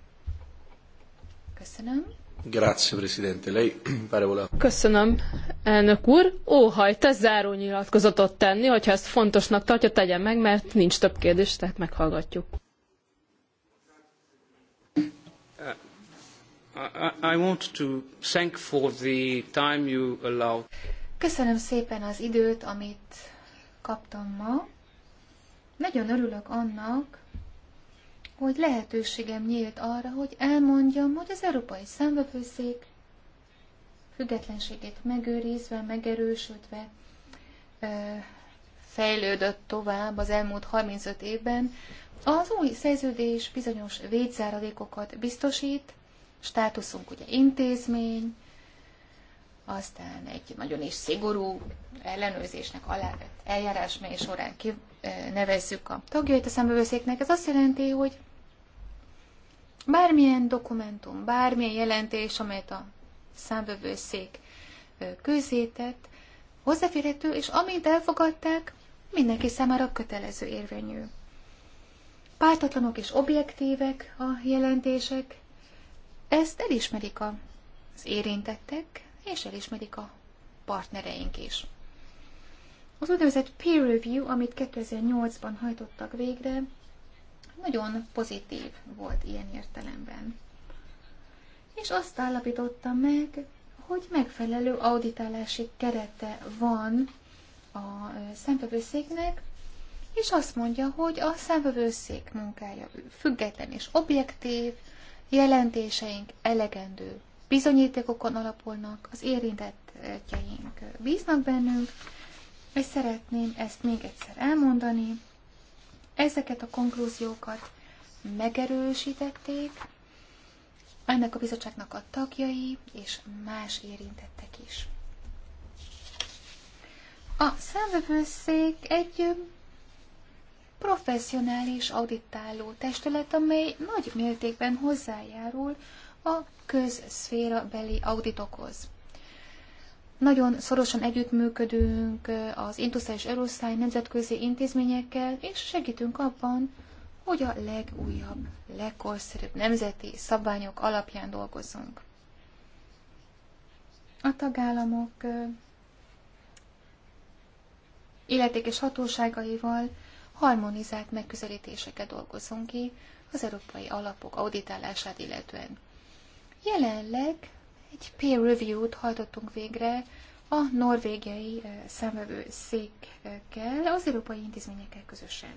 Köszönöm. Grazie, Presidente. Lei Köszönöm, elnök úr. Óhajt ez záró nyilatkozatot tenni, hogyha ezt fontosnak tartja, tegye meg, mert nincs több kérdés, tehát meghallgatjuk. Uh, I want to thank for the time you allowed. Köszönöm szépen az időt, amit kaptam ma. Nagyon örülök annak, hogy lehetőségem nyílt arra, hogy elmondjam, hogy az Európai Számvevőszék függetlenségét megőrizve, megerősödve fejlődött tovább az elmúlt 35 évben. Az új szerződés bizonyos védzáradékokat biztosít, státuszunk ugye intézmény, aztán egy nagyon is szigorú ellenőrzésnek alávett eljárás, mely során kinevezzük a tagjait a szembevőszéknek. Ez azt jelenti, hogy Bármilyen dokumentum, bármilyen jelentés, amelyet a számbevőszék közzétett, hozzáférhető, és amint elfogadták, mindenki számára kötelező érvényű. Pártatlanok és objektívek a jelentések, ezt elismerik az érintettek, és elismerik a partnereink is. Az úgynevezett peer review, amit 2008-ban hajtottak végre, nagyon pozitív volt ilyen értelemben. És azt állapította meg, hogy megfelelő auditálási kerete van a szemvevőszéknek, és azt mondja, hogy a szemvevőszék munkája független és objektív, jelentéseink elegendő bizonyítékokon alapulnak, az érintettjeink bíznak bennünk, és szeretném ezt még egyszer elmondani, Ezeket a konklúziókat megerősítették ennek a bizottságnak a tagjai és más érintettek is. A számvevőszék egy professzionális auditáló testület, amely nagy mértékben hozzájárul a közszféra beli auditokhoz. Nagyon szorosan együttműködünk eh, az Intusza és Euroszáj nemzetközi intézményekkel, és segítünk abban, hogy a legújabb, legkorszerűbb nemzeti szabványok alapján dolgozzunk. A tagállamok eh, illetékes hatóságaival harmonizált megközelítéseket dolgozunk ki az európai alapok auditálását illetően. Jelenleg egy peer review-t hajtottunk végre a norvégiai számvevő székkel, az európai intézményekkel közösen.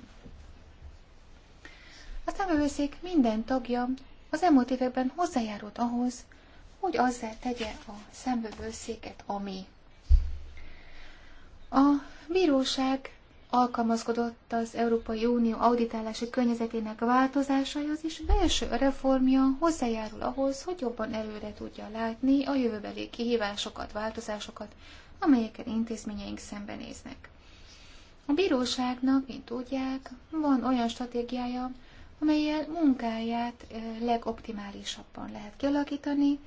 A szék minden tagja az elmúlt években hozzájárult ahhoz, hogy azzá tegye a széket, ami. A bíróság alkalmazkodott az Európai Unió auditálási környezetének változásaihoz, és belső reformja hozzájárul ahhoz, hogy jobban előre tudja látni a jövőbeli kihívásokat, változásokat, amelyeket intézményeink szembenéznek. A bíróságnak, mint tudják, van olyan stratégiája, amelyel munkáját eh, legoptimálisabban lehet kialakítani.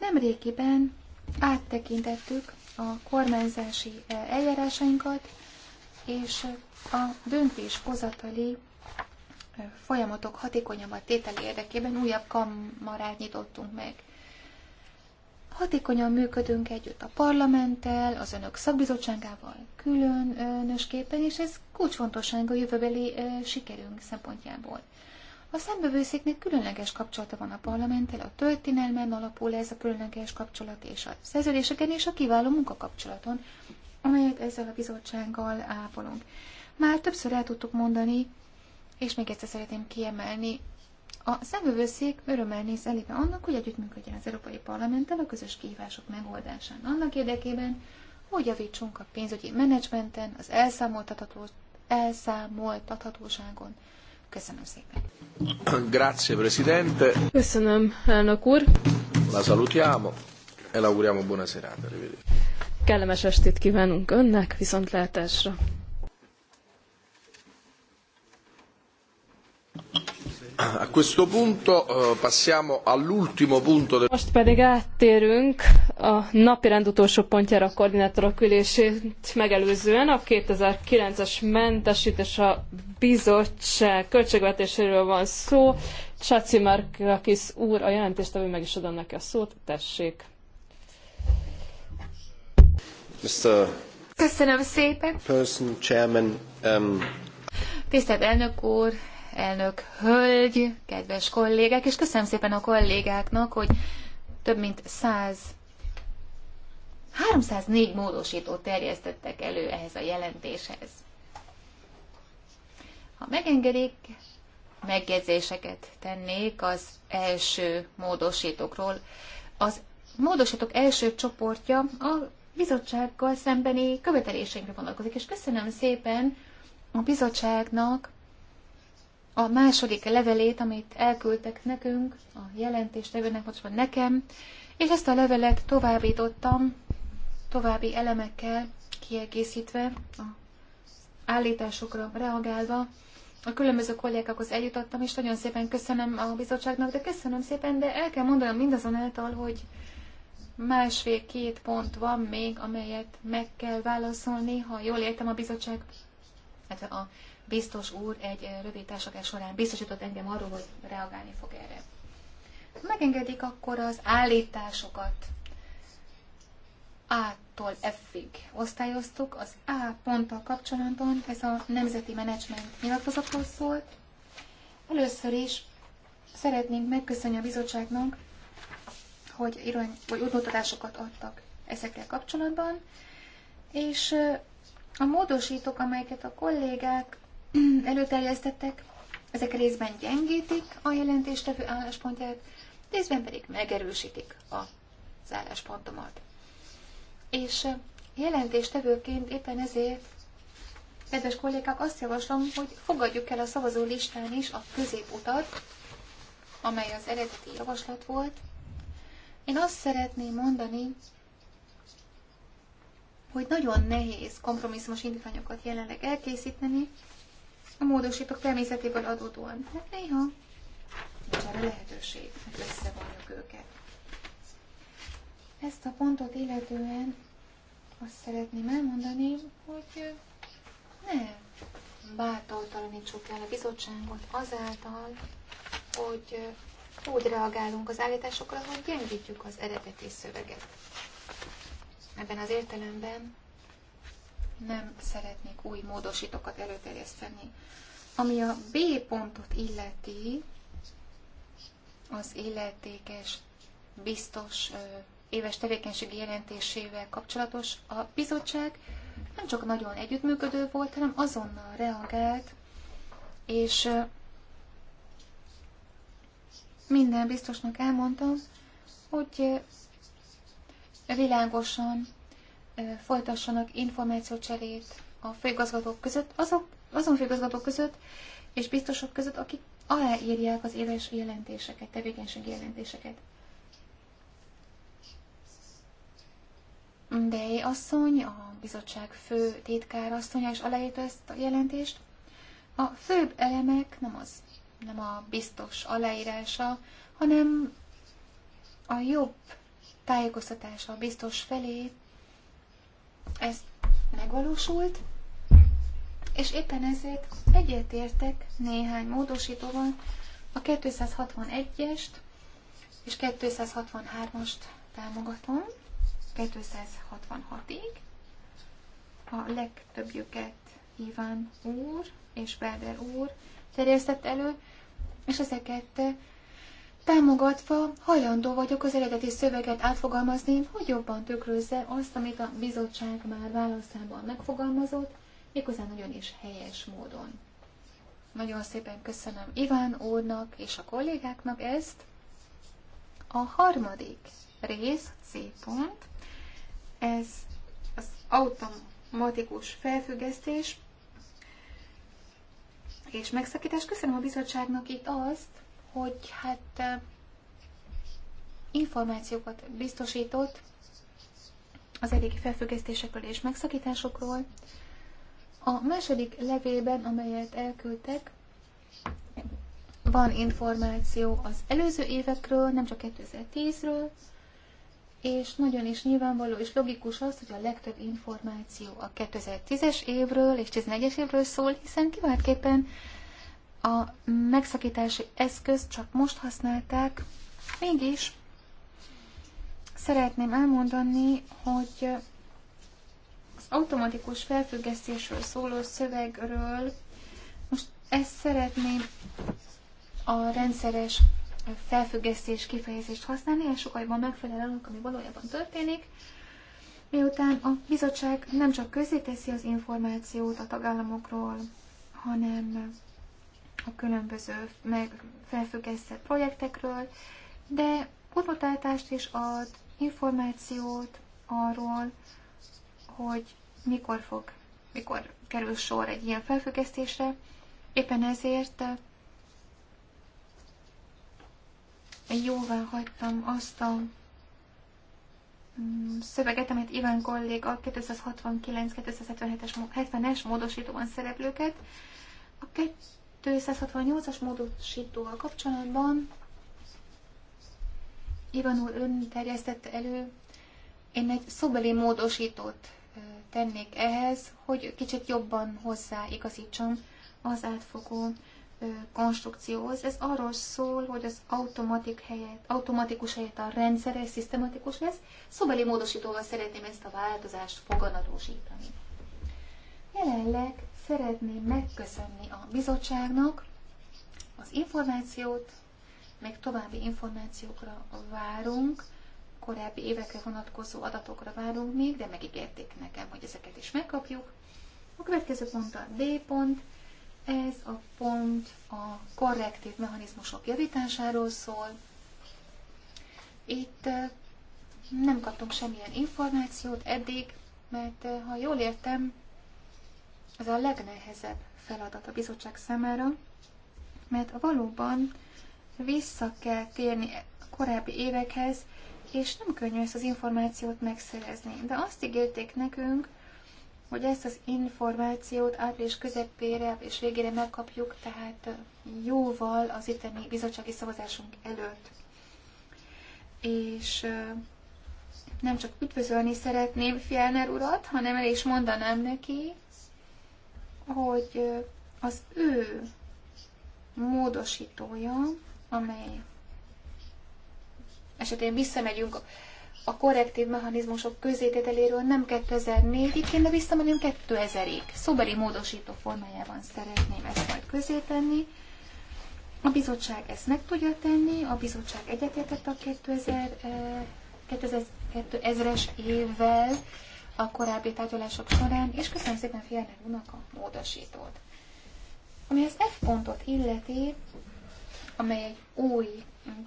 Nemrégiben áttekintettük a kormányzási eh, eljárásainkat, és a döntéshozatali folyamatok hatékonyabb tételi érdekében újabb kamarát nyitottunk meg. Hatékonyan működünk együtt a parlamenttel, az önök szakbizottságával különösképpen, és ez kulcsfontosság a jövőbeli sikerünk szempontjából. A szembevőszéknek különleges kapcsolata van a parlamenttel, a történelmen alapul ez a különleges kapcsolat és a szerződéseken és a kiváló munkakapcsolaton, amelyet ezzel a bizottsággal ápolunk. Már többször el tudtuk mondani, és még egyszer szeretném kiemelni, a szemövőszék örömmel néz elébe annak, hogy együttműködjen az Európai Parlamenttel a közös kihívások megoldásán. Annak érdekében, hogy javítsunk a pénzügyi menedzsmenten, az elszámoltatható, elszámoltathatóságon. Köszönöm szépen. Grazie, Presidente. Köszönöm, elnök úr. La salutiamo e auguriamo buona serata. Arrivederci. Kellemes estét kívánunk önnek, viszontlátásra! A questo punto eh, passiamo all'ultimo punto Most pedig áttérünk a napirend utolsó pontjára a koordinátorok ülését megelőzően a 2009-es mentesítés a bizottság költségvetéséről van szó. Csaci Markakis úr, a jelentéstevő meg is adom neki a szót, tessék. Mr. Köszönöm szépen. Person, chairman, um... Tisztelt elnök úr, elnök hölgy, kedves kollégák, és köszönöm szépen a kollégáknak, hogy több mint 100 304 módosítót terjesztettek elő ehhez a jelentéshez. Ha megengedik, megjegyzéseket tennék az első módosítókról. Az módosítók első csoportja a bizottsággal szembeni követeléseinkre vonatkozik. És köszönöm szépen a bizottságnak a második levelét, amit elküldtek nekünk, a jelentést levőnek, most van nekem, és ezt a levelet továbbítottam további elemekkel kiegészítve, a állításokra reagálva. A különböző kollégákhoz eljutottam, és nagyon szépen köszönöm a bizottságnak, de köszönöm szépen, de el kell mondanom mindazonáltal, hogy másfél-két pont van még, amelyet meg kell válaszolni, ha jól értem a bizottság, hát a biztos úr egy rövid társadalás során biztosított engem arról, hogy reagálni fog erre. Megengedik akkor az állításokat. A-tól F-ig osztályoztuk. Az A ponttal kapcsolatban ez a nemzeti menedzsment nyilatkozatról szólt. Először is szeretnénk megköszönni a bizottságnak, hogy irány, vagy útmutatásokat adtak ezekkel kapcsolatban, és a módosítók, amelyeket a kollégák előterjesztettek, ezek részben gyengítik a jelentéstevő álláspontját, részben pedig megerősítik az álláspontomat. És jelentéstevőként éppen ezért, kedves kollégák, azt javaslom, hogy fogadjuk el a szavazó listán is a középutat, amely az eredeti javaslat volt, én azt szeretném mondani, hogy nagyon nehéz kompromisszumos indítványokat jelenleg elkészíteni, a módosítók természetéből adódóan. Hát néha nincs erre lehetőség, hogy összevonjuk őket. Ezt a pontot illetően azt szeretném elmondani, hogy ne bátortalanítsuk el a bizottságot azáltal, hogy úgy reagálunk az állításokra, hogy gyengítjük az eredeti szöveget. Ebben az értelemben nem szeretnék új módosítókat előterjeszteni. Ami a B pontot illeti, az illetékes, biztos éves tevékenységi jelentésével kapcsolatos, a bizottság nem csak nagyon együttműködő volt, hanem azonnal reagált, és minden biztosnak elmondtam, hogy eh, világosan eh, folytassanak információcserét a főigazgatók között, azok, azon főigazgatók között és biztosok között, akik aláírják az éves jelentéseket, tevékenységi jelentéseket. De asszony, a bizottság fő asszonya is aláírta ezt a jelentést. A főbb elemek nem az nem a biztos aláírása, hanem a jobb tájékoztatása a biztos felé, ez megvalósult, és éppen ezért egyetértek néhány módosítóval a 261-est és 263-ast támogatom, 266-ig, a legtöbbjüket Iván úr és Berder úr terjesztett elő, és ezeket eh, támogatva hajlandó vagyok az eredeti szöveget átfogalmazni, hogy jobban tükrözze azt, amit a bizottság már válaszában megfogalmazott, méghozzá nagyon is helyes módon. Nagyon szépen köszönöm Iván úrnak és a kollégáknak ezt. A harmadik rész, C pont, ez az automatikus felfüggesztés, és megszakítás. Köszönöm a bizottságnak itt azt, hogy hát információkat biztosított az eddigi felfüggesztésekről és megszakításokról. A második levélben, amelyet elküldtek, van információ az előző évekről, nem csak 2010-ről, és nagyon is nyilvánvaló és logikus az, hogy a legtöbb információ a 2010-es évről és 2014 es évről szól, hiszen kiváltképpen a megszakítási eszközt csak most használták, mégis szeretném elmondani, hogy az automatikus felfüggesztésről szóló szövegről most ezt szeretném a rendszeres felfüggesztés kifejezést használni, és jobban megfelel annak, ami valójában történik, miután a bizottság nem csak közzéteszi az információt a tagállamokról, hanem a különböző meg felfüggesztett projektekről, de utótátást is ad, információt arról, hogy mikor fog, mikor kerül sor egy ilyen felfüggesztésre. Éppen ezért jóvá hagytam azt a mm, szöveget, amit Iván a 269-277-es módosítóban szereplőket. A 268-as módosítóval kapcsolatban Iván úr ön terjesztette elő, én egy szobeli módosítót tennék ehhez, hogy kicsit jobban hozzáigazítsam az átfogó konstrukcióhoz. Ez arról szól, hogy az automatik helyet, automatikus helyett a rendszeres, szisztematikus lesz. Szóbeli módosítóval szeretném ezt a változást foganatosítani. Jelenleg szeretném megköszönni a bizottságnak az információt, meg további információkra várunk, korábbi évekre vonatkozó adatokra várunk még, de megígérték nekem, hogy ezeket is megkapjuk. A következő pont a D pont, ez a pont a korrektív mechanizmusok javításáról szól. Itt eh, nem kaptunk semmilyen információt eddig, mert eh, ha jól értem, ez a legnehezebb feladat a bizottság számára, mert valóban vissza kell térni a korábbi évekhez, és nem könnyű ezt az információt megszerezni. De azt ígérték nekünk, hogy ezt az információt április közepére és végére megkapjuk, tehát jóval az itteni bizottsági szavazásunk előtt. És nem csak üdvözölni szeretném Fjellner urat, hanem el is mondanám neki, hogy az ő módosítója, amely esetén visszamegyünk a korrektív mechanizmusok közétételéről nem 2004-ig kéne visszamenni, 2000-ig. Szóbeli módosító formájában szeretném ezt majd közétenni. A bizottság ezt meg tudja tenni, a bizottság egyetértett a 2000, 2000-es eh, évvel a korábbi tárgyalások során, és köszönöm szépen Fjellner úrnak a módosítót. Ami az F pontot illeti, amely egy új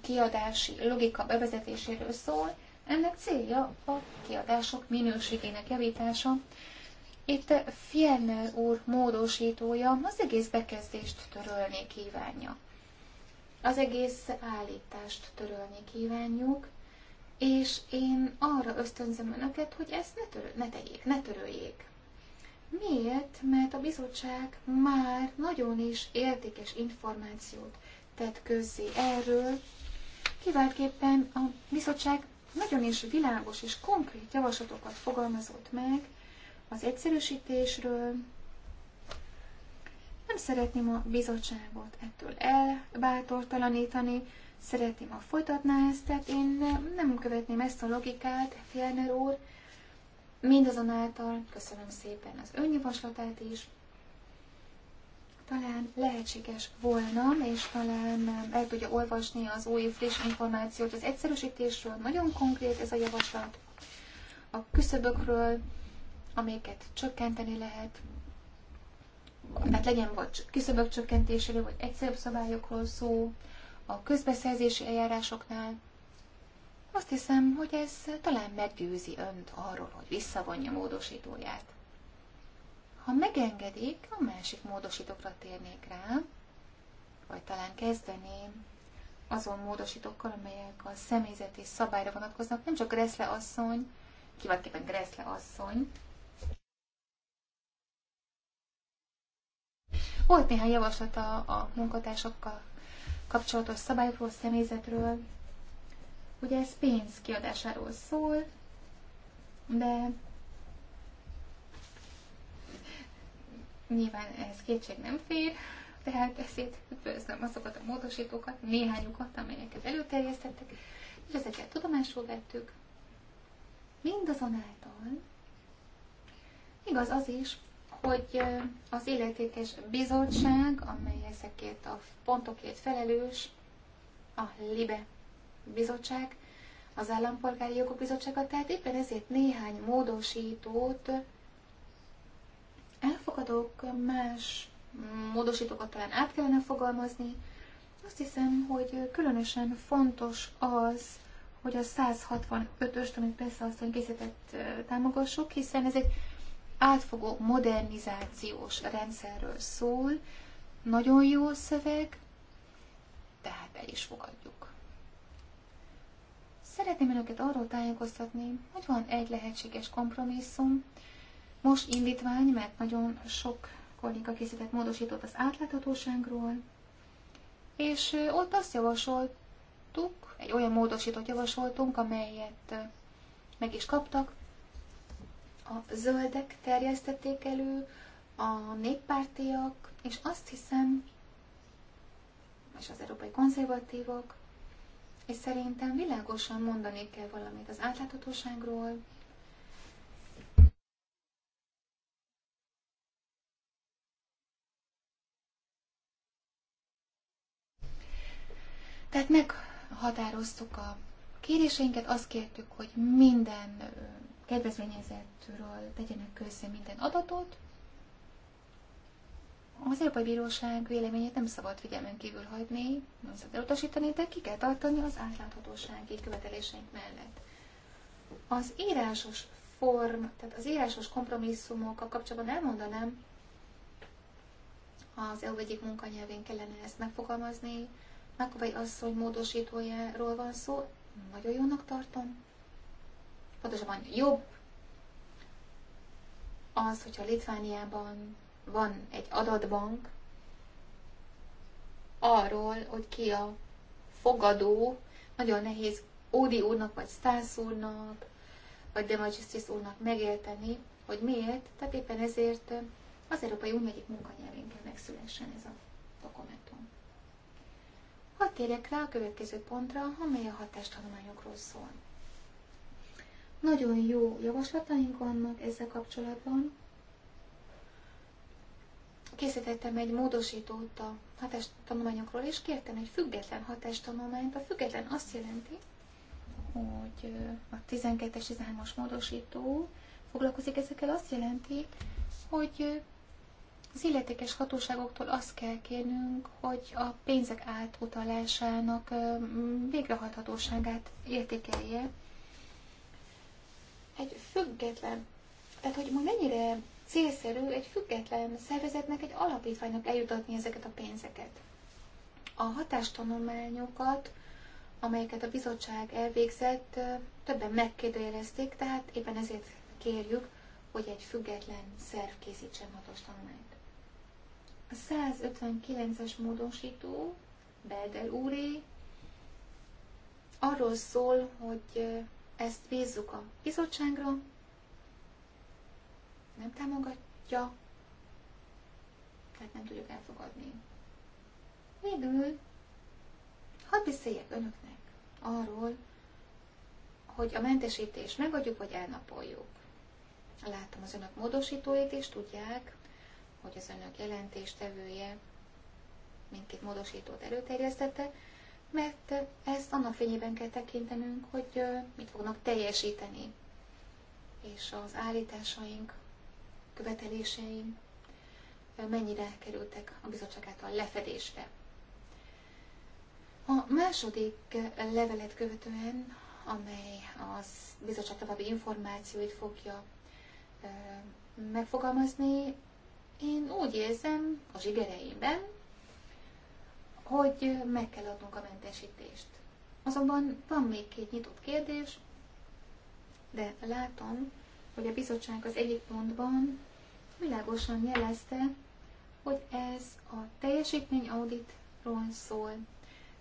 kiadási logika bevezetéséről szól, ennek célja a kiadások minőségének javítása. Itt Fiennel úr módosítója az egész bekezdést törölni kívánja. Az egész állítást törölni kívánjuk, és én arra ösztönzöm önöket, hogy ezt ne, törö- ne tegyék, ne töröljék. Miért? Mert a bizottság már nagyon is értékes információt tett közzé erről, kiváltképpen a bizottság nagyon is világos és konkrét javaslatokat fogalmazott meg az egyszerűsítésről. Nem szeretném a bizottságot ettől elbátortalanítani, szeretném, ha folytatná ezt, tehát én nem követném ezt a logikát, Fjellner úr. Mindazonáltal köszönöm szépen az önjavaslatát is, talán lehetséges volna, és talán um, el tudja olvasni az új friss információt az egyszerűsítésről. Nagyon konkrét ez a javaslat. A küszöbökről, amiket csökkenteni lehet, tehát legyen vagy küszöbök csökkentéséről, vagy egyszerűbb szabályokról szó, a közbeszerzési eljárásoknál. Azt hiszem, hogy ez talán meggyőzi önt arról, hogy visszavonja módosítóját. Ha megengedik, a másik módosítókra térnék rá, vagy talán kezdeném azon módosítókkal, amelyek a személyzet és szabályra vonatkoznak, nem csak Greszle asszony, kiváltképpen Greszle asszony. Volt néhány javaslata a munkatársakkal kapcsolatos szabályokról, személyzetről. Ugye ez pénz kiadásáról szól, de nyilván ez kétség nem fér, tehát ezért üdvözlöm azokat a módosítókat, néhányukat, amelyeket előterjesztettek, és ezeket tudomásul vettük. Mindazonáltal igaz az is, hogy az életékes bizottság, amely ezekért a pontokért felelős, a LIBE bizottság, az Állampolgári Jogok Bizottsága, tehát éppen ezért néhány módosítót fogadok, más módosítókat talán át kellene fogalmazni. Azt hiszem, hogy különösen fontos az, hogy a 165-öst, amit persze aztán készített, támogassuk, hiszen ez egy átfogó modernizációs rendszerről szól, nagyon jó szöveg, tehát el is fogadjuk. Szeretném önöket arról tájékoztatni, hogy van egy lehetséges kompromisszum, most indítvány, mert nagyon sok kolléga készített módosított az átláthatóságról, és ott azt javasoltuk, egy olyan módosítót javasoltunk, amelyet meg is kaptak. A zöldek terjesztették elő, a néppártiak, és azt hiszem, és az európai konzervatívok, és szerintem világosan mondani kell valamit az átláthatóságról, Tehát meghatároztuk a kéréseinket, azt kértük, hogy minden kedvezményezettről tegyenek közzé minden adatot. Az Európai Bíróság véleményét nem szabad figyelmen kívül hagyni, nem szabad elutasítani, de ki kell tartani az átláthatósági követeléseink mellett. Az írásos form, tehát az írásos kompromisszumokkal kapcsolatban elmondanám, az EU egyik munkanyelvén kellene ezt megfogalmazni, Makovai asszony módosítójáról van szó, nagyon jónak tartom. Pontosabban jobb az, hogyha Litvániában van egy adatbank arról, hogy ki a fogadó, nagyon nehéz Ódi úrnak, vagy Stász úrnak, vagy de Magistris úrnak megérteni, hogy miért, tehát éppen ezért az Európai Unió egyik munkanyelvén kell megszülessen ez a dokumentum. Hadd térjek rá a következő pontra, amely a hatástanulmányokról szól. Nagyon jó javaslataink vannak ezzel kapcsolatban. Készítettem egy módosítót a hatástanulmányokról, és kértem egy független hatástanulmányt. A független azt jelenti, hogy a 12-es, 13-as módosító foglalkozik ezekkel, azt jelenti, hogy az illetékes hatóságoktól azt kell kérnünk, hogy a pénzek átutalásának végrehajthatóságát értékelje. Egy független, tehát hogy mennyire célszerű egy független szervezetnek, egy alapítványnak eljutatni ezeket a pénzeket. A hatástanulmányokat, amelyeket a bizottság elvégzett, többen megkérdőjelezték, tehát éppen ezért kérjük, hogy egy független szerv készítsen hatástanulmányt. A 159-es módosító, Belder úré, arról szól, hogy ezt bízzuk a bizottságra, nem támogatja, tehát nem tudjuk elfogadni. Végül, hadd beszéljek önöknek arról, hogy a mentesítést megadjuk, vagy elnapoljuk. Láttam az önök módosítóit, és tudják, hogy az önök jelentéstevője mindkét módosítót előterjesztette, mert ezt annak fényében kell tekintenünk, hogy mit fognak teljesíteni, és az állításaink, követeléseim mennyire kerültek a bizottság által lefedésre. A második levelet követően, amely az bizottság további információit fogja megfogalmazni, én úgy érzem a zsigereimben, hogy meg kell adnunk a mentesítést. Azonban van még két nyitott kérdés, de látom, hogy a bizottság az egyik pontban világosan jelezte, hogy ez a teljesítmény auditról szól.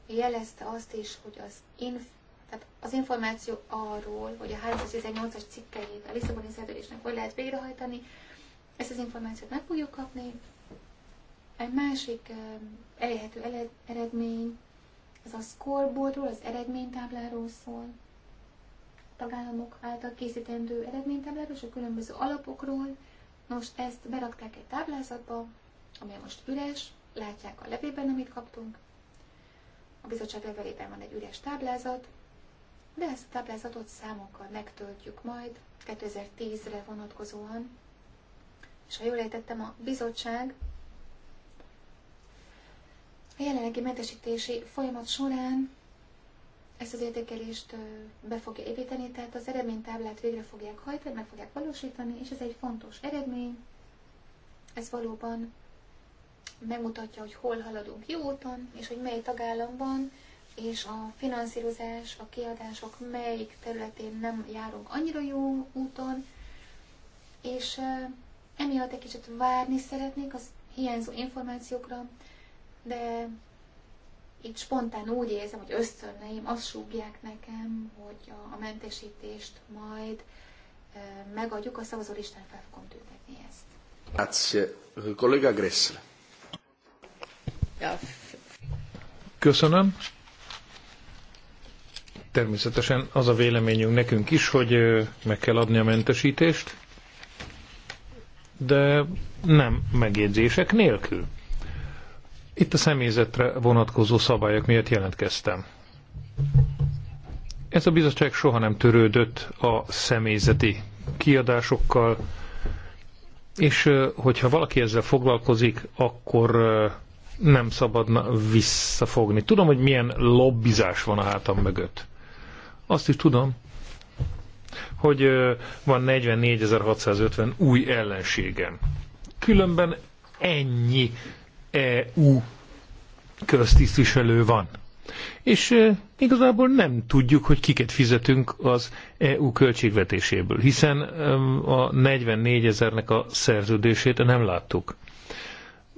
Jelezte azt is, hogy az, inf- tehát az információ arról, hogy a 318-as cikkeit a Lisszaboni szerződésnek hogy lehet végrehajtani, ezt az információt meg fogjuk kapni. Egy másik elérhető eredmény, ez a scoreboardról, az eredménytábláról szól, a tagállamok által készítendő eredménytábláról és a különböző alapokról. Nos, ezt berakták egy táblázatba, amely most üres, látják a levélben, amit kaptunk. A bizottság levelében van egy üres táblázat, de ezt a táblázatot számokkal megtöltjük majd 2010-re vonatkozóan és ha jól értettem, a bizottság a jelenlegi mentesítési folyamat során ezt az értékelést be fogja építeni, tehát az eredménytáblát végre fogják hajtani, meg fogják valósítani, és ez egy fontos eredmény. Ez valóban megmutatja, hogy hol haladunk jó úton, és hogy mely tagállamban, és a finanszírozás, a kiadások melyik területén nem járunk annyira jó úton, és Emiatt egy kicsit várni szeretnék az hiányzó információkra, de itt spontán úgy érzem, hogy ösztönneim azt súgják nekem, hogy a, a mentesítést majd e, megadjuk, a szavazólistán fel fogom tüntetni ezt. Kollega Köszönöm. Természetesen az a véleményünk nekünk is, hogy meg kell adni a mentesítést de nem megjegyzések nélkül. Itt a személyzetre vonatkozó szabályok miatt jelentkeztem. Ez a bizottság soha nem törődött a személyzeti kiadásokkal, és hogyha valaki ezzel foglalkozik, akkor nem szabadna visszafogni. Tudom, hogy milyen lobbizás van a hátam mögött. Azt is tudom, hogy van 44.650 új ellenségem. Különben ennyi EU köztisztviselő van. És igazából nem tudjuk, hogy kiket fizetünk az EU költségvetéséből, hiszen a 44 ezernek a szerződését nem láttuk.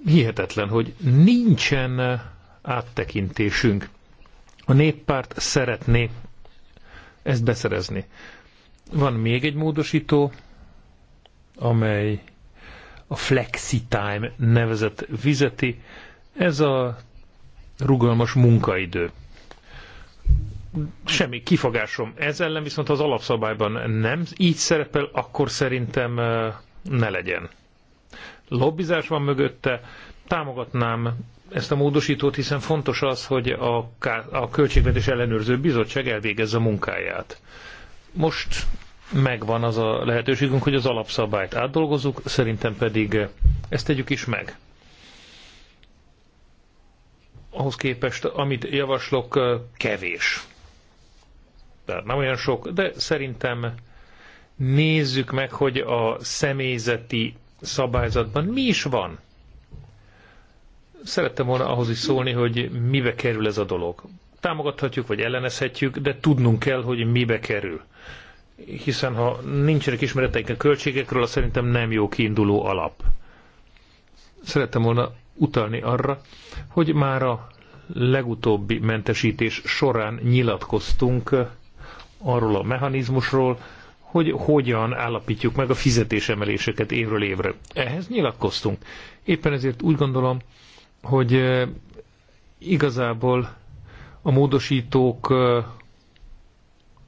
Hihetetlen, hogy nincsen áttekintésünk. A néppárt szeretné ezt beszerezni. Van még egy módosító, amely a flexitime nevezett vizeti. Ez a rugalmas munkaidő. Semmi kifogásom ez ellen, viszont az alapszabályban nem így szerepel, akkor szerintem ne legyen. Lobbizás van mögötte, támogatnám ezt a módosítót, hiszen fontos az, hogy a, a Költségvetés Ellenőrző Bizottság elvégezze a munkáját. Most megvan az a lehetőségünk, hogy az alapszabályt átdolgozzuk, szerintem pedig eh, ezt tegyük is meg. Ahhoz képest, amit javaslok, eh, kevés. De nem olyan sok, de szerintem nézzük meg, hogy a személyzeti szabályzatban mi is van. Szerettem volna ahhoz is szólni, hogy mibe kerül ez a dolog. Támogathatjuk, vagy ellenezhetjük, de tudnunk kell, hogy mibe kerül hiszen ha nincsenek ismereteink a költségekről, az szerintem nem jó kiinduló alap. Szerettem volna utalni arra, hogy már a legutóbbi mentesítés során nyilatkoztunk eh, arról a mechanizmusról, hogy hogyan állapítjuk meg a fizetésemeléseket évről évre. Ehhez nyilatkoztunk. Éppen ezért úgy gondolom, hogy eh, igazából a módosítók eh,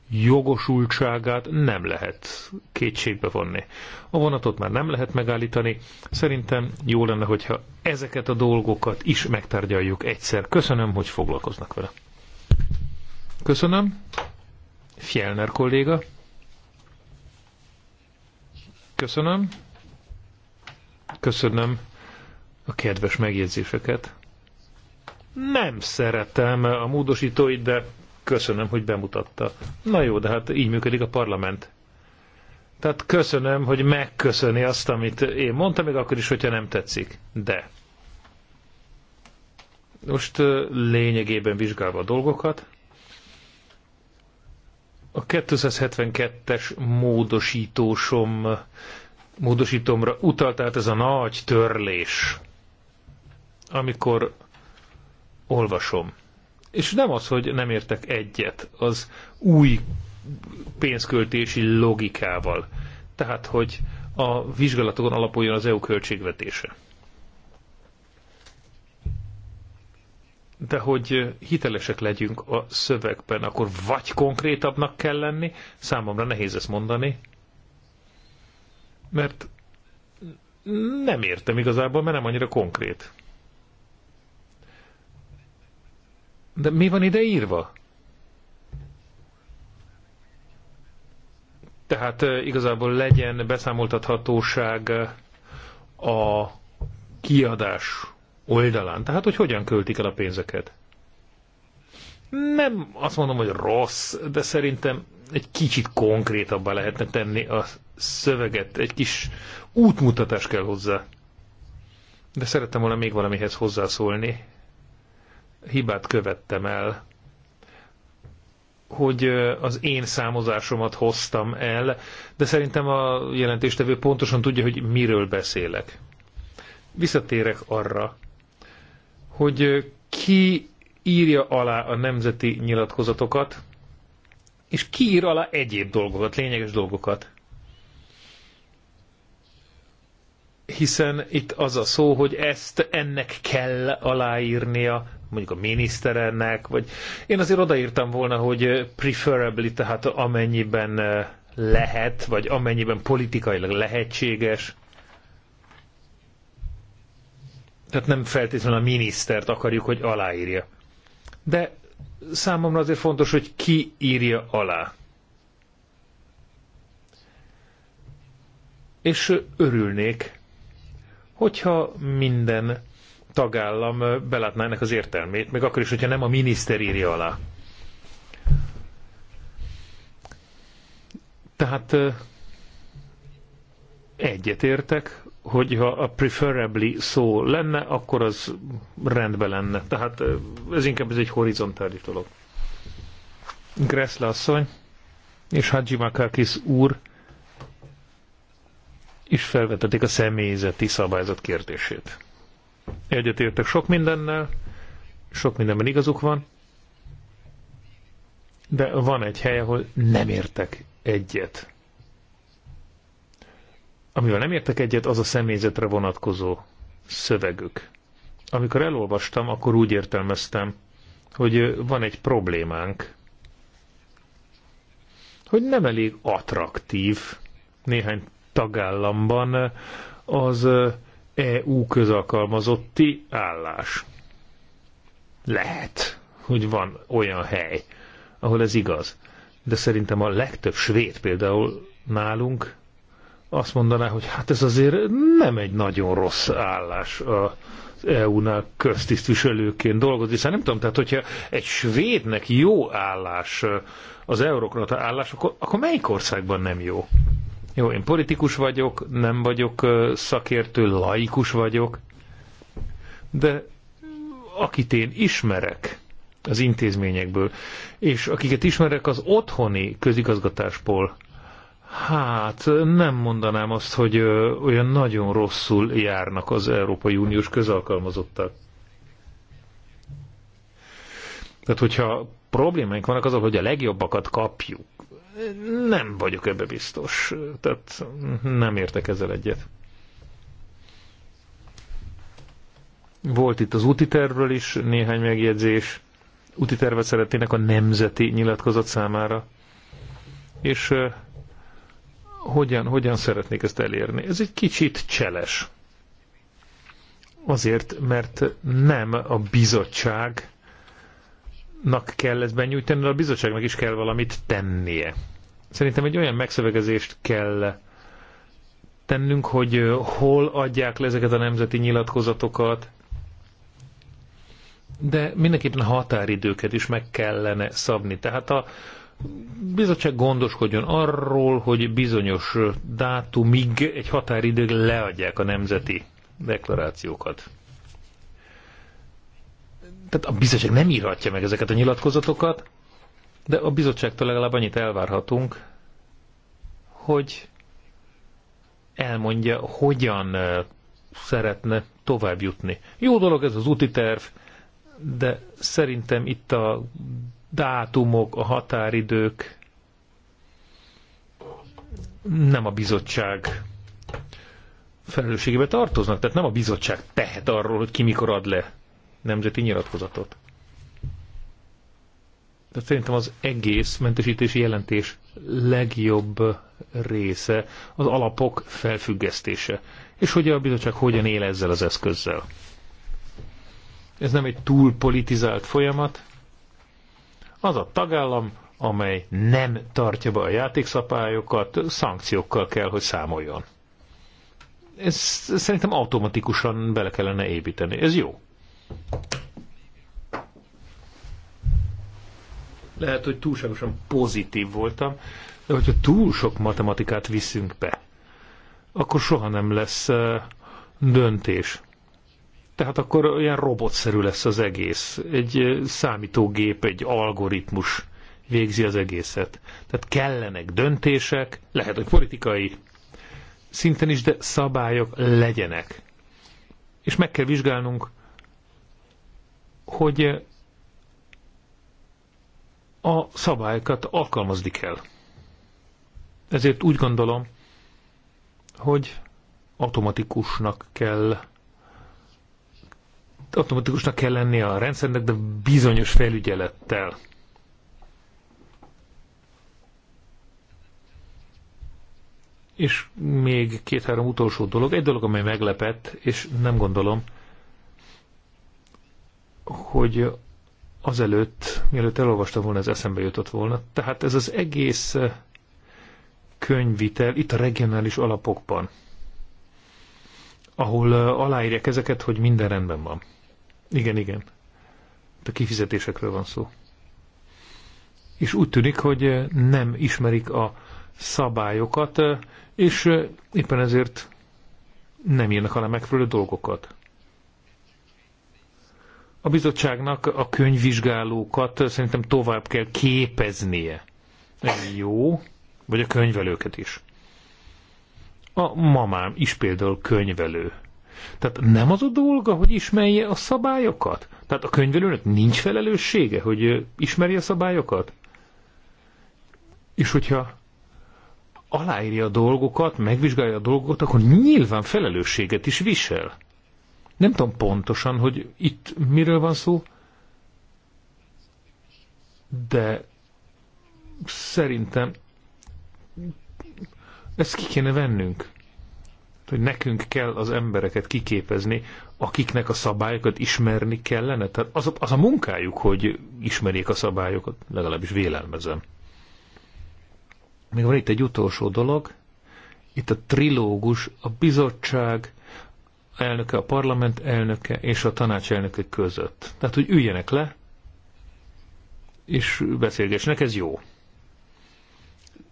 jogosultságát nem lehet kétségbe vonni. A vonatot már nem lehet megállítani. Szerintem jó lenne, hogyha ezeket a dolgokat is megtárgyaljuk egyszer. Köszönöm, hogy foglalkoznak vele. Köszönöm. Fjellner kolléga. Köszönöm. Köszönöm a kedves megjegyzéseket. Nem szeretem a módosítóit, de Köszönöm, hogy bemutatta. Na jó, de hát így működik a parlament. Tehát köszönöm, hogy megköszöni azt, amit én mondtam, még akkor is, hogyha nem tetszik. De most lényegében vizsgálva a dolgokat, a 272-es módosítósom, módosítomra utalt át ez a nagy törlés, amikor olvasom. És nem az, hogy nem értek egyet az új pénzköltési logikával. Tehát, hogy a vizsgálatokon alapuljon az EU költségvetése. De hogy hitelesek legyünk a szövegben, akkor vagy konkrétabbnak kell lenni, számomra nehéz ezt mondani, mert nem értem igazából, mert nem annyira konkrét. De mi van ide írva? Tehát igazából legyen beszámoltathatóság a kiadás oldalán. Tehát, hogy hogyan költik el a pénzeket. Nem azt mondom, hogy rossz, de szerintem egy kicsit konkrétabbá lehetne tenni a szöveget. Egy kis útmutatás kell hozzá. De szerettem volna még valamihez hozzászólni, hibát követtem el, hogy az én számozásomat hoztam el, de szerintem a jelentéstevő pontosan tudja, hogy miről beszélek. Visszatérek arra, hogy ki írja alá a nemzeti nyilatkozatokat, és ki ír alá egyéb dolgokat, lényeges dolgokat. hiszen itt az a szó, hogy ezt ennek kell aláírnia, mondjuk a miniszterelnek, vagy én azért odaírtam volna, hogy preferably, tehát amennyiben lehet, vagy amennyiben politikailag lehetséges. Tehát nem feltétlenül a minisztert akarjuk, hogy aláírja. De számomra azért fontos, hogy ki írja alá. És örülnék, hogyha minden tagállam belátná ennek az értelmét, még akkor is, hogyha nem a miniszter írja alá. Tehát egyetértek, hogyha a preferably szó lenne, akkor az rendben lenne. Tehát ez inkább ez egy horizontális dolog. Gressle asszony és Makakis úr is felvetették a személyzeti szabályzat kérdését. Egyetértek sok mindennel, sok mindenben igazuk van, de van egy hely, ahol nem értek egyet. Amivel nem értek egyet, az a személyzetre vonatkozó szövegük. Amikor elolvastam, akkor úgy értelmeztem, hogy van egy problémánk, hogy nem elég attraktív néhány tagállamban az EU közalkalmazotti állás. Lehet, hogy van olyan hely, ahol ez igaz. De szerintem a legtöbb svéd például nálunk azt mondaná, hogy hát ez azért nem egy nagyon rossz állás a EU-nál köztisztviselőként dolgozni. Hiszen nem tudom, tehát hogyha egy svédnek jó állás az eurokrata állás, akkor, akkor melyik országban nem jó? Jó, én politikus vagyok, nem vagyok szakértő, laikus vagyok, de akit én ismerek az intézményekből, és akiket ismerek az otthoni közigazgatásból, hát nem mondanám azt, hogy olyan nagyon rosszul járnak az Európai Uniós közalkalmazottak. Tehát, hogyha problémáink vannak azok, hogy a legjobbakat kapjuk, nem vagyok ebbe biztos, tehát nem értek ezzel egyet. Volt itt az úti tervről is néhány megjegyzés. Úti tervet szeretnének a nemzeti nyilatkozat számára. És uh, hogyan, hogyan szeretnék ezt elérni? Ez egy kicsit cseles. Azért, mert nem a bizottság nak kell ezt benyújtani, de a bizottságnak is kell valamit tennie. Szerintem egy olyan megszövegezést kell tennünk, hogy hol adják le ezeket a nemzeti nyilatkozatokat, de mindenképpen határidőket is meg kellene szabni. Tehát a bizottság gondoskodjon arról, hogy bizonyos dátumig egy határidőig leadják a nemzeti deklarációkat tehát a bizottság nem írhatja meg ezeket a nyilatkozatokat, de a bizottságtól legalább annyit elvárhatunk, hogy elmondja, hogyan szeretne tovább jutni. Jó dolog ez az úti terv, de szerintem itt a dátumok, a határidők nem a bizottság felelősségébe tartoznak, tehát nem a bizottság tehet arról, hogy ki mikor ad le nemzeti nyilatkozatot. De szerintem az egész mentesítési jelentés legjobb része az alapok felfüggesztése. És hogy a bizottság hogyan él ezzel az eszközzel. Ez nem egy túl politizált folyamat. Az a tagállam, amely nem tartja be a játékszabályokat, szankciókkal kell, hogy számoljon. Ez szerintem automatikusan bele kellene építeni. Ez jó. Lehet, hogy túlságosan pozitív voltam, de hogyha túl sok matematikát viszünk be, akkor soha nem lesz döntés. Tehát akkor ilyen robotszerű lesz az egész. Egy számítógép, egy algoritmus végzi az egészet. Tehát kellenek döntések, lehet, hogy politikai szinten is, de szabályok legyenek. És meg kell vizsgálnunk, hogy a szabályokat alkalmazni kell. Ezért úgy gondolom, hogy automatikusnak kell automatikusnak kell lennie a rendszernek, de bizonyos felügyelettel. És még két-három utolsó dolog. Egy dolog, amely meglepett, és nem gondolom, hogy azelőtt, mielőtt elolvastam volna, ez eszembe jutott volna. Tehát ez az egész könyvitel itt a regionális alapokban, ahol aláírják ezeket, hogy minden rendben van. Igen, igen. A kifizetésekről van szó. És úgy tűnik, hogy nem ismerik a szabályokat, és éppen ezért nem írnak alá megfelelő dolgokat. A bizottságnak a könyvvizsgálókat szerintem tovább kell képeznie. Ez jó, vagy a könyvelőket is. A mamám is például könyvelő. Tehát nem az a dolga, hogy ismerje a szabályokat? Tehát a könyvelőnek nincs felelőssége, hogy ismerje a szabályokat? És hogyha aláírja a dolgokat, megvizsgálja a dolgokat, akkor nyilván felelősséget is visel. Nem tudom pontosan, hogy itt miről van szó, de szerintem ezt ki kéne vennünk. Hogy nekünk kell az embereket kiképezni, akiknek a szabályokat ismerni kellene. Tehát az, a, az a munkájuk, hogy ismerjék a szabályokat, legalábbis vélelmezem. Még van itt egy utolsó dolog. Itt a trilógus, a bizottság elnöke, a parlament elnöke és a tanács elnöke között. Tehát, hogy üljenek le, és beszélgessenek, ez jó.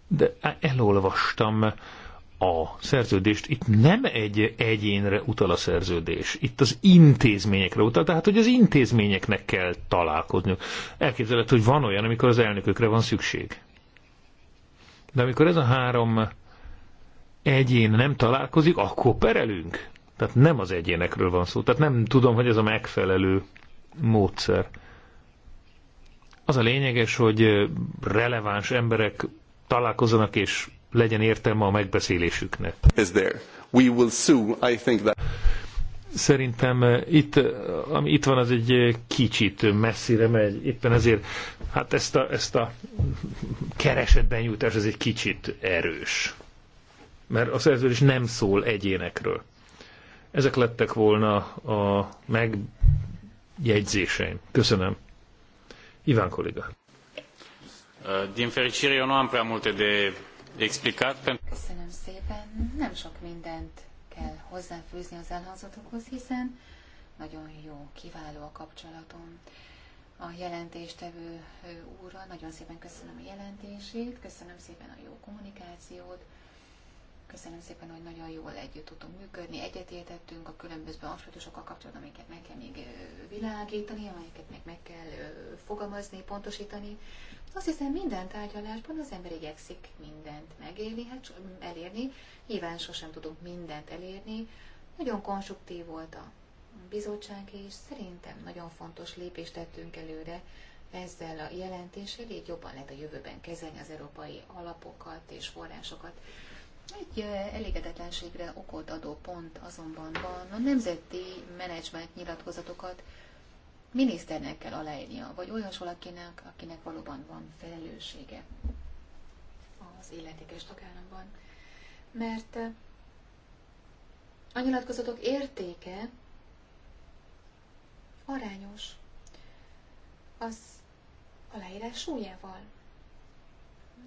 De elolvastam a szerződést, itt nem egy egyénre utal a szerződés, itt az intézményekre utal, tehát hogy az intézményeknek kell találkozniuk. Elképzelhető, hogy van olyan, amikor az elnökökre van szükség. De amikor ez a három egyén nem találkozik, akkor perelünk. Tehát nem az egyénekről van szó. Tehát nem tudom, hogy ez a megfelelő módszer. Az a lényeges, hogy releváns emberek találkozzanak és legyen értelme a megbeszélésüknek. Is there. We will soon, I think that... Szerintem itt, ami itt van, az egy kicsit messzire megy, éppen ezért hát ezt a, ezt a keresetben jutás, ez egy kicsit erős. Mert a szerződés nem szól egyénekről. Ezek lettek volna a megjegyzéseim. Köszönöm. Iván kolléga. Din fericire eu nu am prea multe de explicat. Köszönöm szépen. Nem sok mindent kell hozzáfűzni az elhangzatokhoz, hiszen nagyon jó, kiváló a kapcsolatom a jelentéstevő úrral. Nagyon szépen köszönöm a jelentését, köszönöm szépen a jó kommunikációt, Köszönöm szépen, hogy nagyon jól együtt tudtunk működni, egyetértettünk a különböző aspektusokkal kapcsolatban, amiket meg kell még világítani, amelyeket még meg kell fogalmazni, pontosítani. Azt hiszem minden tárgyalásban az ember igyekszik mindent megélni, hát elérni. Nyilván sosem tudunk mindent elérni. Nagyon konstruktív volt a bizottság, és szerintem nagyon fontos lépést tettünk előre ezzel a jelentéssel, így jobban lehet a jövőben kezelni az európai alapokat és forrásokat. Egy elégedetlenségre okot adó pont azonban van a nemzeti menedzsment nyilatkozatokat miniszternek kell aláírnia, vagy olyas valakinek, akinek valóban van felelőssége az illetékes tagállamban. Mert a nyilatkozatok értéke arányos az aláírás súlyával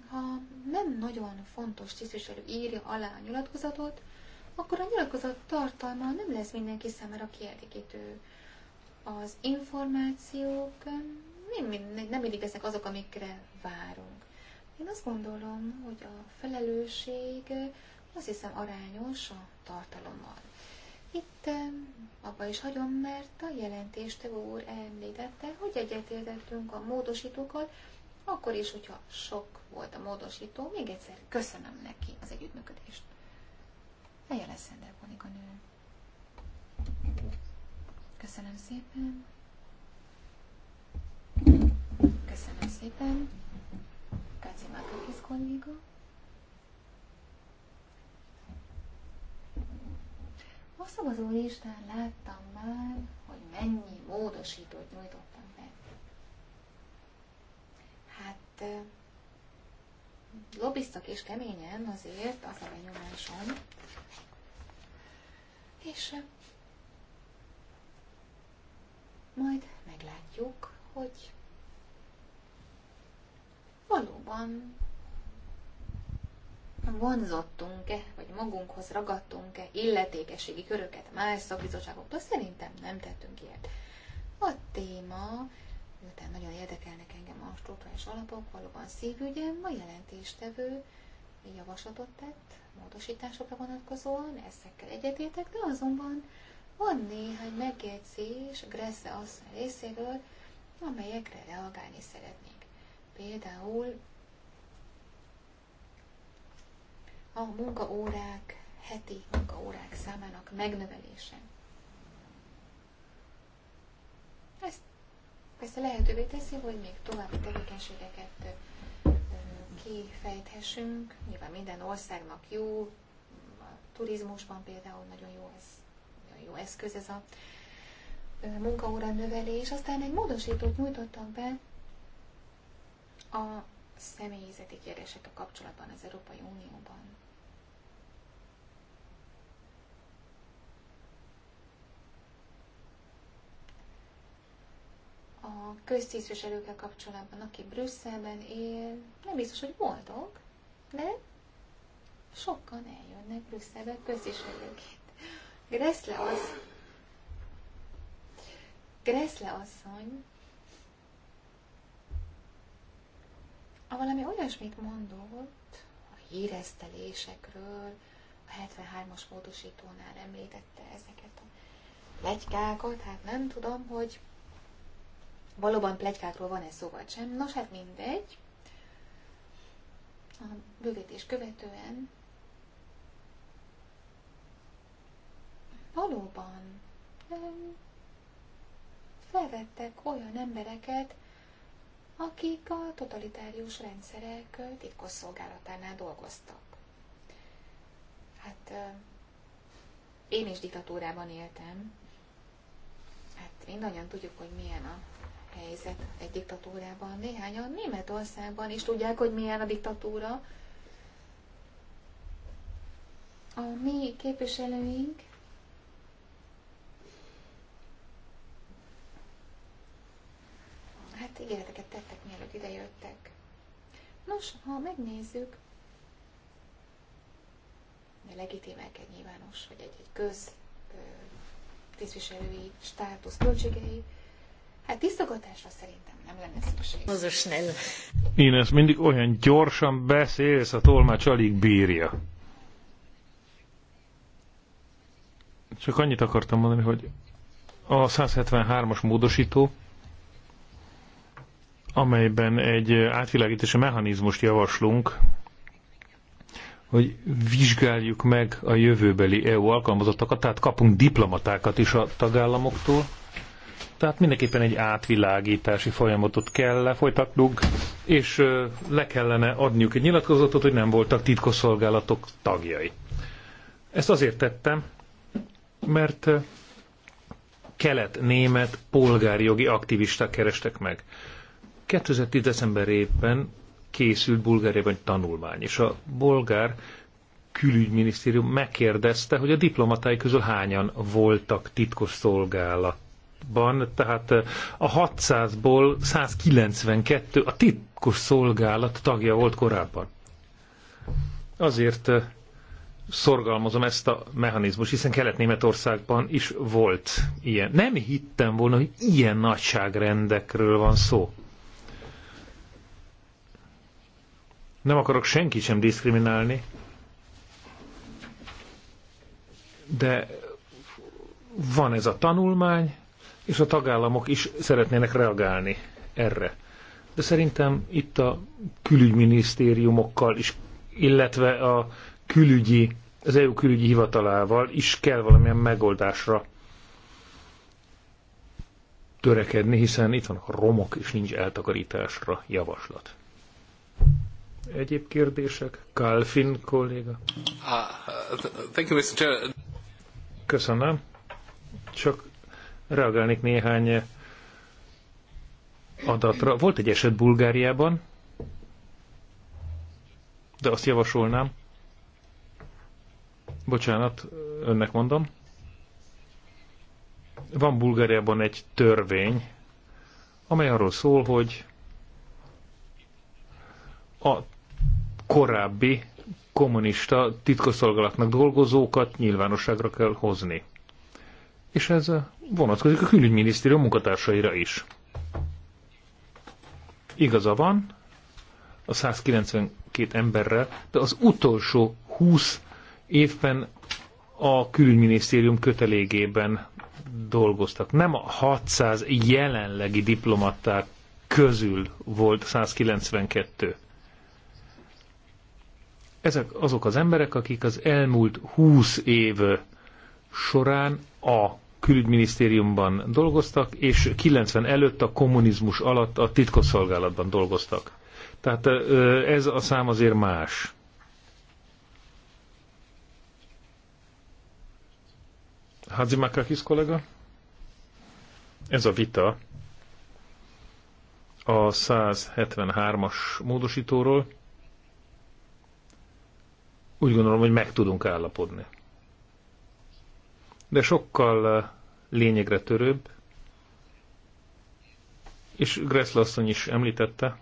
ha nem nagyon fontos tisztviselő írja alá a nyilatkozatot, akkor a nyilatkozat tartalma nem lesz mindenki számára kielégítő. Az információk nem, nem nem mindig lesznek azok, amikre várunk. Én azt gondolom, hogy a felelősség azt hiszem arányos a tartalommal. Itt abba is hagyom, mert a jelentéstevő úr említette, hogy egyetértettünk a módosítókat, akkor is, hogyha sok volt a módosító, még egyszer köszönöm neki az együttműködést. Helye lesz vonik a nő. Köszönöm szépen. Köszönöm szépen. Káci Mákakis kolléga. A szavazó listán láttam már, hogy mennyi módosítót nyújtott hát lobbiztak és keményen azért, az a benyomásom. És majd meglátjuk, hogy valóban vonzottunk-e, vagy magunkhoz ragadtunk-e illetékességi köröket más szakbizottságoktól, szerintem nem tettünk ilyet. A téma miután nagyon érdekelnek engem a struktúrális alapok, valóban szívügyem, a jelentéstevő javaslatot tett módosításokra vonatkozóan, ezekkel egyetértek, de azonban van néhány megjegyzés Gressze asszony részéről, amelyekre reagálni szeretnék. Például a munkaórák, heti munkaórák számának megnövelése. persze lehetővé teszi, hogy még további tevékenységeket kifejthessünk. Nyilván minden országnak jó, a turizmusban például nagyon jó, ez, nagyon jó eszköz ez a munkaóra növelés. Aztán egy módosítót nyújtottam be a személyzeti a kapcsolatban az Európai Unióban. a köztisztviselőkkel kapcsolatban, aki Brüsszelben él, nem biztos, hogy boldog, de sokan eljönnek Brüsszelbe köztisztviselőként. Greszle az, Greszle asszony, a valami olyasmit mondott a híresztelésekről, a 73-as módosítónál említette ezeket a legykákat, hát nem tudom, hogy valóban plegykákról van-e szó vagy sem. Nos, hát mindegy. A bővítés követően valóban felvettek olyan embereket, akik a totalitárius rendszerek titkosszolgálatánál dolgoztak. Hát én is diktatúrában éltem. Hát mindannyian tudjuk, hogy milyen a helyzet egy diktatúrában. Néhányan Németországban is tudják, hogy milyen a diktatúra. A mi képviselőink Hát ígéreteket tettek, mielőtt idejöttek. Nos, ha megnézzük, de legitimek egy nyilvános, vagy egy, egy köz tisztviselői státusz költségei, Hát tisztogatásra szerintem nem lenne szükség. Az a snell. Én ezt mindig olyan gyorsan beszélsz, a tolmács alig bírja. Csak annyit akartam mondani, hogy a 173-as módosító, amelyben egy átvilágítási mechanizmust javaslunk, hogy vizsgáljuk meg a jövőbeli EU alkalmazottakat, tehát kapunk diplomatákat is a tagállamoktól, tehát mindenképpen egy átvilágítási folyamatot kell folytatnunk, és le kellene adniuk egy nyilatkozatot, hogy nem voltak titkosszolgálatok tagjai. Ezt azért tettem, mert kelet-német jogi aktivisták kerestek meg. 2010. decemberében készült Bulgáriában egy tanulmány, és a bolgár külügyminisztérium megkérdezte, hogy a diplomatái közül hányan voltak titkos szolgálat ban tehát eh, a 600-ból 192 a titkos szolgálat tagja volt korábban. Azért eh, szorgalmazom ezt a mechanizmus, hiszen Kelet-Németországban is volt ilyen. Nem hittem volna, hogy ilyen nagyságrendekről van szó. Nem akarok senki sem diszkriminálni, de van ez a tanulmány, és a tagállamok is szeretnének reagálni erre. De szerintem itt a külügyminisztériumokkal is, illetve a külügyi, az EU külügyi hivatalával is kell valamilyen megoldásra törekedni, hiszen itt vannak a romok, és nincs eltakarításra javaslat. Egyéb kérdések? Kalfin kolléga. Ah, Köszönöm. Csak reagálnék néhány adatra. Volt egy eset Bulgáriában, de azt javasolnám. Bocsánat, önnek mondom. Van Bulgáriában egy törvény, amely arról szól, hogy a korábbi kommunista titkosszolgálatnak dolgozókat nyilvánosságra kell hozni. És ez a vonatkozik a külügyminisztérium munkatársaira is. Igaza van a 192 emberrel, de az utolsó 20 évben a külügyminisztérium kötelégében dolgoztak. Nem a 600 jelenlegi diplomaták közül volt 192. Ezek azok az emberek, akik az elmúlt 20 év során a külügyminisztériumban dolgoztak, és 90 előtt a kommunizmus alatt a titkosszolgálatban dolgoztak. Tehát ez a szám azért más. Makakis kollega? Ez a vita a 173-as módosítóról. Úgy gondolom, hogy meg tudunk állapodni de sokkal eh, lényegre törőbb, és Gressler asszony is említette,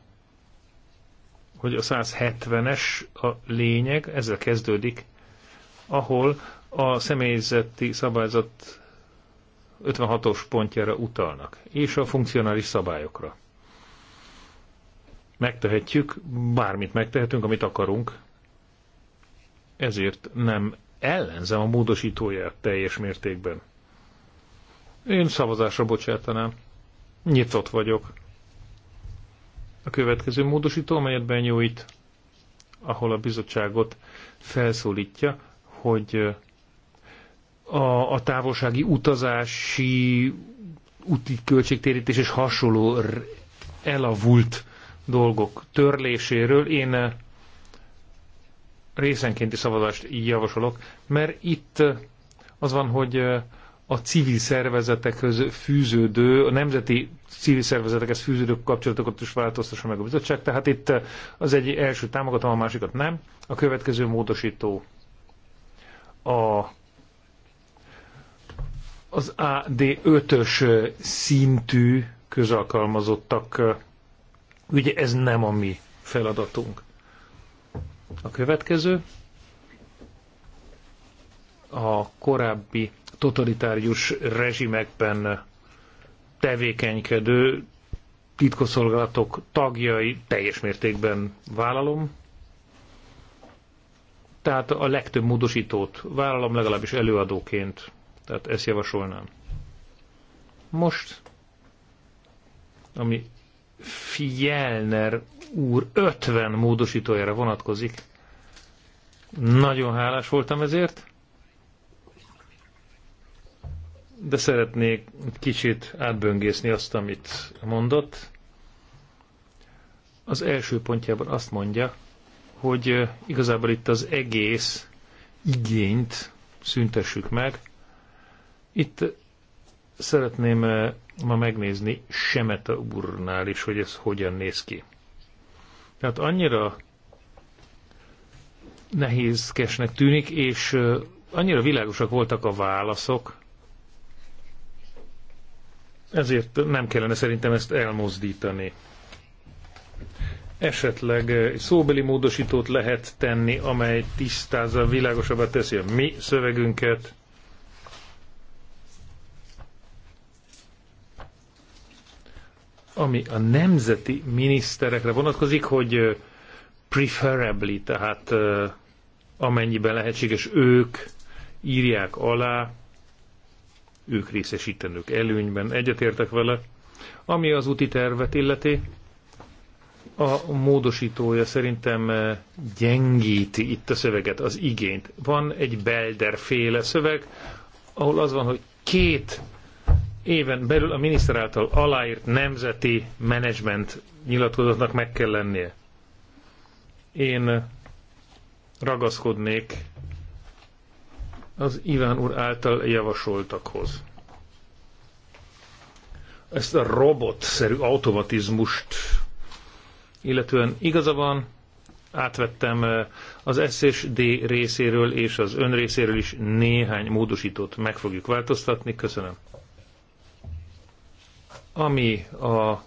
hogy a 170-es a lényeg, ezzel kezdődik, ahol a személyzeti szabályzat 56-os pontjára utalnak, és a funkcionális szabályokra. Megtehetjük, bármit megtehetünk, amit akarunk, ezért nem ellenzem a módosítóját teljes mértékben. Én szavazásra bocsátanám. Nyitott vagyok. A következő módosító, amelyet benyújt, ahol a bizottságot felszólítja, hogy a, a távolsági utazási úti költségtérítés és hasonló elavult dolgok törléséről. Én részenkénti szavazást javasolok, mert itt az van, hogy a civil szervezetekhez fűződő, a nemzeti civil szervezetekhez fűződő kapcsolatokat is változtassa meg a bizottság. Tehát itt az egy első támogatom, a másikat nem. A következő módosító a az AD5-ös szintű közalkalmazottak. Ugye ez nem a mi feladatunk. A következő a korábbi totalitárius rezsimekben tevékenykedő titkosszolgálatok tagjai teljes mértékben vállalom. Tehát a legtöbb módosítót vállalom legalábbis előadóként. Tehát ezt javasolnám. Most, ami Fjellner úr 50 módosítójára vonatkozik. Nagyon hálás voltam ezért, de szeretnék kicsit átböngészni azt, amit mondott. Az első pontjában azt mondja, hogy igazából itt az egész igényt szüntessük meg. Itt szeretném ma megnézni Semeta úrnál is, hogy ez hogyan néz ki. Tehát annyira nehézkesnek tűnik, és annyira világosak voltak a válaszok, ezért nem kellene szerintem ezt elmozdítani. Esetleg szóbeli módosítót lehet tenni, amely tisztázza, világosabbá teszi a mi szövegünket, ami a nemzeti miniszterekre vonatkozik, hogy preferably, tehát amennyiben lehetséges ők írják alá, ők részesítenők előnyben, egyetértek vele. Ami az úti tervet illeti, a módosítója szerintem gyengíti itt a szöveget, az igényt. Van egy belderféle szöveg, ahol az van, hogy két éven belül a miniszter által aláírt nemzeti menedzsment nyilatkozatnak meg kell lennie. Én ragaszkodnék az Iván úr által javasoltakhoz. Ezt a robotszerű automatizmust, illetően igaza van, átvettem eh, az SSD D részéről és az ön részéről is néhány módosítót meg fogjuk változtatni. Köszönöm ami a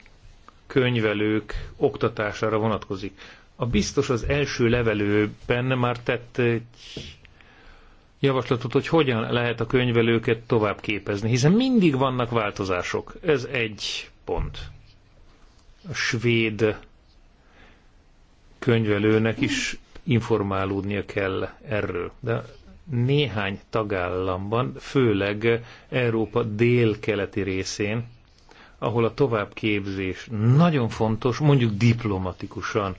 könyvelők oktatására vonatkozik. A biztos az első levelőben már tett egy javaslatot, hogy hogyan lehet a könyvelőket tovább képezni, hiszen mindig vannak változások. Ez egy pont. A svéd könyvelőnek is informálódnia kell erről. De néhány tagállamban, főleg Európa délkeleti részén ahol a továbbképzés nagyon fontos, mondjuk diplomatikusan.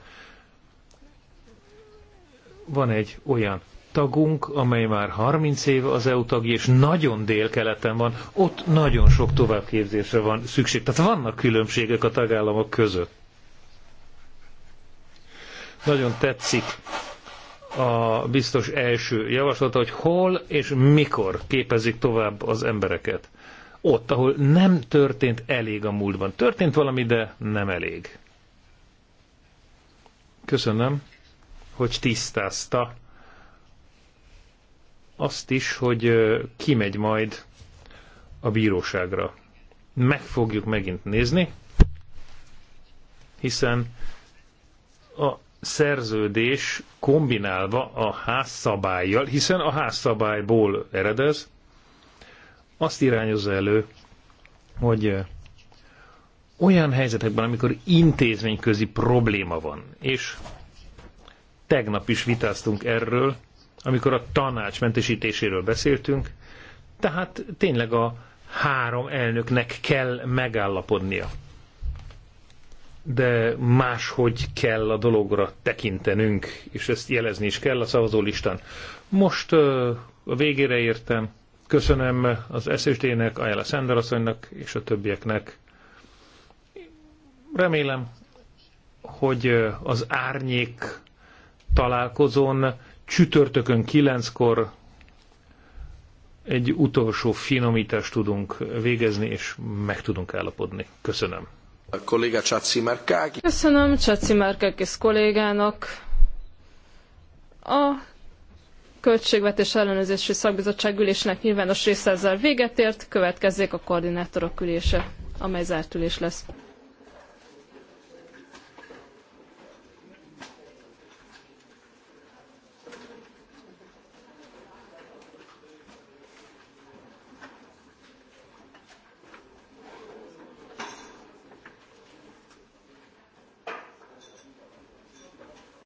Van egy olyan tagunk, amely már 30 éve az EU tagja, és nagyon délkeleten van, ott nagyon sok továbbképzésre van szükség. Tehát vannak különbségek a tagállamok között. Nagyon tetszik a biztos első javaslata, hogy hol és mikor képezik tovább az embereket ott, ahol nem történt elég a múltban. Történt valami, de nem elég. Köszönöm, hogy tisztázta azt is, hogy kimegy majd a bíróságra. Meg fogjuk megint nézni, hiszen a szerződés kombinálva a házszabályjal, hiszen a házszabályból eredez, azt irányozza elő, hogy olyan helyzetekben, amikor intézményközi probléma van, és tegnap is vitáztunk erről, amikor a tanács mentesítéséről beszéltünk, tehát tényleg a három elnöknek kell megállapodnia. De máshogy kell a dologra tekintenünk, és ezt jelezni is kell a szavazólistán. Most a végére értem, Köszönöm az SZSD-nek, Ayala Szenderasszonynak és a többieknek. Remélem, hogy az árnyék találkozón csütörtökön kilenckor egy utolsó finomítást tudunk végezni, és meg tudunk állapodni. Köszönöm. A kolléga Csaci Merkák. Köszönöm Csaci Merkák és kollégának. A Költségvetés ellenőrzési szakbizottság ülésének nyilvános része ezzel véget ért, következzék a koordinátorok ülése, amely zárt ülés lesz.